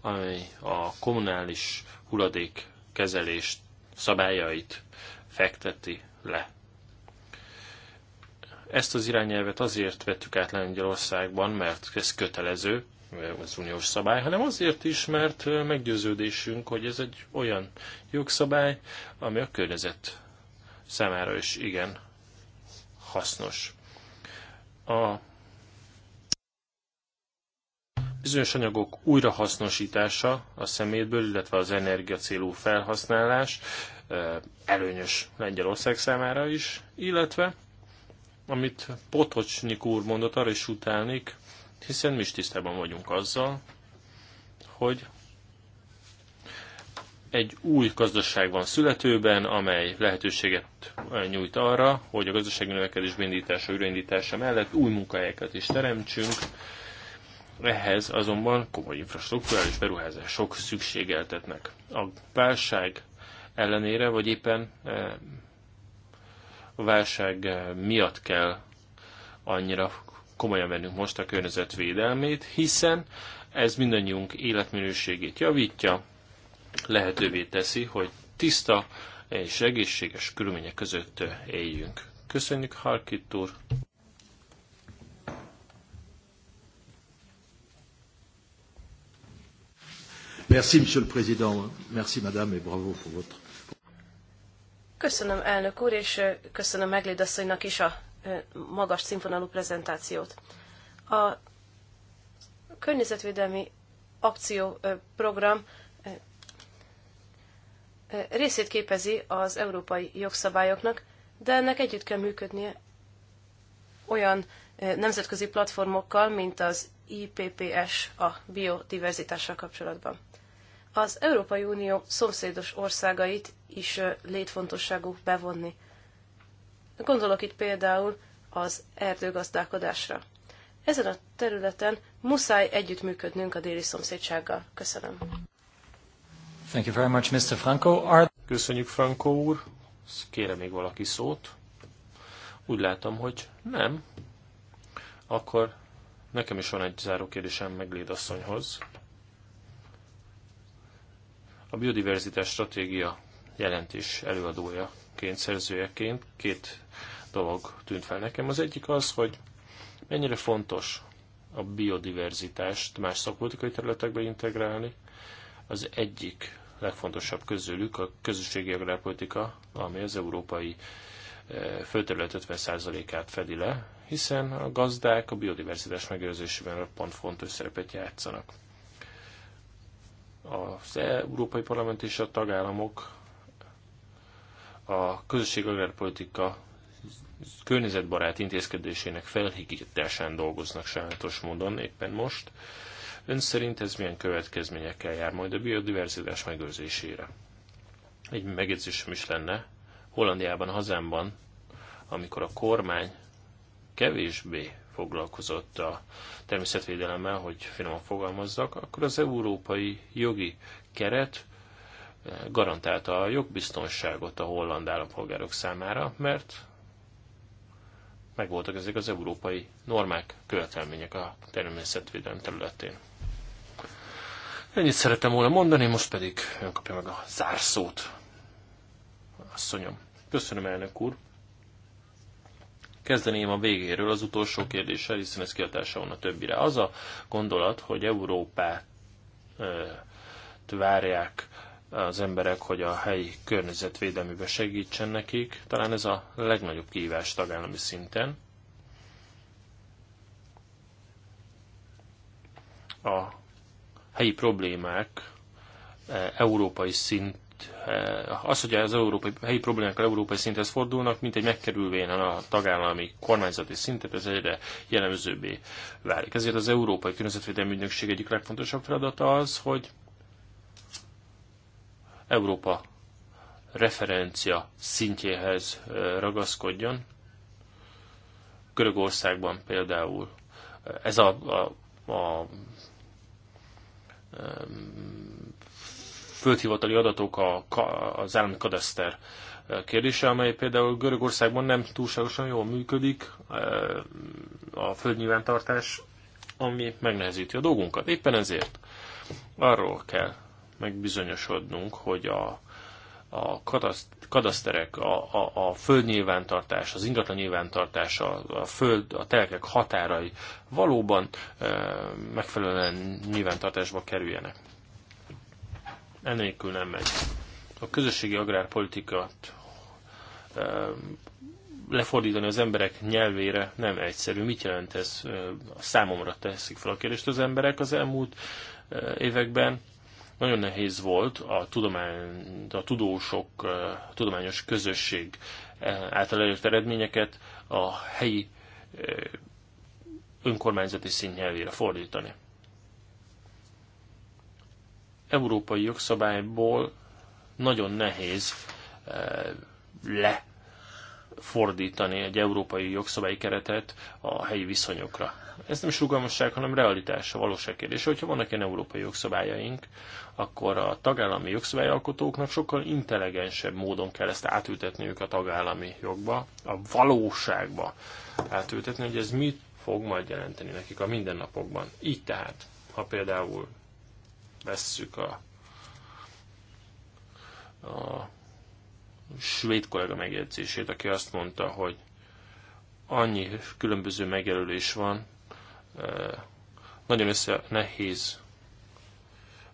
ami a kommunális hulladékkezelés szabályait fekteti le. Ezt az irányelvet azért vettük át Lengyelországban, mert ez kötelező, az uniós szabály, hanem azért is, mert meggyőződésünk, hogy ez egy olyan jogszabály, ami a környezet számára is igen hasznos. A bizonyos anyagok újrahasznosítása a szemétből, illetve az energia célú felhasználás előnyös Lengyelország számára is, illetve amit Potocsnyik úr mondott, arra is utálnék, hiszen mi is tisztában vagyunk azzal, hogy egy új gazdaság van születőben, amely lehetőséget nyújt arra, hogy a gazdasági növekedés beindítása, újraindítása mellett új munkahelyeket is teremtsünk. Ehhez azonban komoly infrastruktúrális beruházások szükségeltetnek. A válság ellenére, vagy éppen a eh, válság eh, miatt kell annyira komolyan vennünk most a környezetvédelmét, hiszen ez mindannyiunk életminőségét javítja, lehetővé teszi, hogy tiszta és egészséges körülmények között éljünk. Köszönjük, Harkit úr! Merci, Monsieur le Président. Merci, Madame, et bravo pour votre... Köszönöm, elnök úr, és köszönöm Meglid asszonynak is a magas színvonalú prezentációt. A környezetvédelmi akcióprogram részét képezi az európai jogszabályoknak, de ennek együtt kell működnie olyan nemzetközi platformokkal, mint az IPPS a biodiverzitással kapcsolatban. Az Európai Unió szomszédos országait is létfontosságú bevonni Gondolok itt például az erdőgazdálkodásra. Ezen a területen muszáj együttműködnünk a déli szomszédsággal. Köszönöm. Thank you very much, Mr. Franco. Are... Köszönjük, Franco úr. Kérem, még valaki szót? Úgy látom, hogy nem. Akkor nekem is van egy záró kérdésem meg Lédasszonyhoz. A biodiverzitás stratégia jelentés előadója előadóként, szerzőjeként két dolog tűnt fel nekem. Az egyik az, hogy mennyire fontos a biodiverzitást más szakpolitikai területekbe integrálni. Az egyik legfontosabb közülük a közösségi agrárpolitika, ami az európai eh, földterület 50%-át fedi le, hiszen a gazdák a biodiverzitás megőrzésében pont fontos szerepet játszanak. Az Európai Parlament és a tagállamok a közösség agrárpolitika környezetbarát intézkedésének felhigításán dolgoznak sajátos módon éppen most. Ön szerint ez milyen következményekkel jár majd a biodiverzitás megőrzésére? Egy megjegyzésem is lenne, Hollandiában, hazámban, amikor a kormány kevésbé foglalkozott a természetvédelemmel, hogy finoman fogalmazzak, akkor az európai jogi keret garantálta a jogbiztonságot a holland állampolgárok számára, mert megvoltak ezek az európai normák, követelmények a természetvédelem területén. Ennyit szerettem volna mondani, most pedig ön kapja meg a zárszót. Asszonyom. Köszönöm, elnök úr. Kezdeném a végéről az utolsó kérdéssel, hiszen ez kiadása van a többire. Az a gondolat, hogy Európát várják az emberek, hogy a helyi környezetvédelmében segítsen nekik. Talán ez a legnagyobb kihívás tagállami szinten. A helyi problémák e, európai szint e, az, hogy az európai, helyi problémák az európai szinthez fordulnak, mint egy megkerülvén a tagállami kormányzati szintet, ez egyre jellemzőbbé válik. Ezért az Európai Környezetvédelmi Ügynökség egyik legfontosabb feladata az, hogy Európa referencia szintjéhez ragaszkodjon. Görögországban például ez a, a, a földhivatali adatok a, az állami kadaszter kérdése, amely például Görögországban nem túlságosan jól működik, a földnyilvántartás, ami megnehezíti a dolgunkat. Éppen ezért arról kell megbizonyosodnunk, hogy a, a kadaszterek, a, a, a föld nyilvántartás, az ingatlan nyilvántartás, a, a föld, a telkek határai valóban e, megfelelően nyilvántartásba kerüljenek. Ennélkül nem megy. A közösségi agrárpolitikát e, lefordítani az emberek nyelvére nem egyszerű. Mit jelent ez? Számomra teszik fel a kérdést az emberek az elmúlt években. Nagyon nehéz volt a, tudomány, a tudósok, a tudományos közösség e, által elért eredményeket a helyi e, önkormányzati színnyelvére fordítani. Európai jogszabályból nagyon nehéz e, lefordítani egy európai jogszabályi keretet a helyi viszonyokra ez nem is rugalmasság, hanem realitás, a valóság kérdése. Hogyha vannak ilyen európai jogszabályaink, akkor a tagállami jogszabályalkotóknak sokkal intelligensebb módon kell ezt átültetniük a tagállami jogba, a valóságba átültetni, hogy ez mit fog majd jelenteni nekik a mindennapokban. Így tehát, ha például vesszük a, a svéd kollega megjegyzését, aki azt mondta, hogy annyi különböző megjelölés van, nagyon össze nehéz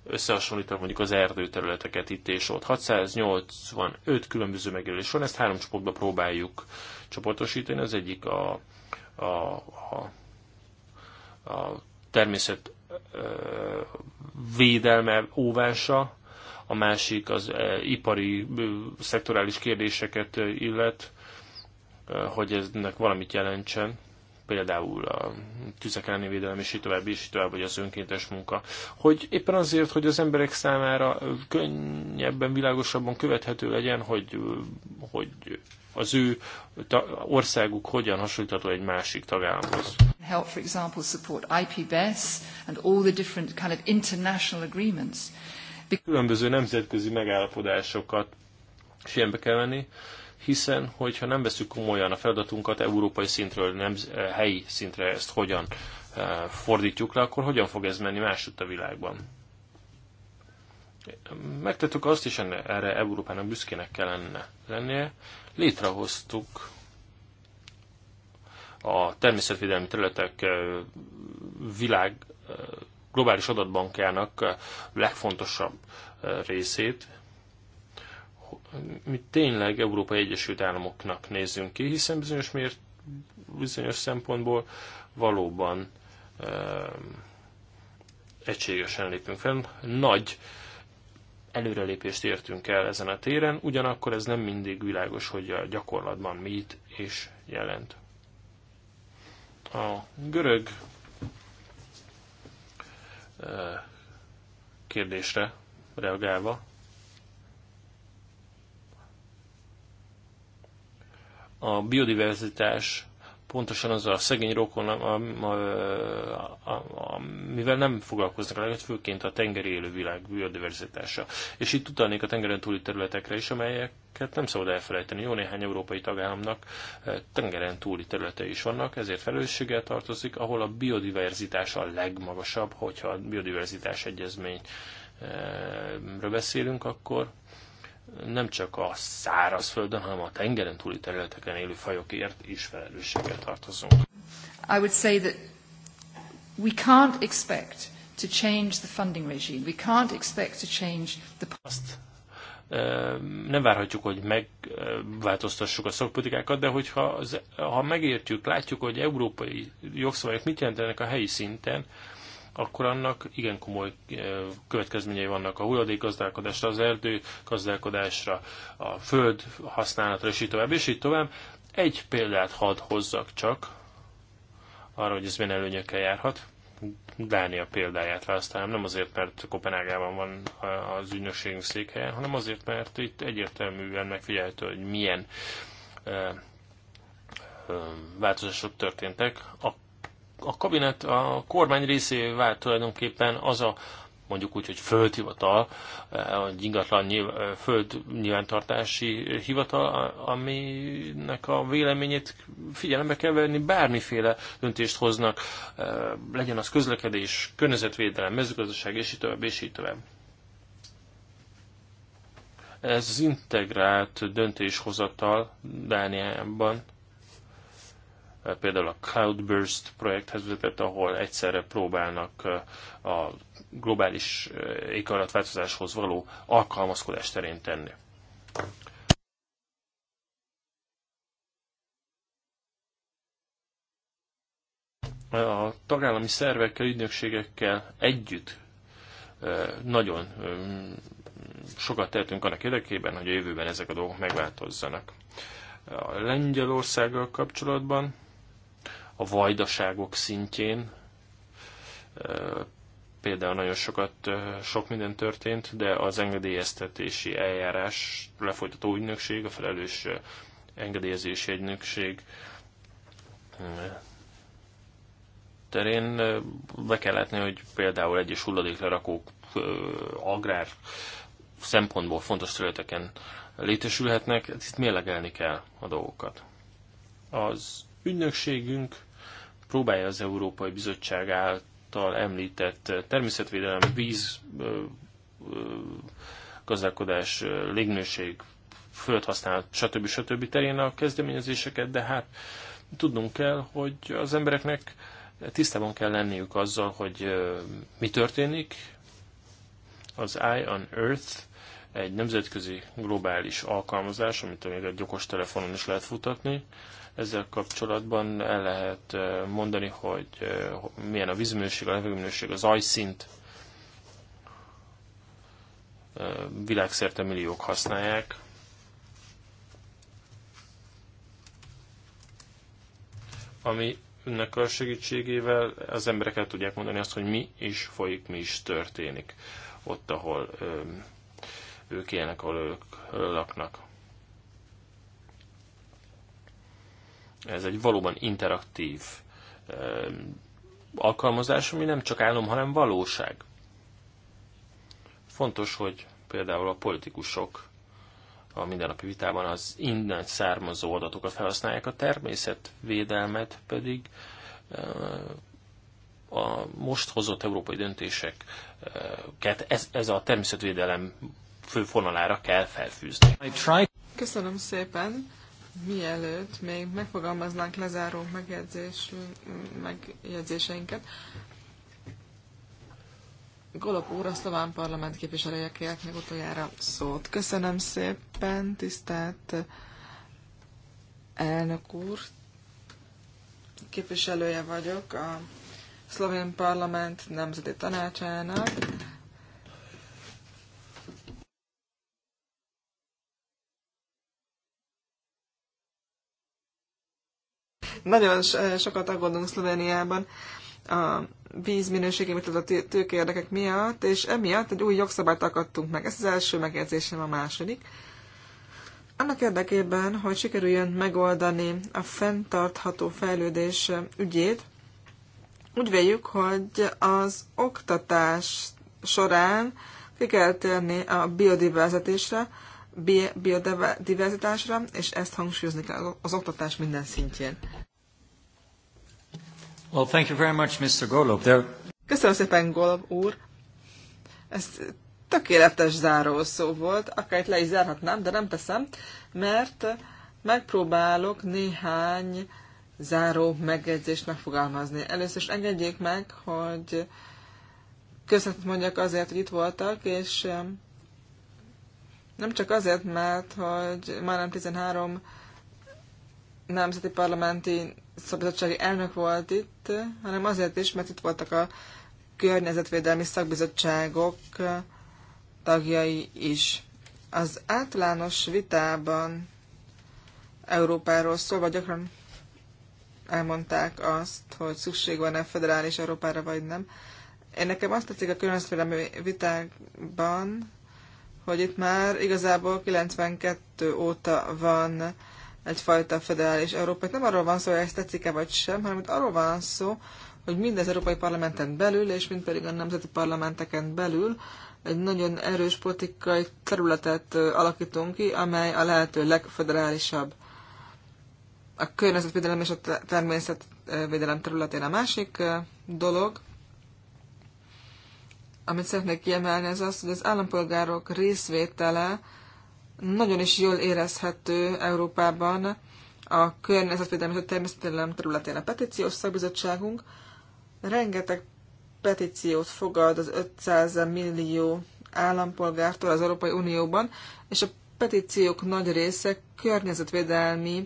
összehasonlítani, mondjuk az erdőterületeket itt és ott. 685 különböző megjelölés van, ezt három csoportba próbáljuk csoportosítani. Az egyik a, a, a, a természet védelme, óvása, a másik az ipari szektorális kérdéseket illet, hogy eznek valamit jelentsen például a tüzek elleni védelem, és így tovább, és így tovább, vagy az önkéntes munka, hogy éppen azért, hogy az emberek számára könnyebben, világosabban követhető legyen, hogy, hogy az ő országuk hogyan hasonlítható egy másik tagállamhoz. Help, for example, support IPBES and all the different kind of international agreements. Különböző nemzetközi megállapodásokat és ilyenbe kell venni, hiszen hogyha nem veszük komolyan a feladatunkat európai szintről, nem eh, helyi szintre ezt hogyan eh, fordítjuk le, akkor hogyan fog ez menni másutt a világban? Megtettük azt is, hogy erre Európának büszkének kellene lennie. Létrehoztuk a természetvédelmi területek eh, világ globális adatbankjának legfontosabb részét, mi tényleg Európai Egyesült Államoknak nézzünk ki, hiszen bizonyos, miért, bizonyos szempontból valóban ehm, egységesen lépünk fel. Nagy előrelépést értünk el ezen a téren, ugyanakkor ez nem mindig világos, hogy a gyakorlatban mit és jelent. A görög eh, kérdésre reagálva, a biodiverzitás pontosan az a szegény rokon, mivel nem foglalkoznak a leget, főként a tengeri élővilág biodiverzitása. És itt utalnék a tengeren túli területekre is, amelyeket nem szabad elfelejteni. Jó néhány európai tagállamnak eh, tengeren túli területe is vannak, ezért felelősséggel tartozik, ahol a biodiverzitás a legmagasabb, hogyha a biodiverzitás egyezményről beszélünk, akkor nem csak a szárazföldön, hanem a tengeren túli területeken élő fajokért is felelősséggel tartozunk. I would say that we can't expect to change the funding regime. We can't expect to change the... past. nem várhatjuk, hogy megváltoztassuk a szakpolitikákat, de hogyha az, ha megértjük, látjuk, hogy európai jogszabályok mit jelentenek a helyi szinten, akkor annak igen komoly eh, következményei vannak a hulladékgazdálkodásra, az erdőgazdálkodásra, a föld használatra, és így tovább, és így tovább. Egy példát hadd hozzak csak arra, hogy ez milyen előnyökkel járhat. Dánia példáját választanám, nem azért, mert Kopenhágában van az ügynökségünk székhelye, hanem azért, mert itt egyértelműen megfigyelhető, hogy milyen eh, eh, változások történtek, a kabinet a kormány részével vált tulajdonképpen az a mondjuk úgy, hogy földhivatal, egy eh, ingatlan nyilv, eh, föld nyilvántartási hivatal, aminek a véleményét figyelembe kell venni, bármiféle döntést hoznak, eh, legyen az közlekedés, környezetvédelem, mezőgazdaság, és így tovább, és így tovább. Ez az integrált döntéshozatal Dániában például a Cloudburst projekthez vezetett, ahol egyszerre próbálnak a globális éghajlatváltozáshoz való alkalmazkodás terén tenni. A tagállami szervekkel, ügynökségekkel együtt nagyon sokat tehetünk annak érdekében, hogy a jövőben ezek a dolgok megváltozzanak. A Lengyelországgal kapcsolatban a vajdaságok szintjén. Például nagyon sokat, sok minden történt, de az engedélyeztetési eljárás lefolytató ügynökség, a felelős engedélyezési ügynökség terén be kell látni, hogy például egyes hulladéklerakók agrár szempontból fontos területeken létesülhetnek, itt mérlegelni kell a dolgokat. Az ügynökségünk próbálja az Európai Bizottság által említett természetvédelem, víz, gazdálkodás, légnőség, földhasználat, stb. stb. terén a kezdeményezéseket, de hát tudnunk kell, hogy az embereknek tisztában kell lenniük azzal, hogy mi történik. Az Eye on Earth egy nemzetközi globális alkalmazás, amit még egy okos telefonon is lehet futatni, ezzel kapcsolatban el lehet mondani, hogy milyen a vízminőség, a levegőminőség, az ajszint. Világszerte milliók használják. Ami önnek a segítségével az emberek el tudják mondani azt, hogy mi is folyik, mi is történik ott, ahol ők élnek, ahol ők laknak. Ez egy valóban interaktív alkalmazás, ami nem csak álom, hanem valóság. Fontos, hogy például a politikusok a mindennapi vitában az innen származó adatokat felhasználják, a természetvédelmet pedig a most hozott európai döntéseket ez, ez a természetvédelem fő fonalára kell felfűzni. Köszönöm szépen mielőtt még megfogalmaznánk lezáró megjegyzés, megjegyzéseinket, Golop úr, a szlován parlament képviselője kért meg utoljára szót. Köszönöm szépen, tisztelt elnök úr. Képviselője vagyok a szlovén parlament nemzeti tanácsának Nagyon eh, sokat aggódunk Szlovéniában a víz mint a tőkérdekek miatt, és emiatt egy új jogszabályt akadtunk meg. Ez az első megjegyzésem, a második. Annak érdekében, hogy sikerüljön megoldani a fenntartható fejlődés eh, ügyét, úgy véljük, hogy az oktatás során ki kell térni a biodiverzitásra, biodiverzitásra, és ezt hangsúlyozni kell az oktatás minden szintjén. Well, thank you very much, Mr. There... Köszönöm szépen, Golov úr. Ez tökéletes zárószó volt, akár itt le is zárhatnám, de nem teszem, mert megpróbálok néhány záró megjegyzést megfogalmazni. Először is engedjék meg, hogy köszönet mondjak azért, hogy itt voltak, és um, nem csak azért, mert hogy már nem 13 nemzeti parlamenti szabadsági elnök volt itt, hanem azért is, mert itt voltak a környezetvédelmi szakbizottságok tagjai is. Az általános vitában Európáról szólva gyakran elmondták azt, hogy szükség van-e federális Európára, vagy nem. Én nekem azt tetszik a környezetvédelmi vitákban, hogy itt már igazából 92 óta van egyfajta federális Európát. Nem arról van szó, hogy ezt tetszik-e vagy sem, hanem itt arról van szó, hogy mind az Európai Parlamenten belül, és mind pedig a nemzeti parlamenteken belül egy nagyon erős politikai területet alakítunk ki, amely a lehető legfederálisabb. A környezetvédelem és a természetvédelem területén a másik dolog, amit szeretnék kiemelni, az az, hogy az állampolgárok részvétele nagyon is jól érezhető Európában a környezetvédelmi és a természetvédelem területén a petíciós szakbizottságunk. Rengeteg petíciót fogad az 500 millió állampolgártól az Európai Unióban, és a petíciók nagy része környezetvédelmi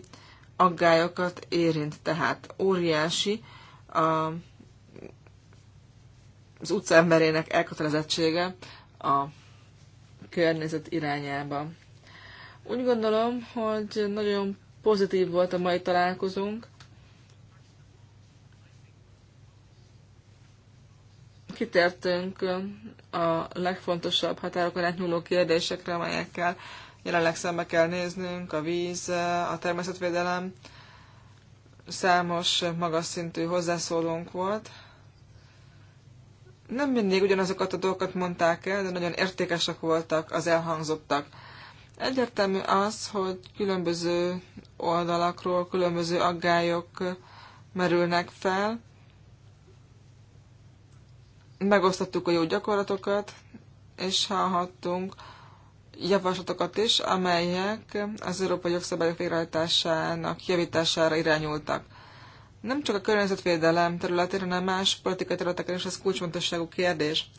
aggályokat érint, tehát óriási a, az utcaemberének elkötelezettsége a környezet irányába. Úgy gondolom, hogy nagyon pozitív volt a mai találkozónk. Kitértünk a legfontosabb határokon átnyúló kérdésekre, amelyekkel jelenleg szembe kell néznünk, a víz, a természetvédelem, számos magas szintű hozzászólónk volt. Nem mindig ugyanazokat a dolgokat mondták el, de nagyon értékesek voltak az elhangzottak. Egyértelmű az, hogy különböző oldalakról különböző aggályok merülnek fel. Megosztottuk a jó gyakorlatokat, és hallhattunk javaslatokat is, amelyek az európai jogszabályok végrehajtásának javítására irányultak. Nem csak a környezetvédelem területén, hanem más politikai területeken is ez kulcsfontosságú kérdés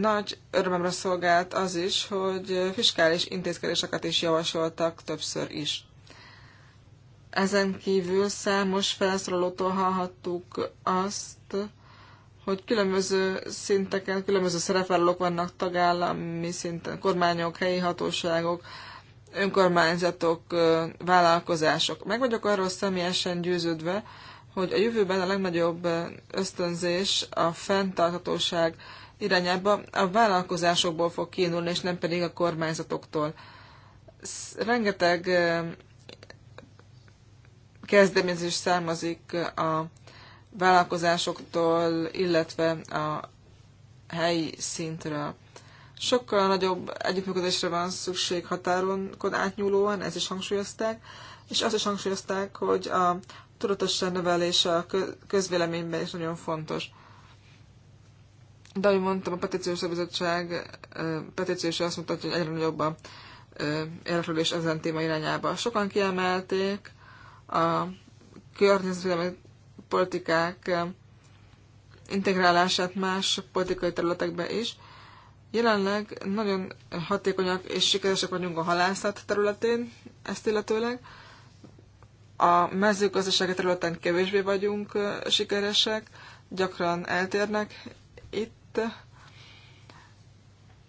nagy örömömre szolgált az is, hogy fiskális intézkedéseket is javasoltak többször is. Ezen kívül számos felszólalótól hallhattuk azt, hogy különböző szinteken, különböző szerepvállalók vannak tagállami szinten, kormányok, helyi hatóságok, önkormányzatok, vállalkozások. Meg vagyok arról személyesen győződve, hogy a jövőben a legnagyobb ösztönzés a fenntarthatóság irányába a vállalkozásokból fog kínulni, és nem pedig a kormányzatoktól. Rengeteg kezdeményezés származik a vállalkozásoktól, illetve a helyi szintről. Sokkal nagyobb együttműködésre van szükség határonkon átnyúlóan, ez is hangsúlyozták, és azt is hangsúlyozták, hogy a tudatosság növelése a közvéleményben is nagyon fontos. De, ahogy mondtam, a petíciós bizottság petíciósa azt mutatja, hogy egyre nagyobb a érdeklődés ezen téma irányába. Sokan kiemelték a környezetvédelmi politikák integrálását más politikai területekbe is. Jelenleg nagyon hatékonyak és sikeresek vagyunk a halászat területén, ezt illetőleg. A mezőgazdasági területen kevésbé vagyunk sikeresek, gyakran eltérnek itt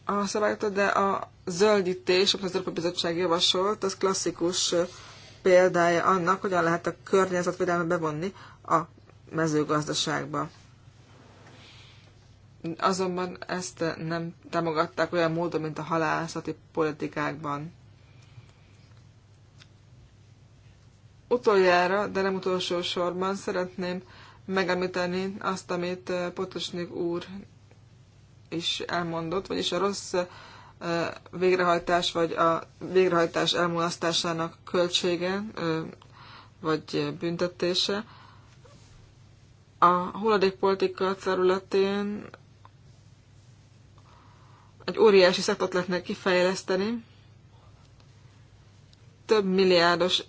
a szabályoktól, de a zöldítés, amit az Európai Bizottság javasolt, az klasszikus példája annak, hogyan lehet a környezetvédelmet bevonni a mezőgazdaságba. Azonban ezt nem támogatták olyan módon, mint a halászati politikákban. Utoljára, de nem utolsó sorban szeretném megemlíteni azt, amit Potosnik úr is elmondott, vagyis a rossz végrehajtás vagy a végrehajtás elmulasztásának költsége vagy büntetése. A hulladékpolitika területén egy óriási szektot lehetne kifejleszteni, több milliárdos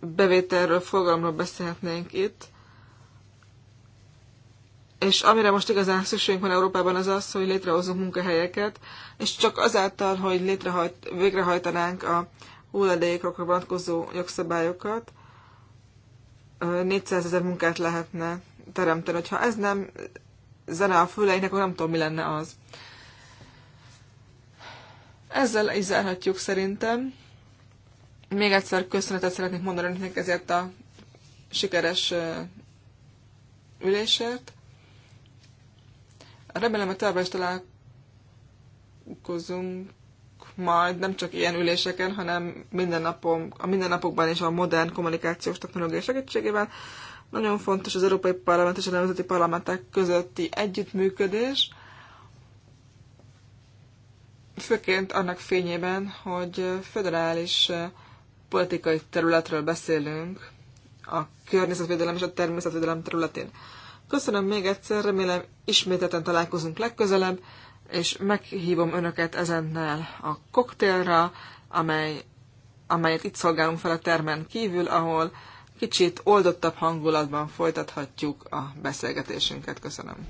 bevételről, fogalomról beszélhetnénk itt, és amire most igazán szükségünk van Európában az az, hogy létrehozunk munkahelyeket, és csak azáltal, hogy létrehajt, végrehajtanánk a hulladékokra vonatkozó jogszabályokat, 400 ezer munkát lehetne teremteni. Ha ez nem zene a füleinek, akkor nem tudom, mi lenne az. Ezzel is zárhatjuk szerintem. Még egyszer köszönetet szeretnék mondani önöknek ezért a sikeres ülésért. Remélem, hogy továbbra is találkozunk majd nem csak ilyen üléseken, hanem minden napom, a mindennapokban és a modern kommunikációs technológia segítségével. Nagyon fontos az Európai Parlament és a Nemzeti Parlamentek közötti együttműködés, főként annak fényében, hogy federális politikai területről beszélünk a környezetvédelem és a természetvédelem területén. Köszönöm még egyszer, remélem ismételten találkozunk legközelebb, és meghívom önöket ezennel a koktélra, amely, amelyet itt szolgálunk fel a termen kívül, ahol kicsit oldottabb hangulatban folytathatjuk a beszélgetésünket. Köszönöm.